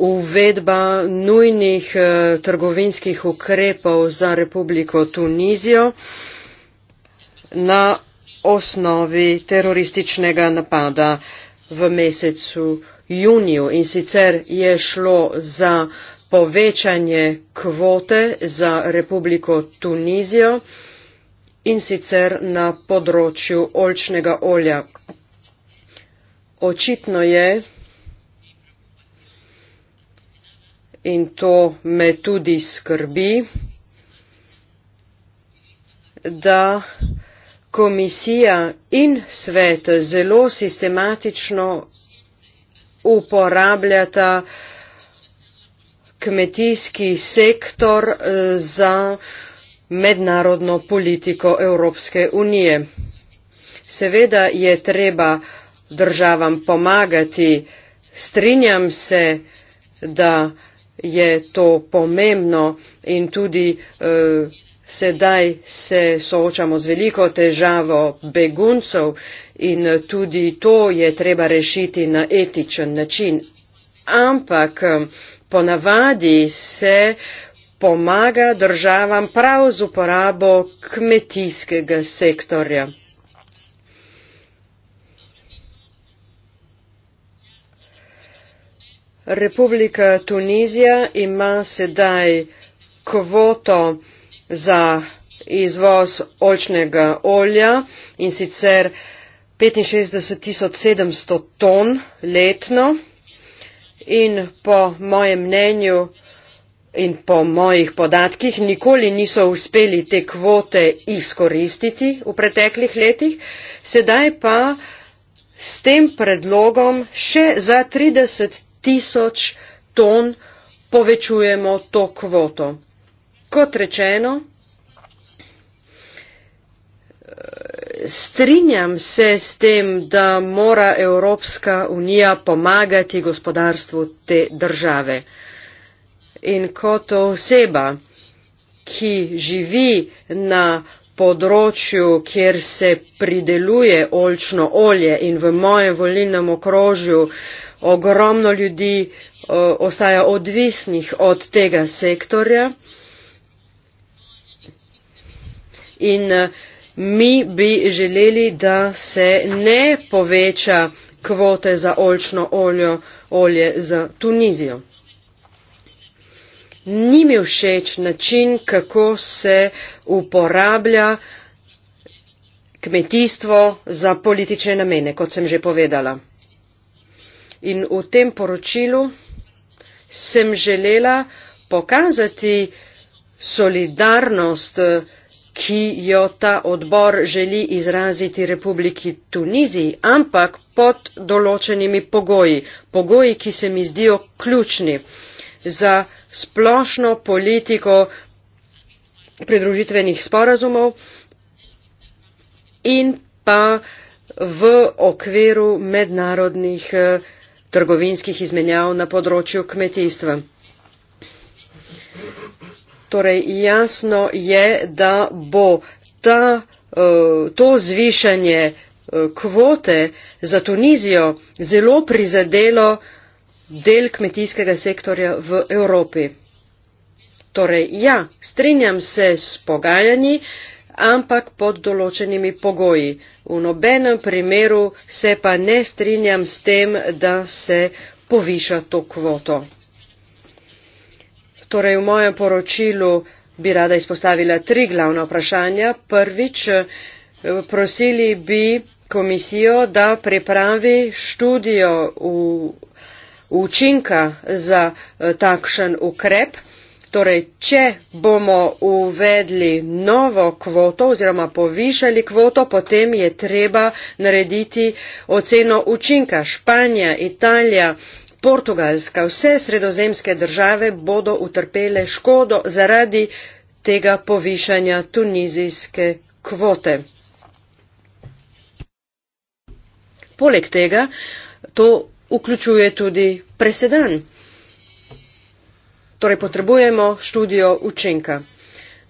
uvedba nujnih eh, trgovinskih ukrepov za Republiko Tunizijo na osnovi terorističnega napada v mesecu juniju. In sicer je šlo za povečanje kvote za Republiko Tunizijo in sicer na področju olčnega olja. Očitno je, in to me tudi skrbi, da komisija in svet zelo sistematično uporabljata kmetijski sektor eh, za uh, mednarodno politiko Evropske unije. Seveda je treba državam pomagati. Strinjam se, da je to pomembno in tudi eh, sedaj se soočamo z veliko težavo beguncev in tudi to je treba rešiti na etičen način. Ampak eh, ponavadi se eh, pomaga državam prav z uporabo kmetijskega sektorja. Republika Tunizija ima sedaj kvoto za izvoz olčnega olja in sicer 65.700 ton letno in po mojem mnenju in po mojih podatkih nikoli niso uspeli te kvote izkoristiti v preteklih letih, sedaj pa s tem predlogom še za 30 tisoč ton povečujemo to kvoto. Kot rečeno, strinjam se s tem, da mora Evropska unija pomagati gospodarstvu te države in kot oseba, ki živi na področju, kjer se prideluje olčno olje in v mojem volilnem okrožju ogromno ljudi o, ostaja odvisnih od tega sektorja. In e, mi bi želeli, da se ne poveča kvote za olčno olje, olje za Tunizijo ni mi všeč način, kako se uporablja kmetijstvo za politične namene, kot sem že povedala. In v tem poročilu sem želela pokazati solidarnost, ki jo ta odbor želi izraziti Republiki Tuniziji, ampak pod določenimi pogoji, pogoji, ki se mi zdijo ključni za splošno politiko pridružitvenih sporazumov in pa v okviru mednarodnih eh, trgovinskih izmenjav na področju kmetijstva. Torej, jasno je, da bo ta, eh, to zvišanje eh, kvote za Tunizijo zelo prizadelo del kmetijskega sektorja v Evropi. Torej, ja, strinjam se s pogajanji, ampak pod določenimi pogoji. V nobenem primeru se pa ne strinjam s tem, da se poviša to kvoto. Torej, v mojem poročilu bi rada izpostavila tri glavna vprašanja. Prvič, eh, prosili bi komisijo, da pripravi študijo v učinka za eh, takšen ukrep. Torej, če bomo uvedli novo kvoto oziroma povišali kvoto, potem je treba narediti oceno učinka. Španija, Italija, Portugalska, vse sredozemske države bodo utrpele škodo zaradi tega povišanja tunizijske kvote. Poleg tega, to vključuje tudi presedan torej potrebujemo študijo učinka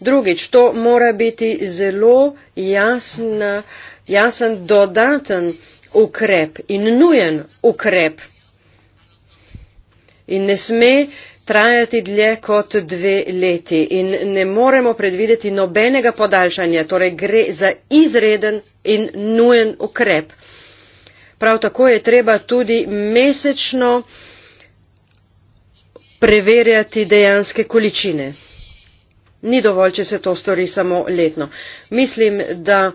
drugič to mora biti zelo jasna, jasen dodaten ukrep in nujen ukrep in ne sme trajati dlje kot dve leti in ne moremo predvideti nobenega podaljšanja torej gre za izreden in nujen ukrep Prav tako je treba tudi mesečno preverjati dejanske količine. Ni dovolj, če se to stori samo letno. Mislim, da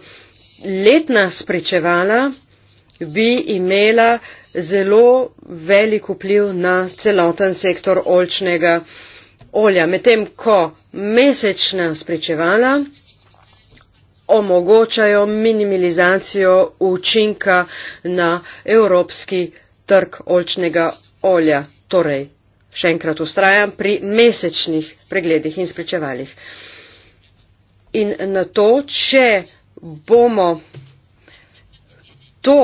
letna sprečevala bi imela zelo velik vpliv na celoten sektor olčnega olja. Medtem ko mesečna sprečevala omogočajo minimalizacijo učinka na evropski trg olčnega olja. Torej, še enkrat ustrajam pri mesečnih pregledih in spričevalih. In na to, če bomo to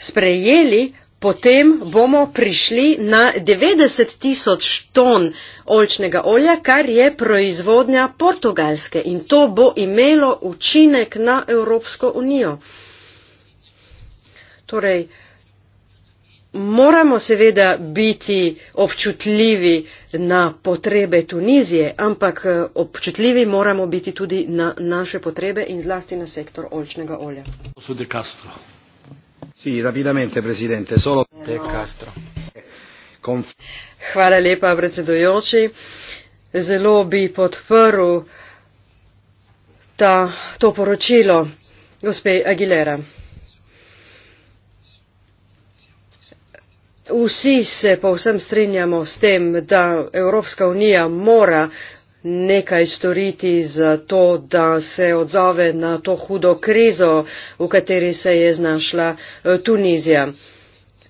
sprejeli, potem bomo prišli na 90 tisoč ton oljčnega olja, kar je proizvodnja portugalske in to bo imelo učinek na Evropsko unijo. Torej, moramo seveda biti občutljivi na potrebe Tunizije, ampak eh, občutljivi moramo biti tudi na naše potrebe in zlasti na sektor oljčnega olja rapidamente presidente solo te Castro Hvala lepa, predsedujoči. Zelo bi podprl ta, to poročilo gospe Aguilera. Vsi se povsem strinjamo s tem, da Evropska unija mora nekaj storiti za to, da se odzove na to hudo krizo, v kateri se je znašla eh, Tunizija.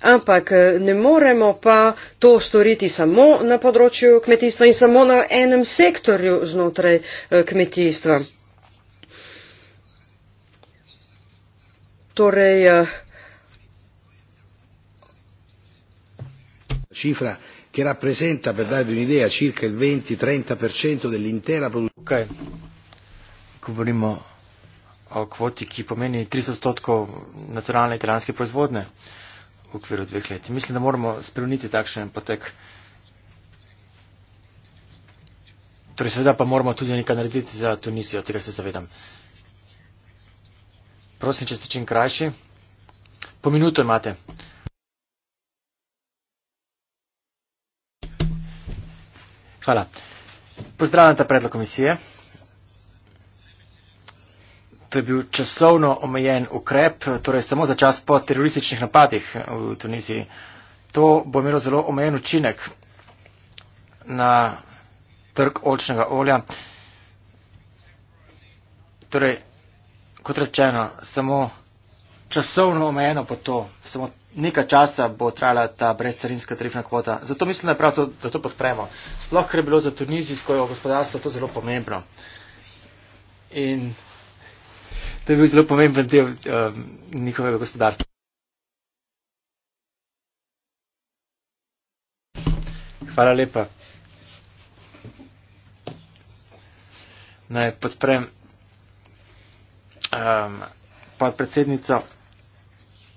Ampak eh, ne moremo pa to storiti samo na področju kmetijstva in samo na enem sektorju znotraj eh, kmetijstva. Torej, che rappresenta per darvi un'idea circa il 20-30% dell'intera produzione. Govorimo o kvoti, ki pomeni 300% nacionalne italijanske proizvodne v okviru dveh let. Mislim, da moramo spremeniti takšen potek. Torej, seveda pa moramo tudi nekaj narediti za Tunisijo, tega se zavedam. Prosim, če ste čim krajši. Po minuto imate. Hvala. Pozdravljam ta predlog komisije. To je bil časovno omejen ukrep, torej samo za čas po terorističnih napadih v Tuniziji. To bo imelo zelo omejen učinek na trg olčnega olja. Torej, kot rečeno, samo časovno omejeno bo to, samo nekaj časa bo trajala ta brezcarinska tarifna kvota. Zato mislim, da, to, da to podpremo. Sploh, ker je bilo za tunizijsko gospodarstvo to zelo pomembno. In to je bil zelo pomemben del um, njihovega gospodarstva. Hvala lepa. Naj podprem um, podpredsednico.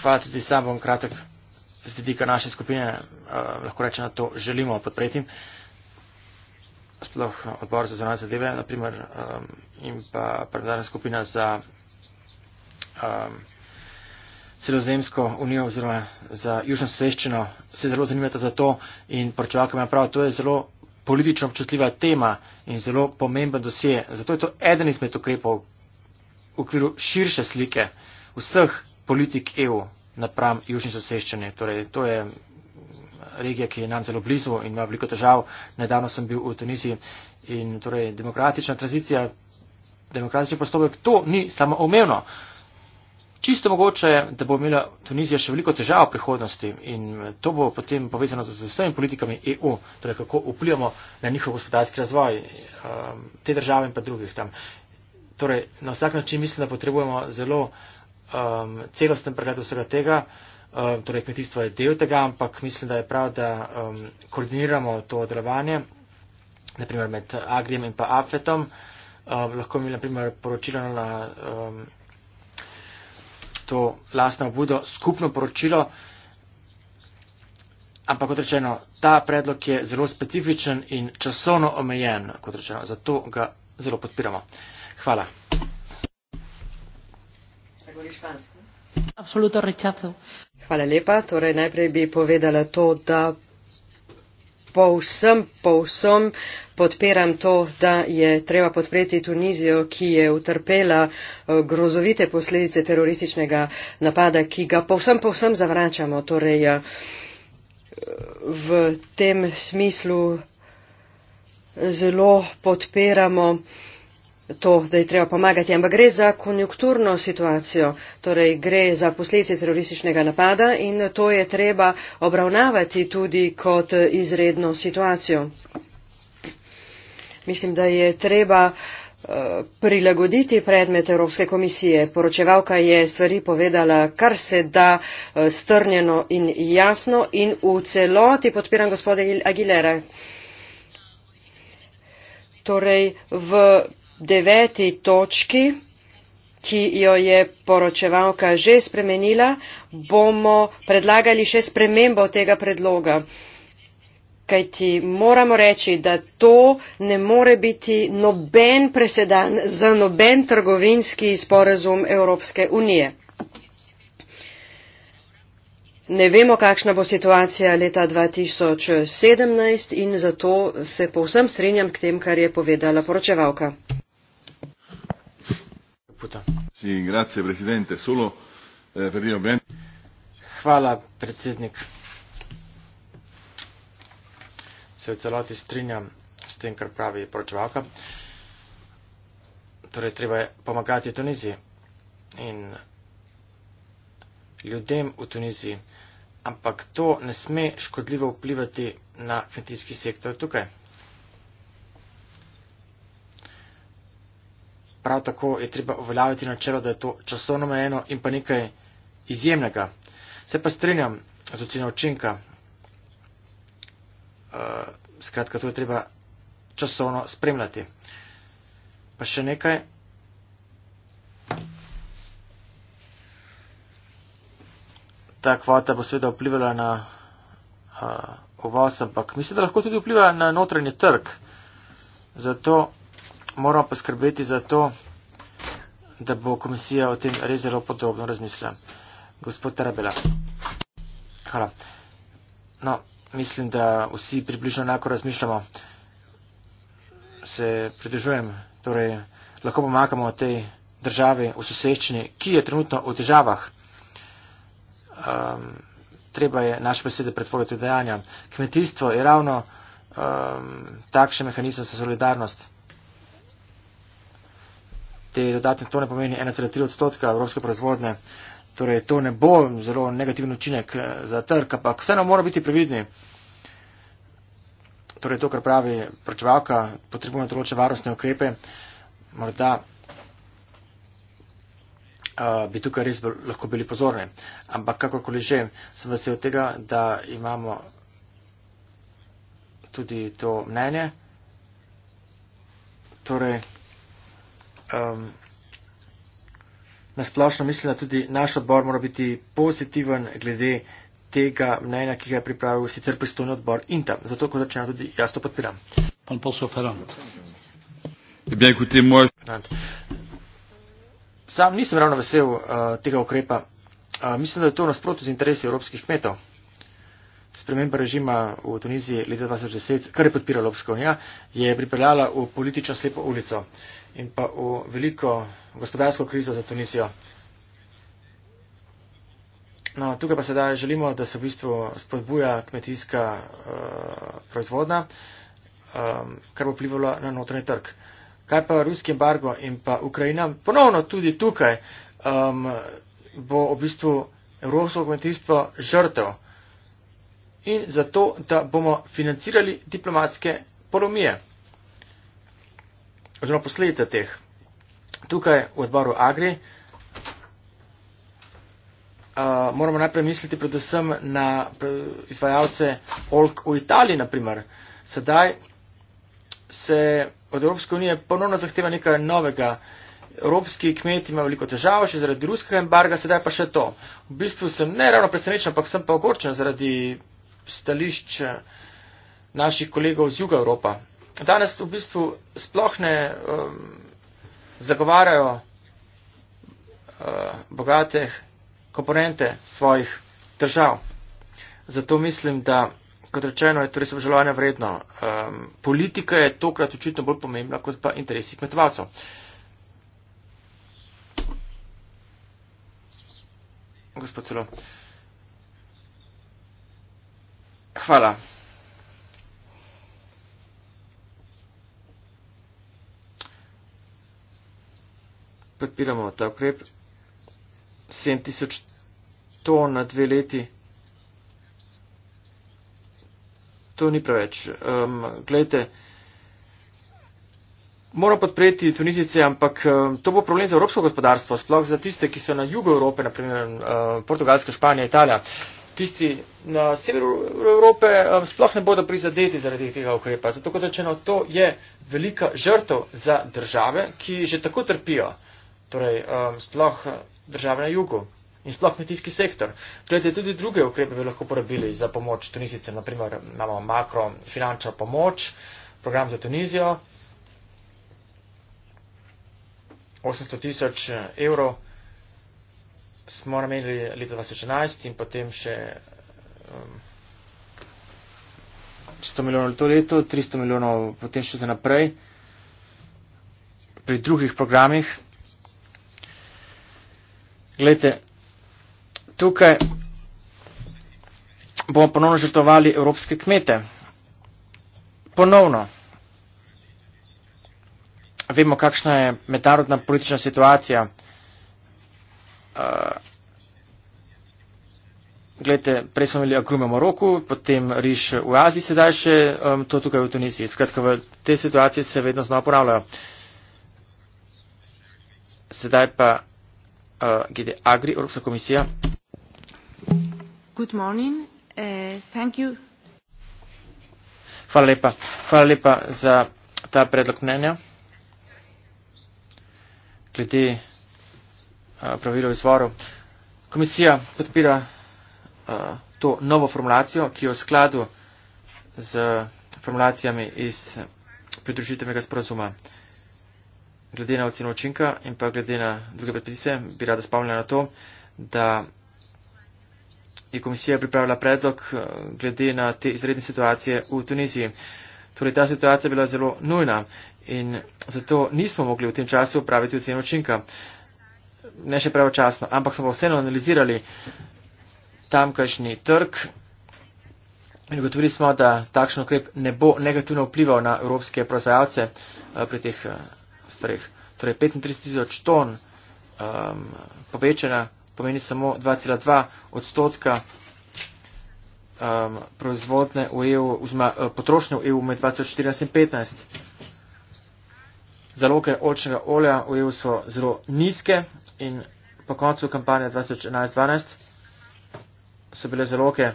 Hvala tudi sam, bom kratek z vidika naše skupine, uh, lahko rečem, da to želimo podpreti. Sploh odbor za zvonanje zadeve, naprimer, um, eh, in pa predvarna skupina za um, Sredozemsko unijo oziroma za Južno soseščino se zelo zanimata za to in poročevalka ima prav, to je zelo politično občutljiva tema in zelo pomemben dosje. Zato je to eden izmed ukrepov v okviru širše slike vseh politik EU napram južni soseščini. Torej, to je regija, ki je nam zelo blizu in ima veliko težav. Nedavno sem bil v Tuniziji in torej, demokratična tranzicija, demokratični postopek, to ni samo omevno. Čisto mogoče, da bo imela Tunizija še veliko težav v prihodnosti in to bo potem povezano z vsemi politikami EU, torej kako vplivamo na njihov gospodarski razvoj, um, te države in pa drugih tam. Torej, na vsak način mislim, da potrebujemo zelo um, celosten pregled vsega tega. Um, torej, kmetijstvo je del tega, ampak mislim, da je prav, da um, koordiniramo to delovanje, naprimer med Agrijem in pa Afetom. Um, lahko mi, naprimer, poročilo na um, to lastno obudo, skupno poročilo. Ampak kot rečeno, ta predlog je zelo specifičen in časovno omejen, kot rečeno, zato ga zelo podpiramo. Hvala. Absolutno rečeno. Hvala lepa. Torej, najprej bi povedala to, da povsem, povsem podpiram to, da je treba podpreti Tunizijo, ki je utrpela eh, grozovite posledice terorističnega napada, ki ga povsem, povsem zavračamo. Torej, eh, v tem smislu zelo podpiramo to, da je treba pomagati, ampak gre za konjunkturno situacijo, torej gre za posledice terorističnega napada in to je treba obravnavati tudi kot izredno situacijo. Mislim, da je treba eh, prilagoditi predmet Evropske komisije. Poročevalka je stvari povedala, kar se da eh, strnjeno in jasno in v celoti podpiram gospoda Aguilera. Torej, v deveti točki, ki jo je poročevalka že spremenila, bomo predlagali še spremembo tega predloga. Kaj ti moramo reči, da to ne more biti noben presedan za noben trgovinski sporazum Evropske unije. Ne vemo, kakšna bo situacija leta 2017 in zato se povsem strinjam k tem, kar je povedala poročevalka. Deputa. Sì, grazie Presidente. Solo eh, per dire ovviamente... Hvala, predsednik. Se v celoti strinjam s tem, kar pravi poročevalka. Torej, treba je pomagati Tuniziji in ljudem v Tuniziji, ampak to ne sme škodljivo vplivati na kmetijski sektor tukaj. Prav tako je treba uveljaviti načelo, da je to časovno omejeno in pa nekaj izjemnega. Se pa strinjam z oceno učinka. Uh, skratka, to je treba časovno spremljati. Pa še nekaj. Ta kvota bo seveda vplivala na uh, eh, ovos, ampak mislim, da lahko tudi vpliva na notranji trg. Zato moramo poskrbeti za to, da bo komisija o tem res zelo podrobno razmislila. Gospod Tarabela. Hvala. No, mislim, da vsi približno enako razmišljamo. Se pridružujem. Torej, lahko pomagamo tej državi v soseščini, ki je trenutno v težavah. Um, treba je naše besede pretvoriti v dejanja. Kmetijstvo je ravno um, takšen mehanizem za solidarnost te dodatne, to ne pomeni 1,3 odstotka evropske proizvodne. Torej, to ne bo zelo negativen učinek eh, za trg, ampak vseeno moramo biti previdni. Torej, to, kar pravi pročevalka, potrebujemo določene varnostne ukrepe. Morda uh, bi tukaj res bil, lahko bili pozorni. Ampak kakorkoli že, sem vesel tega, da imamo tudi to mnenje. Torej, um, na splošno mislim, da tudi naš odbor mora biti pozitiven glede tega mnenja, ki ga je pripravil sicer pristojni odbor in tam. Zato, ko začnem, tudi jaz to podpiram. Pan posel Ferrand. Eh bien, écoutez, moi... Ferrand. Sam nisem ravno vesel uh, tega ukrepa. Uh, mislim, da je to nasprotno z interesi evropskih kmetov. Sprememba režima v Tuniziji leta 2010, kar je podpirala Evropska unija, je pripeljala v politično slepo ulico. Uh, in pa v veliko gospodarsko krizo za Tunisijo. No, tukaj pa sedaj želimo, da se v bistvu spodbuja kmetijska uh, eh, proizvodna, um, eh, kar bo plivalo na notranji trg. Kaj pa ruski embargo in pa Ukrajina? Ponovno tudi tukaj um, bo v bistvu evropsko kmetijstvo žrtev. In zato, da bomo financirali diplomatske poromije oziroma posledice teh. Tukaj v odboru Agri uh, moramo najprej misliti predvsem na izvajalce OLK v Italiji, naprimer. Sedaj se od Evropske unije ponovno zahteva nekaj novega. Evropski kmet ima veliko težav, še zaradi ruskega embarga, sedaj pa še to. V bistvu sem ne ravno presenečen, ampak sem pa ogorčen zaradi stališč naših kolegov z juga Evropa danes v bistvu sploh ne um, zagovarjajo uh, bogate komponente svojih držav. Zato mislim, da, kot rečeno, je torej sobžalovanja vredno. Um, politika je tokrat očitno bolj pomembna kot pa interesi kmetovalcev. Gospod Celo. Hvala. podpiramo ta ukrep. 7000 ton na dve leti. To ni preveč. Um, Glejte, moramo podpreti Tunizice, ampak um, to bo problem za evropsko gospodarstvo, sploh za tiste, ki so na jugu Evrope, naprimer uh, Portugalska, Španija, Italija. Tisti na severu Evrope um, sploh ne bodo prizadeti zaradi tega ukrepa. Zato, kot rečeno, to je velika žrtev za države, ki že tako trpijo torej um, sploh eh, države na jugu in sploh kmetijski sektor. Gledajte, tudi druge ukrepe bi lahko porabili za pomoč Tunizice, naprimer imamo makrofinančno pomoč, program za Tunizijo, 800 tisoč eh, evrov smo namenili leta 2011 in potem še um, 100 milijonov to leto, 300 milijonov potem še za naprej pri drugih programih. Glejte, tukaj bomo ponovno žrtovali evropske kmete. Ponovno. Vemo, kakšna je mednarodna politična situacija. Uh, eh, glede, prej smo imeli agrume v Moroku, potem riš v Aziji, sedaj še um, to tukaj v Tunisiji. Skratka, v te situacije se vedno znova ponavljajo. Sedaj pa Uh, gde agri europska komisija good morning uh, thank you hvala lepa hvala lepa za ta predlog mnenja glede uh, pravil izvoru komisija podpira uh, to novo formulacijo ki je v skladu z formulacijami iz pridružitvenega sporazuma uh, glede na oceno učinka in pa glede na druge predpise, bi rada spomnila na to, da je komisija pripravila predlog eh, glede na te izredne situacije v Tuniziji. Torej, ta situacija je bila zelo nujna in zato nismo mogli v tem času upraviti oceno učinka. Ne še pravočasno, ampak smo vseeno analizirali tamkajšnji trg in ugotovili smo, da takšen ukrep ne bo negativno vplival na evropske proizvajalce eh, pri teh eh, streh. Torej 35 tisoč ton um, povečana pomeni samo 2,2 odstotka um, proizvodne v EU, vzma, eh, potrošnje v EU med 2014-2015. Zaloge olčnega olja v EU so zelo nizke in po koncu kampanje 2011-2012 so bile zaloge.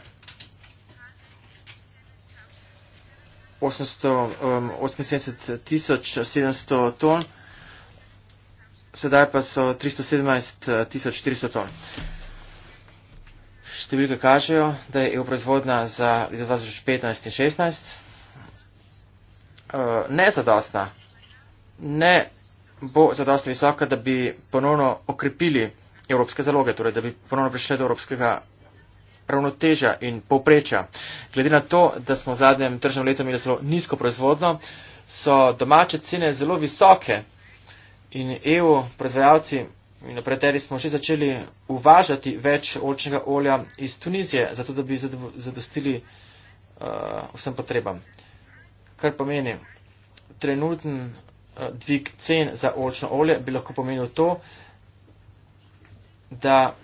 878 um, tisoč 700 ton, sedaj pa so 317 uh, tisoč 400 ton. Številke kažejo, da je proizvodna za leto 2015 in 2016 uh, nezadostna, ne bo zadostno visoka, da bi ponovno okrepili evropske zaloge, torej da bi ponovno prišli do evropskega ravnotežja in poprečja. Glede na to, da smo v zadnjem tržnem letu imeli zelo nizko proizvodno, so domače cene zelo visoke in EU proizvajalci, na preteri smo že začeli uvažati več olčnega olja iz Tunizije, zato da bi zadostili uh, vsem potrebam. Kar pomeni, trenuten uh, dvig cen za olčno olje bi lahko pomenil to, da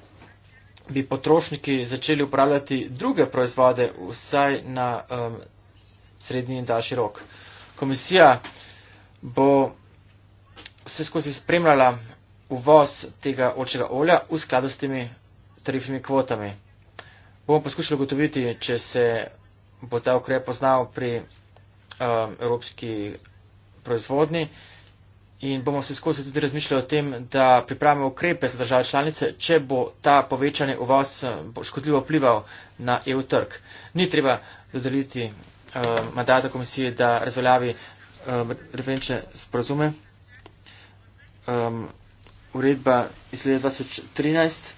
bi potrošniki začeli upravljati druge proizvode vsaj na um, srednji in daljši rok. Komisija bo vse skozi spremljala uvoz tega očega olja v skladu s temi tarifnimi kvotami. Bomo poskušali ugotoviti, če se bo ta ukrep poznal pri um, evropski proizvodni. In bomo se skozi tudi razmišljali o tem, da pripravimo ukrepe za države članice, če bo ta povečanje uvoz eh, škodljivo vplival na EU trg. Ni treba dodeliti uh, mandata komisije, da razveljavi uh, referenčne sporozume. Um, uredba iz leta 2013.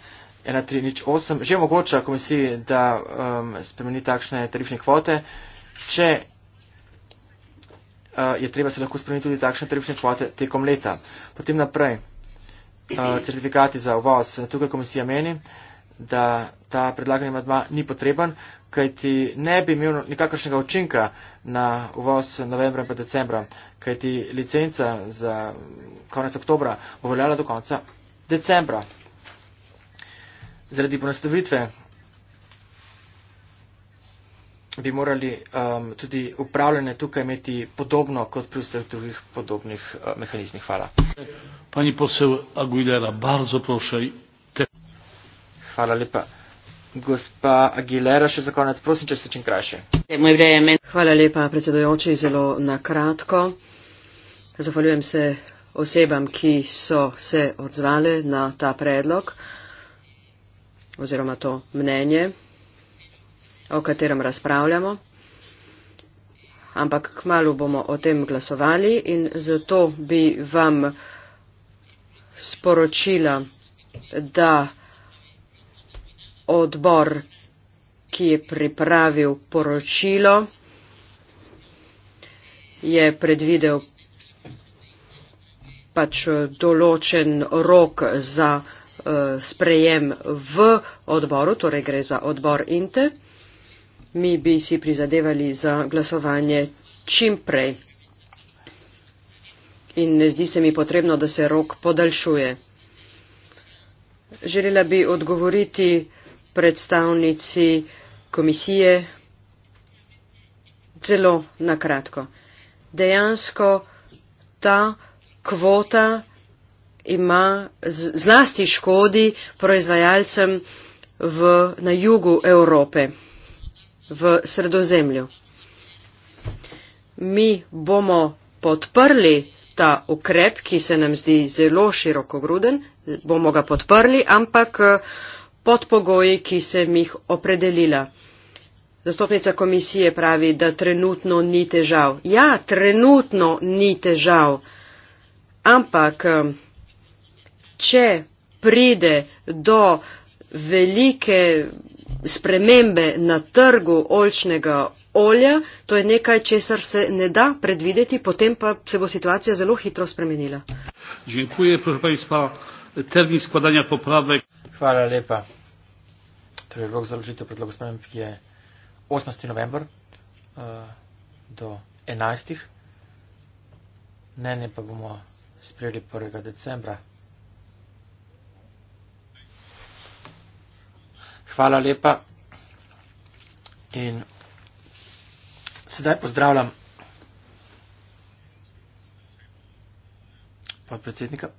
1308 že omogoča komisiji, da um, spremeni takšne tarifne kvote, če Eh, je treba se lahko spremeniti tudi takšne tarifne kvote tekom leta. Potem naprej, eh, certifikati za uvoz. Tukaj komisija meni, da ta predlagani madma ni potreben, kajti ne bi imel nikakršnega učinka na uvoz novembra in pa decembra, kajti licenca za konec oktobra bo veljala do konca decembra. Zaradi ponastavitve bi morali um, tudi upravljanje tukaj imeti podobno kot pri vseh drugih podobnih uh, mehanizmih. Hvala. Pani posel Aguilera, bar zaprošaj te. Hvala lepa. Gospa Aguilera, še za konec, prosim, če ste čim krajše. Hvala lepa, predsedojoči, zelo na kratko. Zahvaljujem se osebam, ki so se odzvale na ta predlog oziroma to mnenje o katerem razpravljamo. Ampak kmalo bomo o tem glasovali in zato bi vam sporočila, da odbor, ki je pripravil poročilo, je predvidel pač določen rok za uh, sprejem v odboru, torej gre za odbor Inter mi bi si prizadevali za glasovanje čim prej. In ne zdi se mi potrebno, da se rok podaljšuje. Želela bi odgovoriti predstavnici komisije zelo na kratko. Dejansko ta kvota ima zlasti škodi proizvajalcem v, na jugu Evrope v sredozemlju. Mi bomo podprli ta ukrep, ki se nam zdi zelo širokogruden, bomo ga podprli, ampak eh, pod pogoji, ki sem jih opredelila. Zastopnica komisije pravi, da trenutno ni težav. Ja, trenutno ni težav, ampak eh, če pride do velike spremembe na trgu olčnega olja, to je nekaj, česar se ne da predvideti, potem pa se bo situacija zelo hitro spremenila. Dziękuję, Hvala lepa. Torej, rok za ložitev predlogov sprememb je 18. november uh, do 11. Mnenje pa bomo sprejeli 1. decembra Hvala lepa. In sedaj pozdravljam podpredsednika.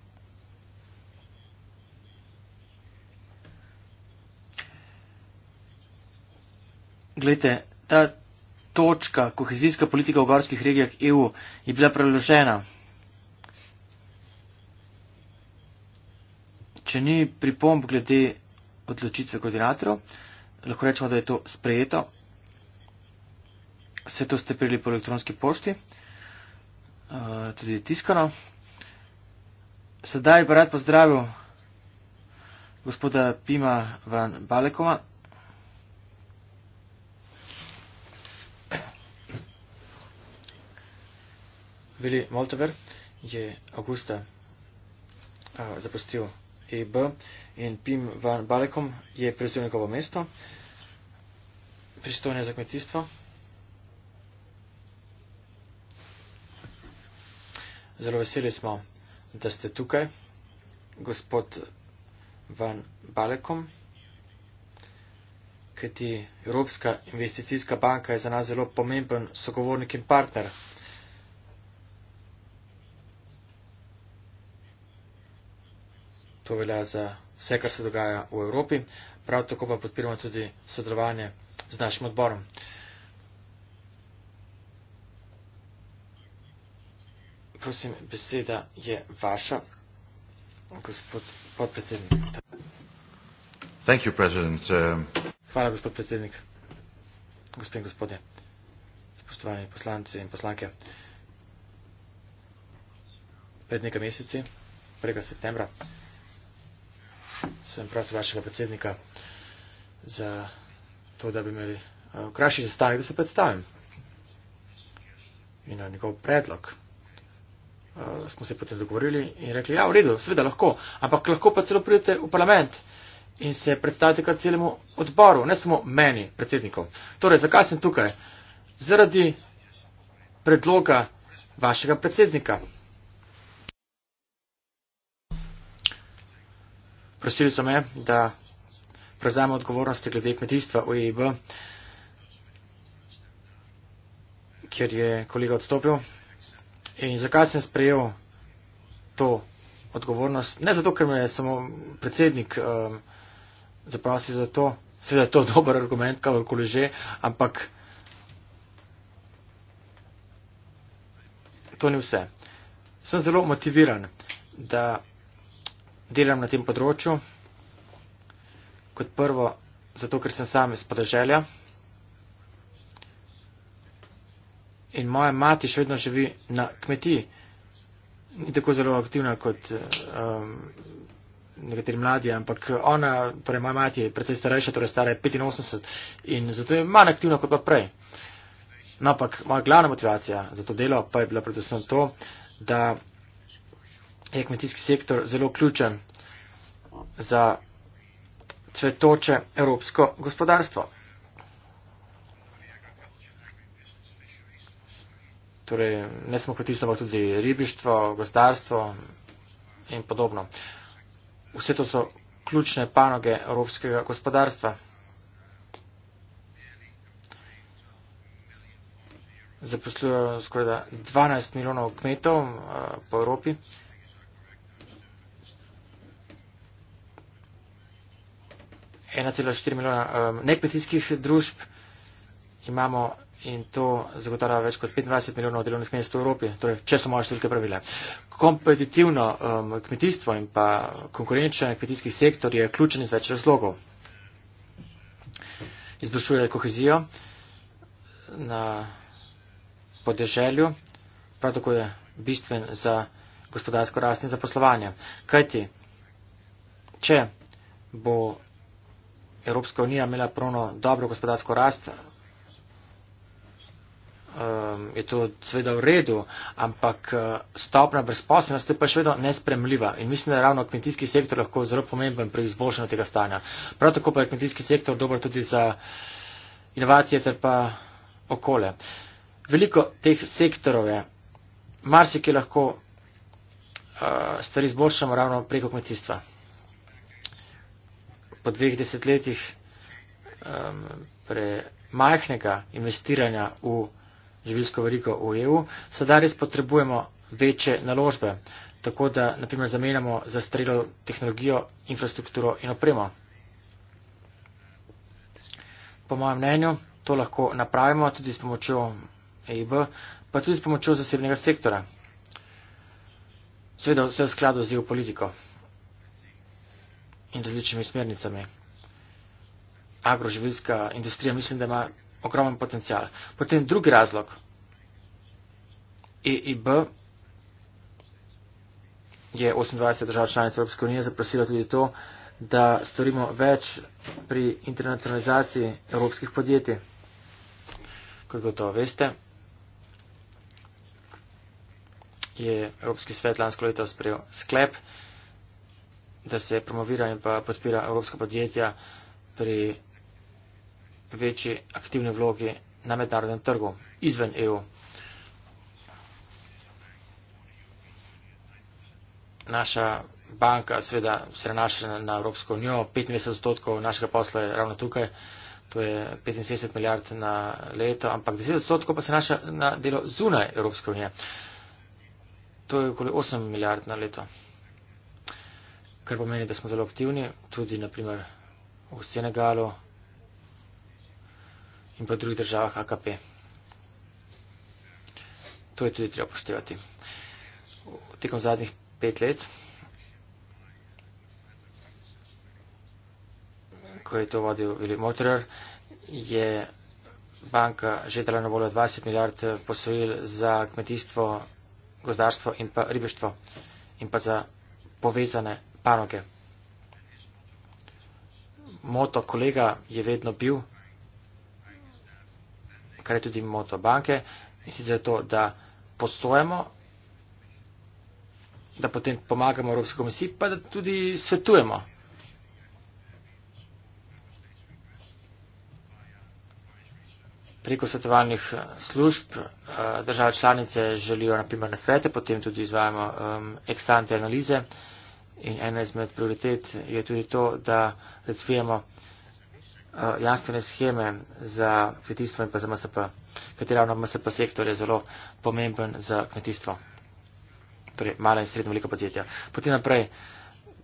Glejte, ta točka, kohezijska politika v gorskih regijah EU je bila preložena. Če ni pripomb glede odločitve koordinatorov. Lahko rečemo, da je to sprejeto. Vse to ste prijeli po elektronski pošti, eh, tudi tiskano. Sedaj pa rad pozdravil gospoda Pima van Balekova. Vili Moltever je avgusta eh, zapustil EB in Pim van Balekom je prevzel njegovo mesto, pristojne za kmetijstvo. Zelo veseli smo, da ste tukaj, gospod van Balekom, kajti Evropska investicijska banka je za nas zelo pomemben sogovornik in partner. to velja za vse, kar se dogaja v Evropi. Prav tako pa podpiramo tudi sodelovanje z našim odborom. Prosim, beseda je vaša, gospod podpredsednik. Thank you, President. Uh, Hvala, gospod predsednik. Gospod in gospodje, spoštovani poslanci in poslanke. Pred nekaj meseci, prega septembra, sem prosil vašega predsednika za to, da bi imeli eh, krajši sestanek, da se predstavim. In na njegov predlog uh, smo se potem dogovorili in rekli, ja, v redu, seveda lahko, ampak lahko pa celo pridete v parlament in se predstavite kar celemu odboru, ne samo meni, predsednikom. Torej, zakaj sem tukaj? Zaradi predloga vašega predsednika. Prosili so me, da prevzame odgovornosti glede kmetijstva v EIB, kjer je kolega odstopil. In zakaj sem sprejel to odgovornost? Ne zato, ker me je samo predsednik um, zaprosil za to. Seveda je to dober argument, kakorkoli že, ampak to ni vse. Sem zelo motiviran, da delam na tem področju. Kot prvo, zato ker sem sam iz podeželja. In moja mati še vedno živi na kmetiji. Ni tako zelo aktivna kot um, nekateri mladi, ampak ona, torej moja mati je precej starejša, torej stara je 85 in zato je manj aktivna kot pa prej. No, ampak moja glavna motivacija za to delo pa je bila predvsem to, da je kmetijski sektor zelo ključen za cvetoče evropsko gospodarstvo. Torej, ne samo kmetijstvo, ampak tudi ribištvo, gozdarstvo in podobno. Vse to so ključne panoge evropskega gospodarstva. Zaposlujejo skoraj 12 milijonov kmetov eh, po Evropi. 1,4 milijona um, nekmetijskih družb imamo in to zagotavlja več kot 25 milijonov delovnih mest v Evropi, torej če so moje številke pravile. Kompetitivno um, kmetijstvo in pa konkurenčen kmetijski sektor je ključen iz več razlogov. Izboljšuje kohezijo na podeželju, prav tako je bistven za gospodarsko rast in zaposlovanje. Kajti, če bo Evropska unija imela pravno dobro gospodarsko rast, um, je to seveda v redu, ampak uh, stopna brezposobnosti je pa še vedno nespremljiva in mislim, da je ravno kmetijski sektor lahko zelo pomemben pri izboljšanju tega stanja. Prav tako pa je kmetijski sektor dober tudi za inovacije ter pa okole. Veliko teh sektorov je, marsik je lahko uh, stvari izboljšamo ravno preko kmetijstva po dveh desetletjih um, premajhnega investiranja v živilsko verigo v EU, sedaj res potrebujemo večje naložbe, tako da naprimer zamenjamo za strelo tehnologijo, infrastrukturo in opremo. Po mojem mnenju to lahko napravimo tudi s pomočjo EIB, pa tudi s pomočjo zasebnega sektora. Seveda vse v skladu z EU politiko in različnimi smernicami. Agroživilska industrija mislim, da ima ogromen potencial. Potem drugi razlog. EIB je 28 držav članic Evropske unije zaprosila tudi to, da storimo več pri internacionalizaciji evropskih podjetij. Kot gotovo veste, je Evropski svet lansko leto sprejel sklep, da se promovira in pa podpira evropska podjetja pri večji aktivni vlogi na mednarodnem trgu izven EU. Naša banka seveda se renaša na Evropsko unijo, 25% našega posla je ravno tukaj, to je 75 milijard na leto, ampak 10% pa se renaša na delo zunaj Evropske unije. To je okoli 8 milijard na leto kar pomeni, da smo zelo aktivni, tudi naprimer v Senegalu in pa drugih državah AKP. To je tudi treba poštevati. Tekom zadnjih pet let, ko je to vodil Willy Motorer, je banka že dala na voljo 20 milijard posojil za kmetijstvo, gozdarstvo in pa ribištvo in pa za povezane panoge. Moto kolega je vedno bil, kar je tudi moto banke, in sicer to, da posojemo, da potem pomagamo Evropski komisiji, pa da tudi svetujemo. Preko svetovalnih eh, služb eh, države članice želijo naprimer na svete, potem tudi izvajamo um, eh, ekstante analize. Uh, In ena izmed prioritet je tudi to, da razvijemo eh, jasne scheme za kmetijstvo in pa za MSP, kateri ravno MSP sektor je zelo pomemben za kmetijstvo, torej mala in srednja velika podjetja. Potem naprej,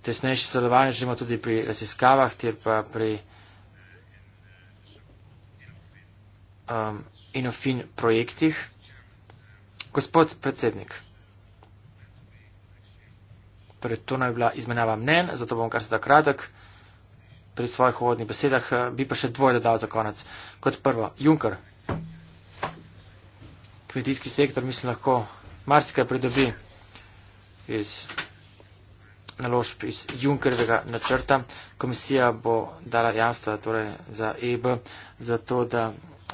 tesnejše sodelovanje želimo tudi pri raziskavah, ter pa pri um, inofin projektih. Gospod predsednik. Pred torej, to naj bila izmenjava mnen, zato bom kar se da kratek pri svojih uvodnih besedah, eh, bi pa še dvoje dodal za konec. Kot prvo, Junker, kmetijski sektor, mislim, lahko marsikaj pridobi iz naložb iz Junkerjevega načrta. Komisija bo dala jamstva torej za EB, zato da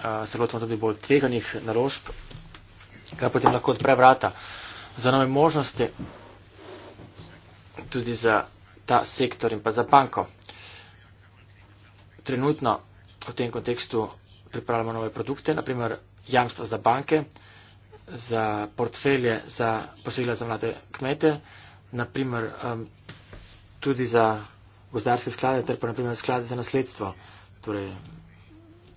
a, eh, se lotimo tudi bolj tveganih naložb, kar potem lahko odpre vrata za nove možnosti tudi za ta sektor in pa za banko. Trenutno v tem kontekstu pripravljamo nove produkte, naprimer jamstva za banke, za portfelje, za posojila za mlade kmete, naprimer um, tudi za gozdarske sklade, ter pa naprimer sklade za nasledstvo, torej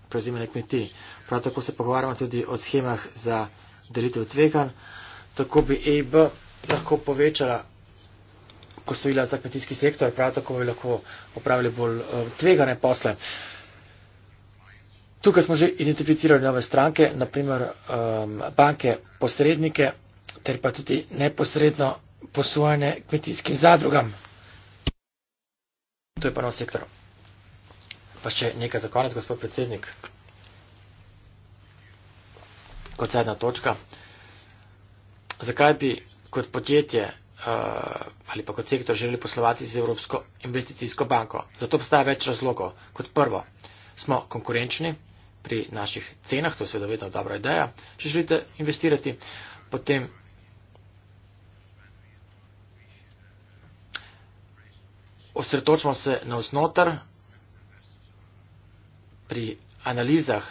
prevzimene kmetij. Prav tako se pogovarjamo tudi o schemah za delitev tvegan, tako bi EIB lahko povečala posojila za kmetijski sektor, prav tako bi lahko opravili bolj eh, tvegane posle. Tukaj smo že identificirali nove stranke, naprimer um, ehm, banke, posrednike ter pa tudi neposredno posojanje kmetijskim zadrugam. To je pa nov sektor. Pa še nekaj za konec, gospod predsednik. Kot zadnja točka. Zakaj bi kot podjetje Eh, ali pa kot sektor želeli poslovati z Evropsko investicijsko banko. Zato obstaja več razlogov. Kot prvo, smo konkurenčni pri naših cenah, to je seveda vedno dobra ideja, če želite investirati. Potem osredotočimo se na vznotr pri analizah.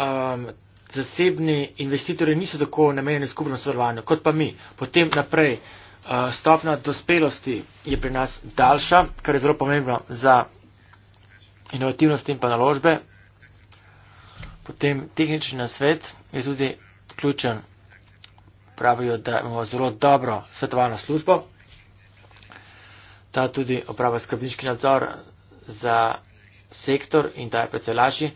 Um, zasebni investitorji niso tako namenjeni skupno sodelovanju kot pa mi. Potem naprej eh, stopna dospelosti je pri nas daljša, kar je zelo pomembno za inovativnost in pa naložbe. Potem tehnični nasvet je tudi ključen. Pravijo, da imamo zelo dobro svetovalno službo. Ta tudi opravlja skrbniški nadzor za sektor in da je predvsej lažji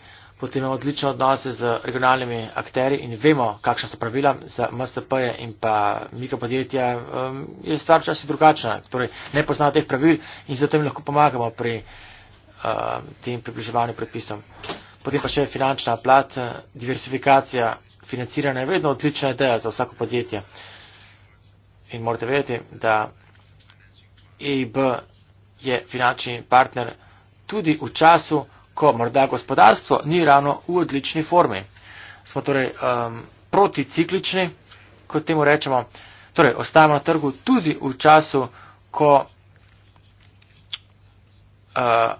potem imamo odlične odnose z regionalnimi akteri in vemo, kakšna so pravila za MSP-je in pa mikropodjetja, um, je stvar včasih drugačna. Torej, ne poznamo teh pravil in zato jim lahko pomagamo pri uh, tem približevanju predpisom. Potem pa še finančna plat, eh, diversifikacija financiranja je vedno odlična ideja za vsako podjetje. In morate vedeti, da EIB je finančni partner tudi v času, ko morda gospodarstvo ni ravno v odlični formi. Smo torej um, proticiklični, kot temu rečemo, torej ostajamo na trgu tudi v času, ko uh,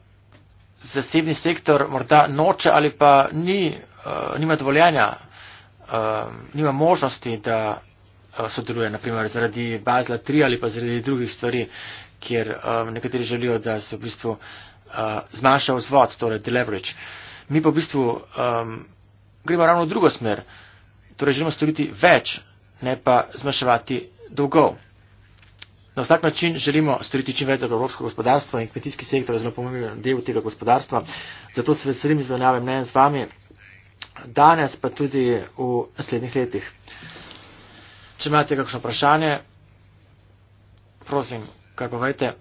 zasebni sektor morda noče ali pa ni, uh, nima dovoljanja, uh, um, nima možnosti, da uh, sodeluje, naprimer zaradi Bazla 3 ali pa zaradi drugih stvari, kjer uh, nekateri želijo, da se v bistvu. Uh, uh, eh, zmanjša vzvod, torej deleverage. Mi pa v bistvu um, gremo ravno v drugo smer, torej želimo storiti več, ne pa zmanjševati dolgov. Na vsak način želimo storiti čim več za evropsko gospodarstvo in kmetijski sektor je zelo pomemben del tega gospodarstva. Zato se veselim izmenjave mnenja z vami danes, pa tudi v naslednjih letih. Če imate kakšno vprašanje, prosim, kar povejte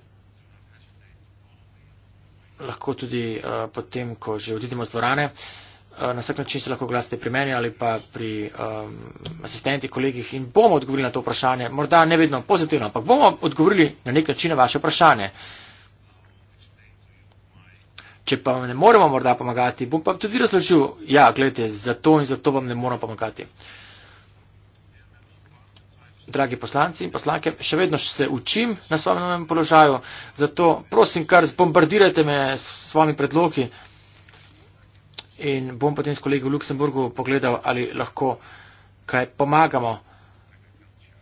lahko tudi eh, potem, ko že odidemo z dvorane. Eh, na vsak način se lahko glasite pri meni ali pa pri um, asistentih, kolegih in bomo odgovorili na to vprašanje. Morda ne vedno pozitivno, ampak bomo odgovorili na nek način na vaše vprašanje. Če pa vam ne moremo morda pomagati, bom pa tudi razložil, ja, gledajte, za to in za to vam ne moram pomagati dragi poslanci in poslanke, še vedno se učim na svojem novem položaju, zato prosim kar zbombardirajte me s svojimi predlogi in bom potem s kolegi v Luksemburgu pogledal, ali lahko kaj pomagamo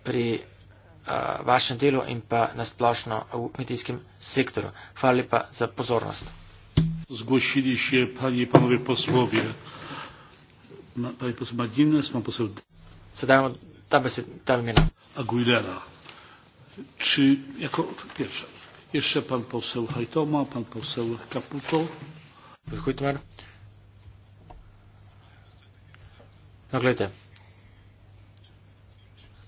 pri uh, vašem delu in pa na splošno v kmetijskem sektoru. Hvala lepa za pozornost. Zgošili še panje panovi poslovi. Pa je posmadine, smo posel. Sedaj imamo tam, se, tam imena. Aguilera. Czy jako pierwsza. Jeszcze pan poseł Hajtoma, pan poseł Caputo. Wychwytmar. Naglete. No,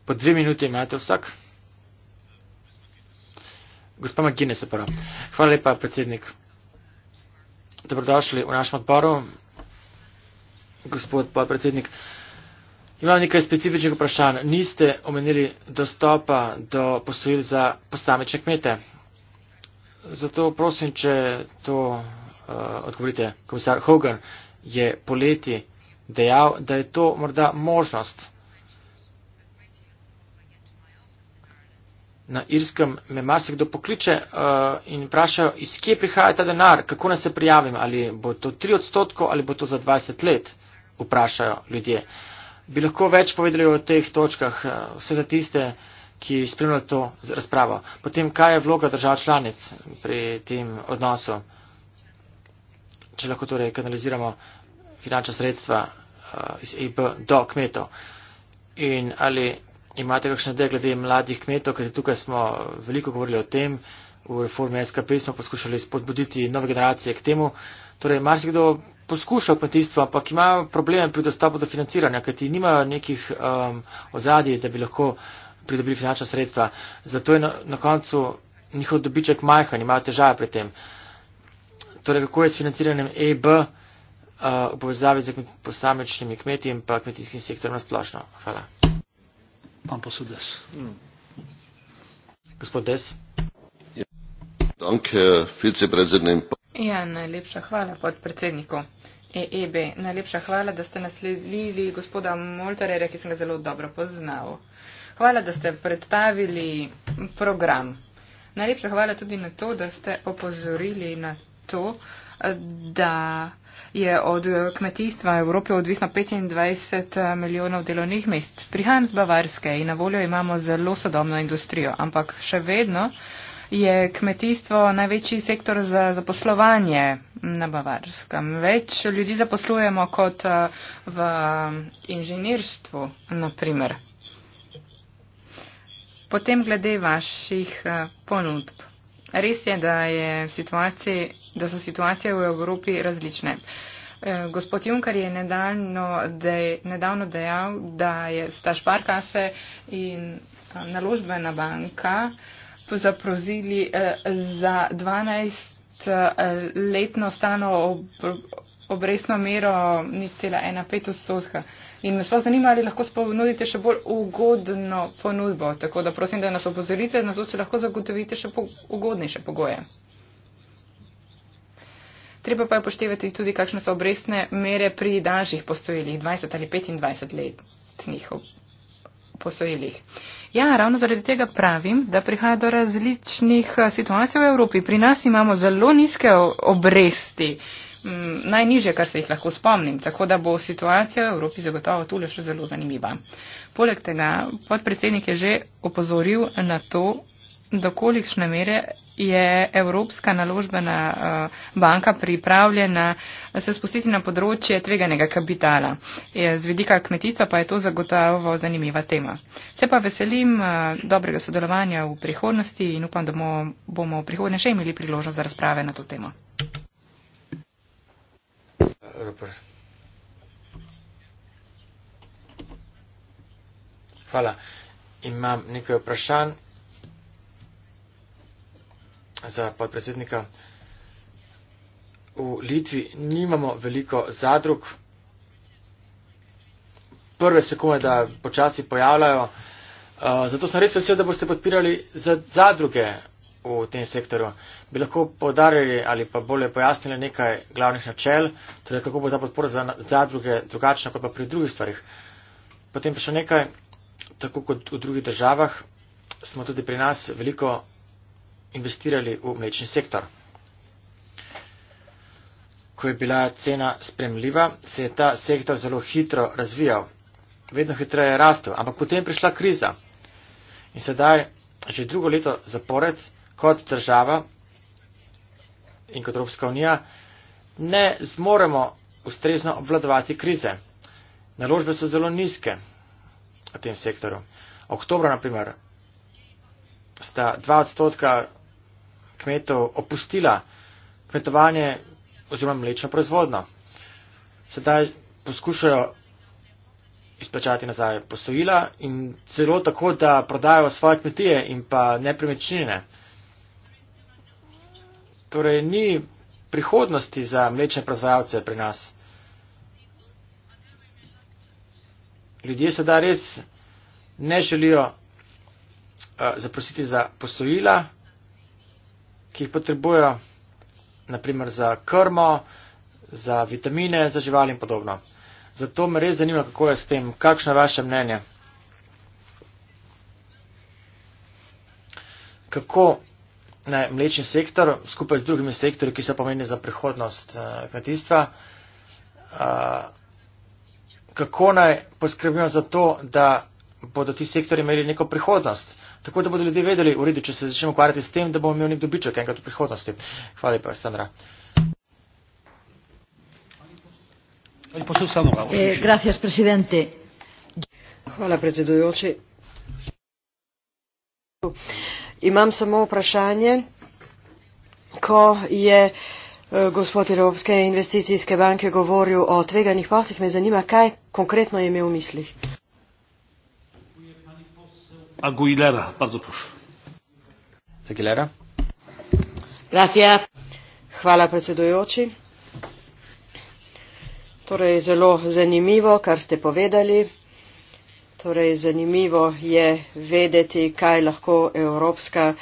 po dwie minuty ma to wsak. Gospod McGinnis se pora. Hvala lepa, predsednik. Dobrodošli v našem odboru. Gospod podpredsednik. Pa, Imam nekaj specifičnih vprašanj. Niste omenili dostopa do posojil za posamečne kmete. Zato prosim, če to uh, odgovorite. Komisar Hogan je poleti dejal, da je to morda možnost. Na Irskem me marsikdo pokliče uh, in vprašajo, iz kje prihaja ta denar, kako naj se prijavim, ali bo to 3 odstotkov ali bo to za 20 let, vprašajo ljudje. Uh, bi lahko več povedali o teh točkah, eh, vse za tiste, ki spremljajo to razpravo. Potem, kaj je vloga držav članic pri tem odnosu, če lahko torej kanaliziramo finančna sredstva eh, iz EIB do kmetov. In ali imate kakšne ideje glede mladih kmetov, ker tukaj smo veliko govorili o tem, v reformi SKP smo poskušali spodbuditi nove generacije k temu, uh, Torej, marsikdo poskuša v kmetijstvu, ampak ima probleme pri dostopu do financiranja, ker ti nimajo nekih um, ozadij, da bi lahko pridobili finančna sredstva. Zato je na, na koncu njihov dobiček majhen, imajo težave pri tem. Torej, kako je s financiranjem EB uh, v povezavi z posamečnimi kmeti in pa kmetijskim sektorom nasplošno? Hvala. Pan posud des. Hmm. Gospod des. Ja. Danke, eh, vicepredsednik. Ja, najlepša hvala podpredsedniku EEB. Najlepša hvala, da ste nasledili gospoda Molterera, ki sem ga zelo dobro poznal. Hvala, da ste predstavili program. Najlepša hvala tudi na to, da ste opozorili na to, da je od kmetijstva Evrope odvisno 25 milijonov delovnih mest. Prihajam z Bavarske in na voljo imamo zelo sodobno industrijo, ampak še vedno je kmetijstvo največji sektor za zaposlovanje na Bavarskem. Več ljudi zaposlujemo kot eh, v inženirstvu, naprimer. Potem glede vaših eh, ponudb. Res je, da, je da so situacije v Evropi različne. Eh, gospod Juncker je nedavno, dej, nedavno dejal, da je Stašparkase in naložbena banka uh, zaprozili eh, za 12-letno eh, stano obrestno mero 0,15 odstotka. In me sploh zanima, ali lahko ponudite še bolj ugodno ponudbo. Tako da prosim, da nas opozorite, da nas oče lahko zagotovite še ugodnejše pogoje. Treba pa je poštevati tudi, kakšne so obrestne mere pri daljših posojilih, 20 ali 25 letnih posojilih. Ja, ravno zaradi tega pravim, da prihaja do različnih eh, situacij v Evropi. Pri nas imamo zelo nizke obresti, m, mm, najniže, kar se jih lahko spomnim, tako da bo situacija v Evropi zagotovo tule še zelo zanimiva. Poleg tega, podpredsednik je že opozoril na to, dokolikšne mere je Evropska naložbena eh, banka pripravljena se spustiti na področje tveganega kapitala. Z vidika kmetijstva pa je to zagotovo zanimiva tema. Se pa veselim eh, dobrega sodelovanja v prihodnosti in upam, da bomo v prihodnje še imeli priložnost za razprave na to temo. Hvala. Imam nekaj vprašanj za podpredsednika. V Litvi nimamo veliko zadrug. Prve se kome, da počasi pojavljajo. Eh, zato sem res vesel, da boste podpirali zadruge v tem sektoru. Bi lahko podarili ali pa bolje pojasnili nekaj glavnih načel, torej kako bo ta podpora za zadruge drugačna kot pa pri drugih stvarih. Potem pa še nekaj, tako kot v drugih državah, smo tudi pri nas veliko investirali v mlečni sektor. Ko je bila cena spremljiva, se je ta sektor zelo hitro razvijal, vedno hitreje je rastel, ampak potem je prišla kriza. In sedaj, že drugo leto zapored, kot država in kot Evropska unija, ne zmoremo ustrezno obvladovati krize. Naložbe so zelo nizke v tem sektoru. Oktober, naprimer, sta dva odstotka kmetov opustila kmetovanje oziroma mlečno proizvodno. Sedaj poskušajo izplačati nazaj posojila in celo tako, da prodajo svoje kmetije in pa nepremičnine. Torej ni prihodnosti za mlečne proizvajalce pri nas. Ljudje sedaj res ne želijo uh, zaprositi za posojila ki jih potrebujejo, naprimer za krmo, za vitamine, za živali in podobno. Zato me res zanima, kako je s tem, kakšno je vaše mnenje. Kako ne, mlečni sektor skupaj z drugimi sektori, ki so pomeni za prihodnost eh, kmetijstva, eh, kako naj poskrbimo za to, da bodo ti sektori imeli neko prihodnost. Tako da bodo ljudje vedeli, v redu, če se začnemo ukvarjati s tem, da bomo imeli nek dobiček enkrat v prihodnosti. Hvala lepa, Sandra. Eh, Hvala, predsedujoči. Imam samo vprašanje, ko je eh, gospod Evropske investicijske banke govoril o tveganih poslih, me zanima, kaj konkretno je imel v mislih. Aguilera. Bardzo proszę. Aguilera. Gracias. Hvala, predsedujoči. Torej, zelo zanimivo, kar ste povedali. Torej, zanimivo je vedeti, kaj lahko Evropska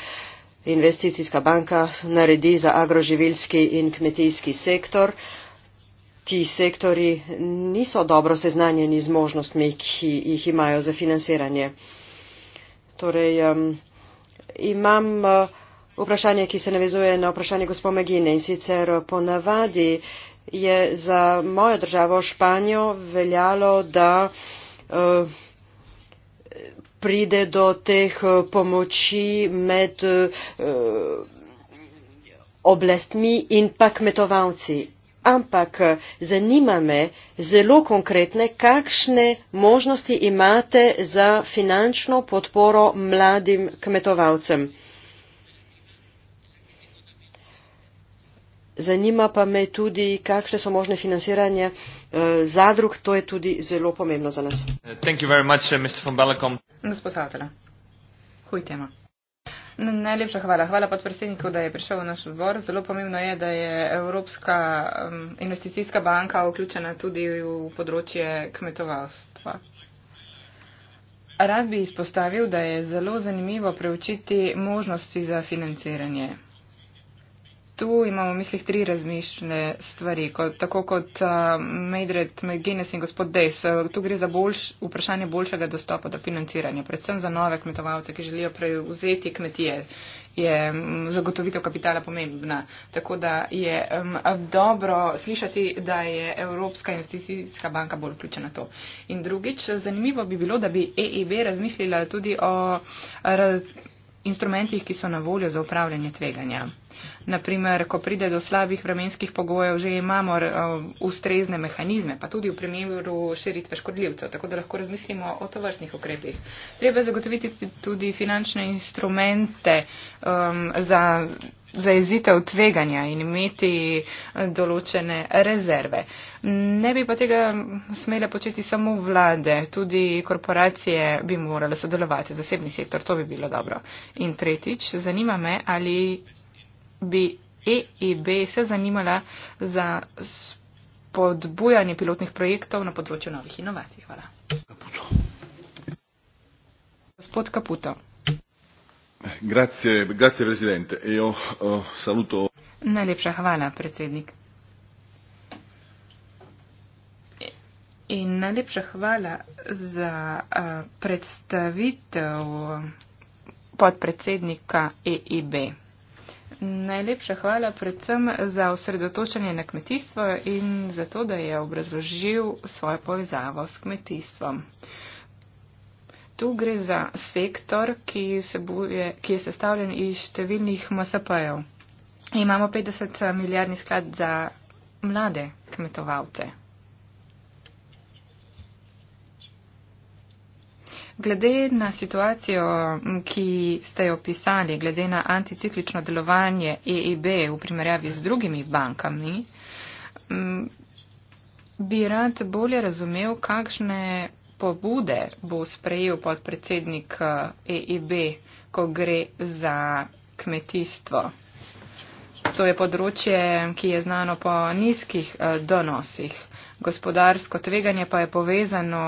investicijska banka naredi za agroživilski in kmetijski sektor. Ti sektori niso dobro seznanjeni z možnostmi, ki jih imajo za financiranje. Torej, um, imam uh, vprašanje, ki se navezuje na vprašanje gospo Megine in sicer eh, ponavadi je za mojo državo Španijo veljalo, da uh, pride do teh pomoči med uh, oblastmi in pa kmetovalci ampak eh, zanima me zelo konkretne, kakšne možnosti imate za finančno podporo mladim kmetovalcem. Zanima pa me tudi, kakšne so možne financiranje eh, zadrug, to je tudi zelo pomembno za nas. Hvala, eh, gospod Hatela. Huj tema. Najlepša hvala. Hvala podpredsedniku, da je prišel v naš odbor. Zelo pomembno je, da je Evropska um, investicijska banka vključena tudi v področje kmetovalstva. Rad bi izpostavil, da je zelo zanimivo preučiti možnosti za financiranje tu imamo v mislih tri razmišljene stvari, ko, tako kot uh, Medred, McGuinness in gospod Dejs. Uh, tu gre za boljš, vprašanje boljšega dostopa do financiranja, predvsem za nove kmetovalce, ki želijo prevzeti kmetije. Je zagotovitev kapitala pomembna. Tako da je um, dobro slišati, da je Evropska investicijska banka bolj vključena v to. In drugič, zanimivo bi bilo, da bi EIB razmislila tudi o raz, instrumentih, ki so na voljo za upravljanje tveganja naprimer, ko pride do slabih vremenskih pogojev, že imamo eh, ustrezne mehanizme, pa tudi v primeru širitve škodljivcev, tako da lahko razmislimo o tovrstnih ukrepih. Treba zagotoviti tudi finančne instrumente um, za zaezitev tveganja in imeti eh, določene rezerve. Ne bi pa tega smele početi samo vlade, tudi korporacije bi morale sodelovati, zasebni sektor, to bi bilo dobro. In tretjič, zanima me, ali bi EIB se zanimala za spodbujanje pilotnih projektov na področju novih inovacij. Hvala. Kaputo. Gospod Kaputo. Grazie, grazie presidente. Io uh, saluto. Najlepša hvala, predsednik. In najlepša hvala za uh, predstavitev podpredsednika EIB. Najlepša hvala predvsem za osredotočanje na kmetijstvo in za to, da je obrazložil svojo povezavo s kmetijstvom. Tu gre za sektor, ki, vsebuje, ki je sestavljen iz številnih MSP-jev. Imamo 50 milijardni sklad za mlade kmetovalce. Glede na situacijo, ki ste jo opisali, glede na anticiklično delovanje EIB v primerjavi z drugimi bankami, bi rad bolje razumel, kakšne pobude bo sprejel podpredsednik EIB, e ko gre za kmetijstvo. To je področje, ki je znano po nizkih e, donosih. Gospodarsko tveganje pa je povezano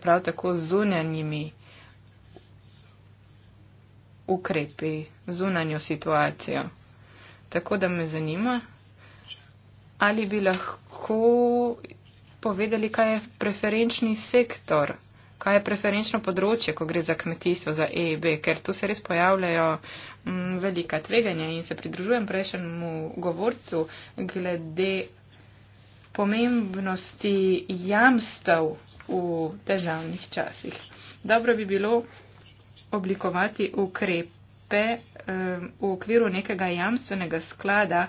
prav tako z zunanjimi ukrepi, zunanjo situacijo. Tako da me zanima, ali bi lahko povedali, kaj je preferenčni sektor, kaj je preferenčno področje, ko gre za kmetijstvo, za EEB, ker tu se res pojavljajo m, mm, velika tveganja in se pridružujem prejšnjemu govorcu glede pomembnosti jamstev v težavnih časih. Dobro bi bilo oblikovati ukrepe eh, v okviru nekega jamstvenega sklada,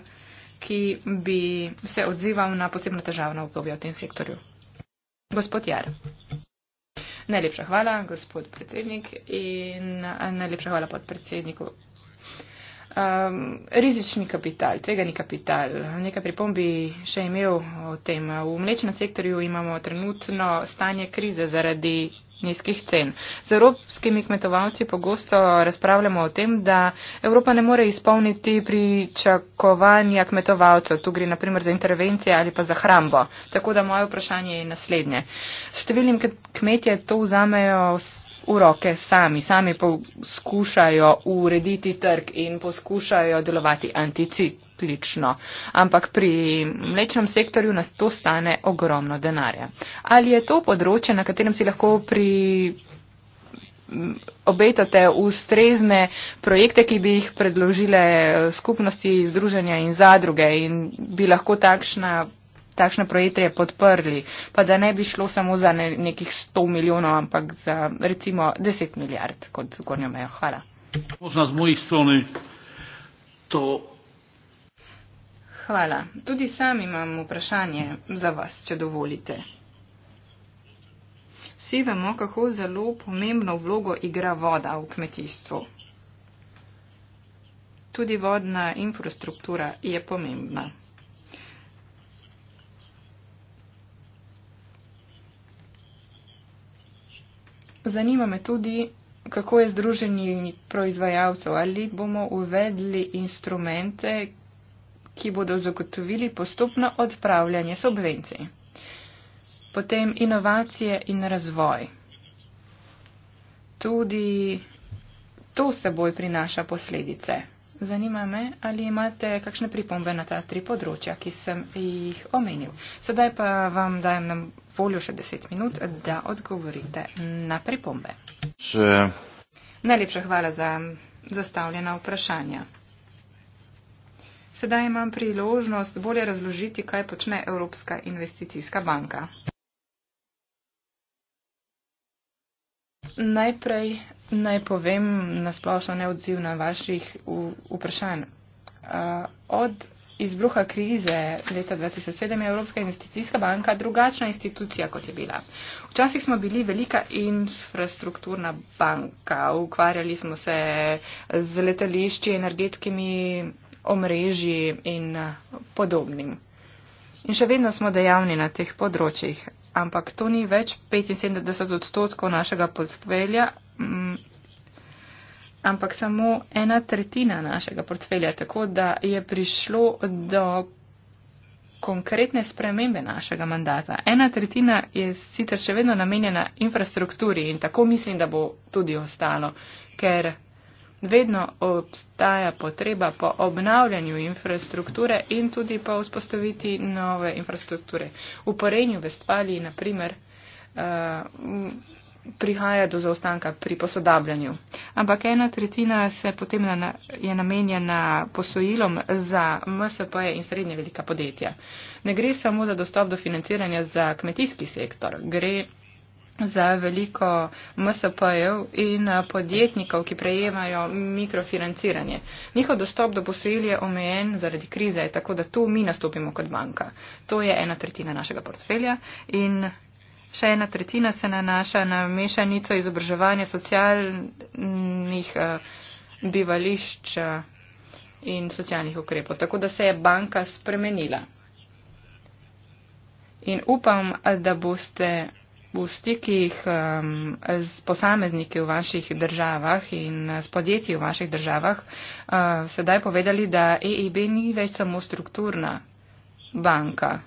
ki bi se odzival na posebno težavno obdobje v tem sektorju. Gospod Jar. Najlepša hvala, gospod predsednik, in eh, najlepša hvala podpredsedniku. Um, rizični kapital, tvegani kapital. Nekaj pripombi še imel o tem. V mlečnem sektorju imamo trenutno stanje krize zaradi nizkih cen. Z evropskimi kmetovalci pogosto razpravljamo o tem, da Evropa ne more izpolniti pričakovanja kmetovalcev. Tu gre naprimer za intervencije ali pa za hrambo. Tako da moje vprašanje je naslednje. Številnim kmetje to vzamejo. S v roke sami. Sami poskušajo urediti trg in poskušajo delovati anticiklično. Ampak pri mlečnem sektorju nas to stane ogromno denarja. Ali je to področje, na katerem si lahko pri obetate ustrezne projekte, ki bi jih predložile eh, skupnosti, združenja in zadruge in bi lahko takšna takšne projekte podprli, pa da ne bi šlo samo za ne, nekih 100 milijonov, ampak za recimo 10 milijard kot zgornjo mejo. Hvala. Možno z mojih strani to. Hvala. Tudi sam imam vprašanje za vas, če dovolite. Vsi vemo, kako zelo pomembno vlogo igra voda v kmetijstvu. Tudi vodna infrastruktura je pomembna. Zanima me tudi, kako je združenji proizvajalcev. Ali bomo uvedli instrumente, ki bodo zagotovili postopno odpravljanje subvencij. Potem inovacije in razvoj. Tudi to seboj prinaša posledice. Zanima me, ali imate kakšne pripombe na ta tri področja, ki sem jih omenil. Sedaj pa vam dajem na voljo še deset minut, da odgovorite na pripombe. Še... Najlepša hvala za zastavljena vprašanja. Sedaj imam priložnost bolje razložiti, kaj počne Evropska investicijska banka. Najprej Naj povem nasplošno neodziv na vaših vprašanj. Uh, od izbruha krize leta 2007 je Evropska investicijska banka drugačna institucija, kot je bila. Včasih smo bili velika infrastrukturna banka, ukvarjali smo se z letališči, energetskimi omrežji in uh, podobnim. In še vedno smo dejavni na teh področjih, ampak to ni več 75 odstotkov našega podstvelja Mm. ampak samo ena tretjina našega portfelja, tako da je prišlo do konkretne spremembe našega mandata. Ena tretjina je sicer še vedno namenjena infrastrukturi in tako mislim, da bo tudi ostalo, ker vedno obstaja potreba po obnavljanju infrastrukture in tudi po vzpostaviti nove infrastrukture. V porenju v stvari, naprimer, uh, prihaja do zaostanka pri posodabljanju. Ampak ena tretjina se potem na, je namenjena posojilom za MSP -je in srednje velika podjetja. Ne gre samo za dostop do financiranja za kmetijski sektor, gre za veliko MSP-jev in eh, podjetnikov, ki prejemajo mikrofinanciranje. Njihov dostop do posojil je omejen zaradi krize, tako da tu mi nastopimo kot banka. To je ena tretjina našega portfelja in še ena tretjina se nanaša na mešanico izobraževanja socialnih eh, bivališč in socialnih ukrepov. Tako da se je banka spremenila. In upam, da boste v stikih z posamezniki v vaših državah in eh, s podjetji v vaših državah eh, sedaj povedali, da EIB ni več samo strukturna banka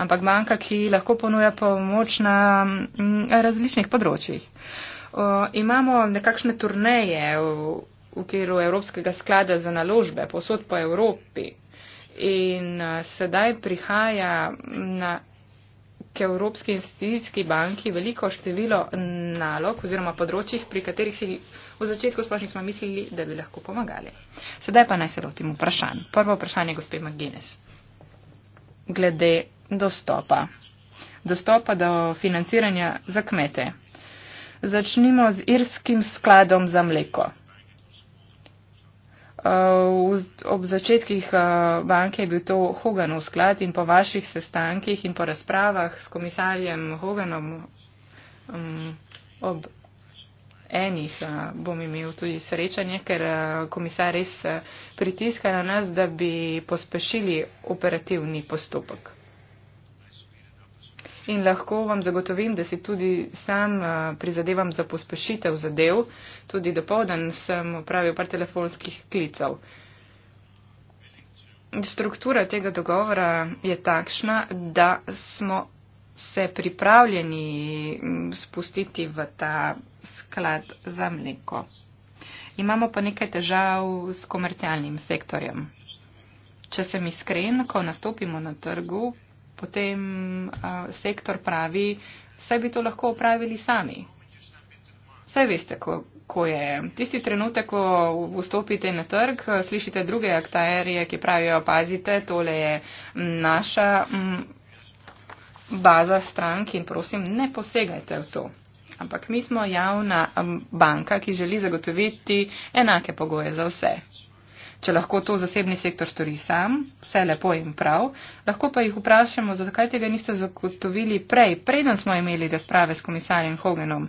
ampak banka, ki lahko ponuja pomoč na različnih področjih. Imamo nekakšne turneje v okviru Evropskega sklada za naložbe posod po Evropi in sedaj prihaja na, k Evropski institucijski banki veliko število nalog oziroma področjih, pri katerih si v začetku sploh nismo mislili, da bi lahko pomagali. Sedaj pa naj se lotim vprašanj. Prvo vprašanje gospe McGuinness. Glede dostopa. Dostopa do financiranja za kmete. Začnimo z irskim skladom za mleko. Uh, ob začetkih uh, banke je bil to Hoganov sklad in po vaših sestankih in po razpravah s komisarjem Hoganom um, ob enih uh, bom imel tudi srečanje, ker komisar res pritiska na nas, da bi pospešili operativni postopek in lahko vam zagotovim, da si tudi sam eh, prizadevam za pospešitev zadev. Tudi do povdan sem opravil par telefonskih klicev. Struktura tega dogovora je takšna, da smo se pripravljeni mm, spustiti v ta sklad za mleko. Imamo pa nekaj težav s komercialnim sektorjem. Če sem iskren, ko nastopimo na trgu, potem uh, sektor pravi, vse bi to lahko opravili sami. Vse veste, ko, ko je tisti trenutek, ko vstopite na trg, slišite druge aktarije, ki pravijo, pazite, tole je mm, naša m, mm, baza strank in prosim, ne posegajte v to. Ampak mi smo javna mm, banka, ki želi zagotoviti enake pogoje za vse. Če lahko to zasebni sektor stori sam, vse lepo in prav, lahko pa jih vprašamo, zakaj tega niste zagotovili prej, preden smo imeli razprave s komisarjem Hogenom,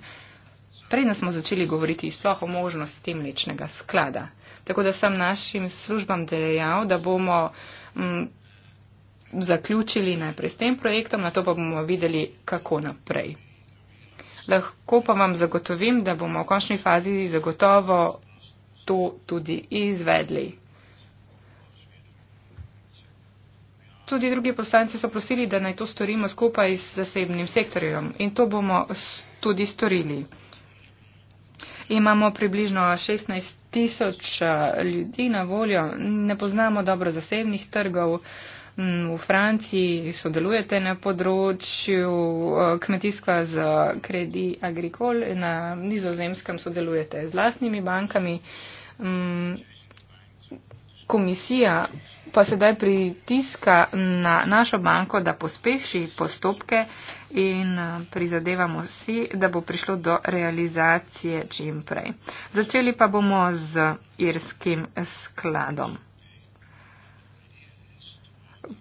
preden smo začeli govoriti sploh o možnosti mlečnega sklada. Tako da sem našim službam dejal, da bomo m, mm, zaključili najprej s tem projektom, na to pa bomo videli, kako naprej. Lahko pa vam zagotovim, da bomo v končni fazi zagotovo to tudi izvedli. tudi drugi poslanci so prosili, da naj to storimo skupaj z zasebnim sektorjem in to bomo tudi storili. Imamo približno 16 tisoč eh, ljudi na voljo, ne poznamo dobro zasebnih trgov. Mm, v Franciji sodelujete na področju eh, kmetijstva z kredi Agricole, na nizozemskem sodelujete z lastnimi bankami. Mm, komisija pa sedaj pritiska na našo banko, da pospeši postopke in eh, prizadevamo si, da bo prišlo do realizacije čim prej. Začeli pa bomo z irskim skladom.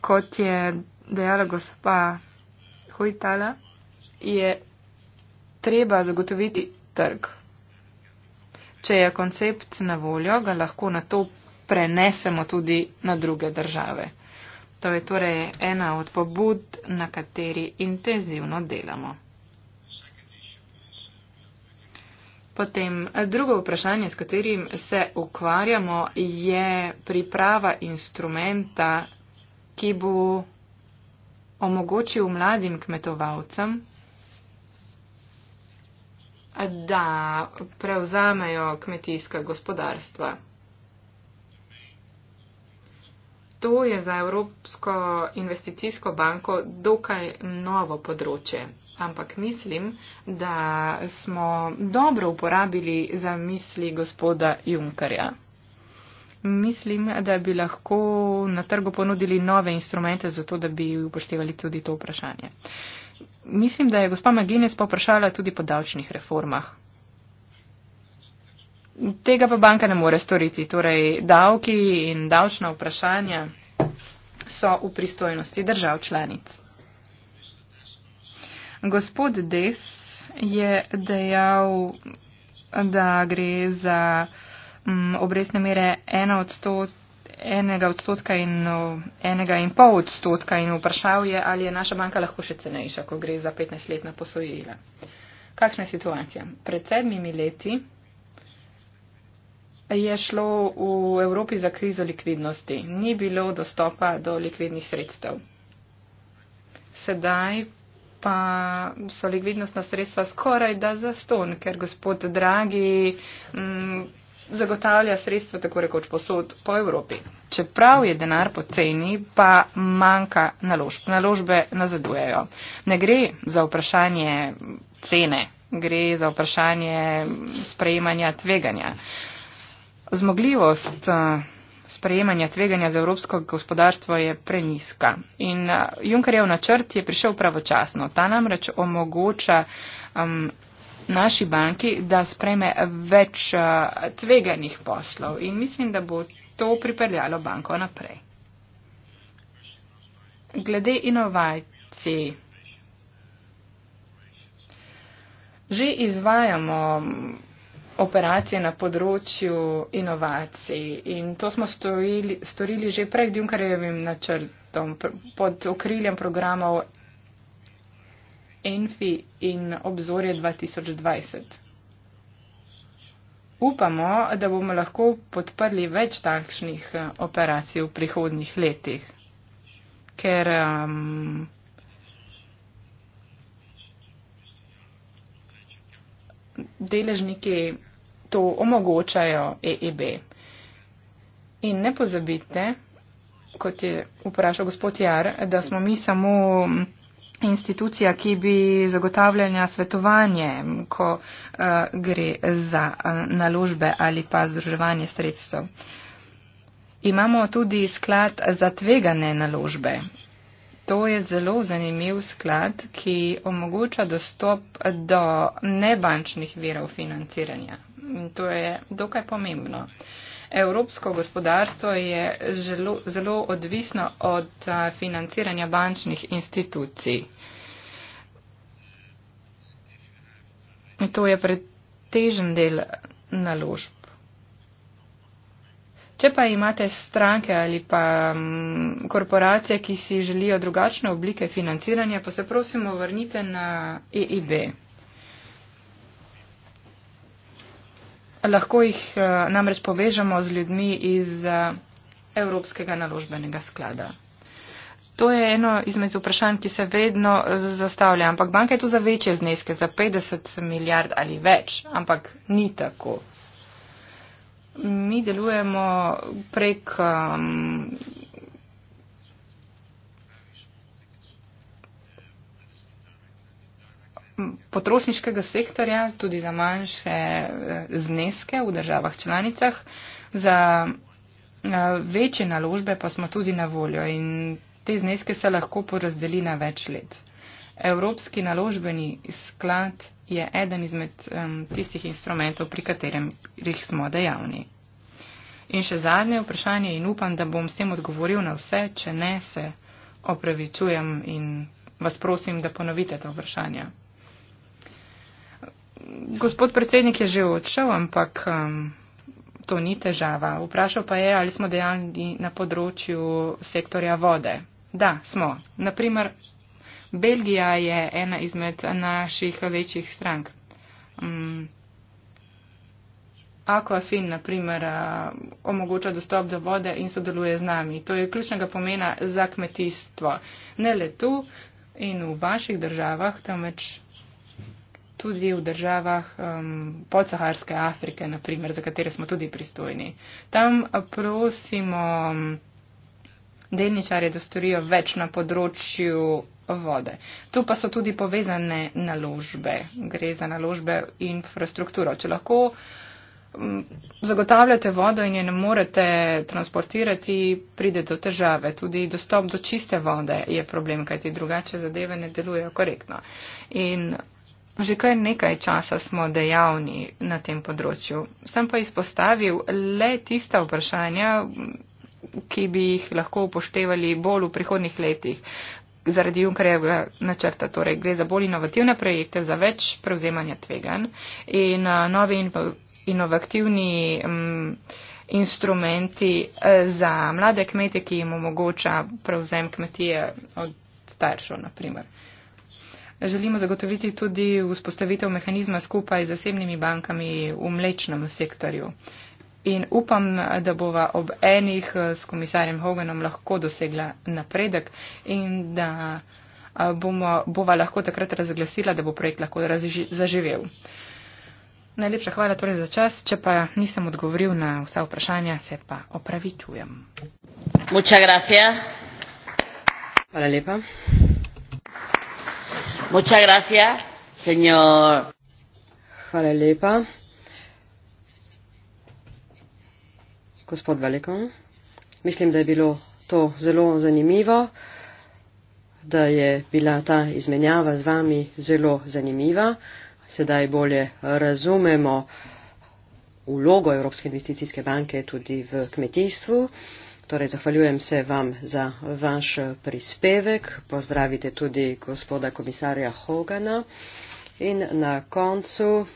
Kot je dejala gospa Hojtala, je treba zagotoviti trg. Če je koncept na voljo, ga lahko na to prenesemo tudi na druge države. To je torej ena od pobud, na kateri intenzivno delamo. Potem drugo vprašanje, s katerim se ukvarjamo, je priprava instrumenta, ki bo omogočil mladim kmetovalcem, da prevzamejo kmetijska gospodarstva. to je za Evropsko investicijsko banko dokaj novo področje. Ampak mislim, da smo dobro uporabili za misli gospoda Junkarja. Mislim, da bi lahko na trgu ponudili nove instrumente za to, da bi upoštevali tudi to vprašanje. Mislim, da je gospa Magines poprašala tudi po davčnih reformah. Tega pa banka ne more storiti. Torej, davki in davčna vprašanja so v pristojnosti držav članic. Gospod Des je dejal, da gre za m, mm, obresne mere ena odstot, enega odstotka in no, enega in pol odstotka in vprašal je, ali je naša banka lahko še cenejša, ko gre za 15-letna posojila. Kakšna je situacija? Pred sedmimi leti je šlo v Evropi za krizo likvidnosti. Ni bilo dostopa do likvidnih sredstev. Sedaj pa so likvidnostna sredstva skoraj da zaston, ker gospod Dragi m, mm, zagotavlja sredstva tako rekoč posod po Evropi. Čeprav je denar poceni, pa manjka naložb. Naložbe nazadujejo. Ne gre za vprašanje cene, gre za vprašanje sprejemanja tveganja. Uh, zmogljivost eh, sprejemanja tveganja za evropsko gospodarstvo je preniska. In eh, Junkerjev načrt je prišel pravočasno. Ta namreč omogoča um, naši banki, da spreme več uh, tveganih poslov. In mislim, da bo to pripeljalo banko naprej. Glede inovacij. Že izvajamo operacije na področju inovacij in to smo storili, storili že pred Junkarjevim načrtom pod okriljem programov ENFI in obzorje 2020. Upamo, da bomo lahko podprli več takšnih eh, operacij v prihodnjih letih, ker um, deležniki to omogočajo EEB. In ne pozabite, kot je vprašal gospod Jar, da smo mi samo institucija, ki bi zagotavljala svetovanje, ko uh, gre za uh, naložbe ali pa združevanje sredstev. Imamo tudi sklad za tvegane naložbe, To je zelo zanimiv sklad, ki omogoča dostop do nebančnih virov financiranja. In to je dokaj pomembno. Evropsko gospodarstvo je zelo, zelo odvisno od financiranja bančnih institucij. To je pretežen del naložb. Če pa imate stranke ali pa m, mm, korporacije, ki si želijo drugačne oblike financiranja, pa se prosimo vrnite na EIB. Lahko jih a, eh, namreč povežemo z ljudmi iz a, eh, Evropskega naložbenega sklada. To je eno izmed vprašanj, ki se vedno zastavlja, ampak banka je tu za večje zneske, za 50 milijard ali več, ampak ni tako. Mi delujemo prek um, potrošniškega sektorja, tudi za manjše eh, zneske v državah članicah. Za uh, večje naložbe pa smo tudi na voljo in te zneske se lahko porazdeli na več let. Evropski naložbeni sklad je eden izmed um, tistih instrumentov, pri katerem jih smo dejavni. In še zadnje vprašanje in upam, da bom s tem odgovoril na vse, če ne se opravičujem in vas prosim, da ponovite to vprašanje. Gospod predsednik je že odšel, ampak um, to ni težava. Vprašal pa je, ali smo dejavni na področju sektorja vode. Da, smo. Naprimer, Belgija je ena izmed naših večjih strank. Um, Aquafin, na primer, omogoča dostop do vode in sodeluje z nami. To je ključnega pomena za kmetijstvo. Ne le tu in v vaših državah, temveč tudi v državah um, podsaharske Afrike, na primer, za katere smo tudi pristojni. Tam prosimo um, delničarje, da storijo več na področju vode. Tu pa so tudi povezane naložbe, gre za naložbe infrastrukturo. Če lahko mm, zagotavljate vodo in je ne morete transportirati, pride do težave. Tudi dostop do čiste vode je problem, kajti drugače zadeve ne delujejo korektno. In že kar nekaj časa smo dejavni na tem področju. Sem pa izpostavil le tista vprašanja, ki bi jih lahko upoštevali bolj v prihodnih letih zaradi Junkarjevega načrta. Torej, gre za bolj inovativne projekte, za več prevzemanja tvegan in uh, novi in inovativni um, instrumenti eh, za mlade kmete, ki jim omogoča prevzem kmetije od staršev, na primer. Želimo zagotoviti tudi vzpostavitev mehanizma skupaj z zasebnimi bankami v mlečnem sektorju. Uh, in upam, da bova ob enih eh, s komisarjem Hoganom lahko dosegla napredek in da eh, bomo, bova lahko takrat razglasila, da bo projekt lahko razži, zaživel. Najlepša hvala torej za čas, če pa nisem odgovoril na vsa vprašanja, se pa opravičujem. Muchas gracias. Hvala lepa. Muchas gracias, señor. Hvala lepa. gospod Velikom. Mislim, da je bilo to zelo zanimivo, da je bila ta izmenjava z vami zelo zanimiva. Sedaj bolje razumemo vlogo Evropske investicijske banke tudi v kmetijstvu. Torej, zahvaljujem se vam za vaš prispevek. Pozdravite tudi gospoda komisarja Hogana. In na koncu.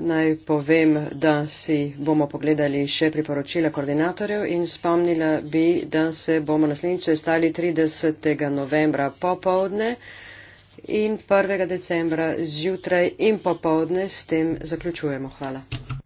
Naj povem, da si bomo pogledali še priporočila koordinatorjev in spomnila bi, da se bomo naslednjič stali 30. novembra popovdne in 1. decembra zjutraj in popovdne. S tem zaključujemo. Hvala.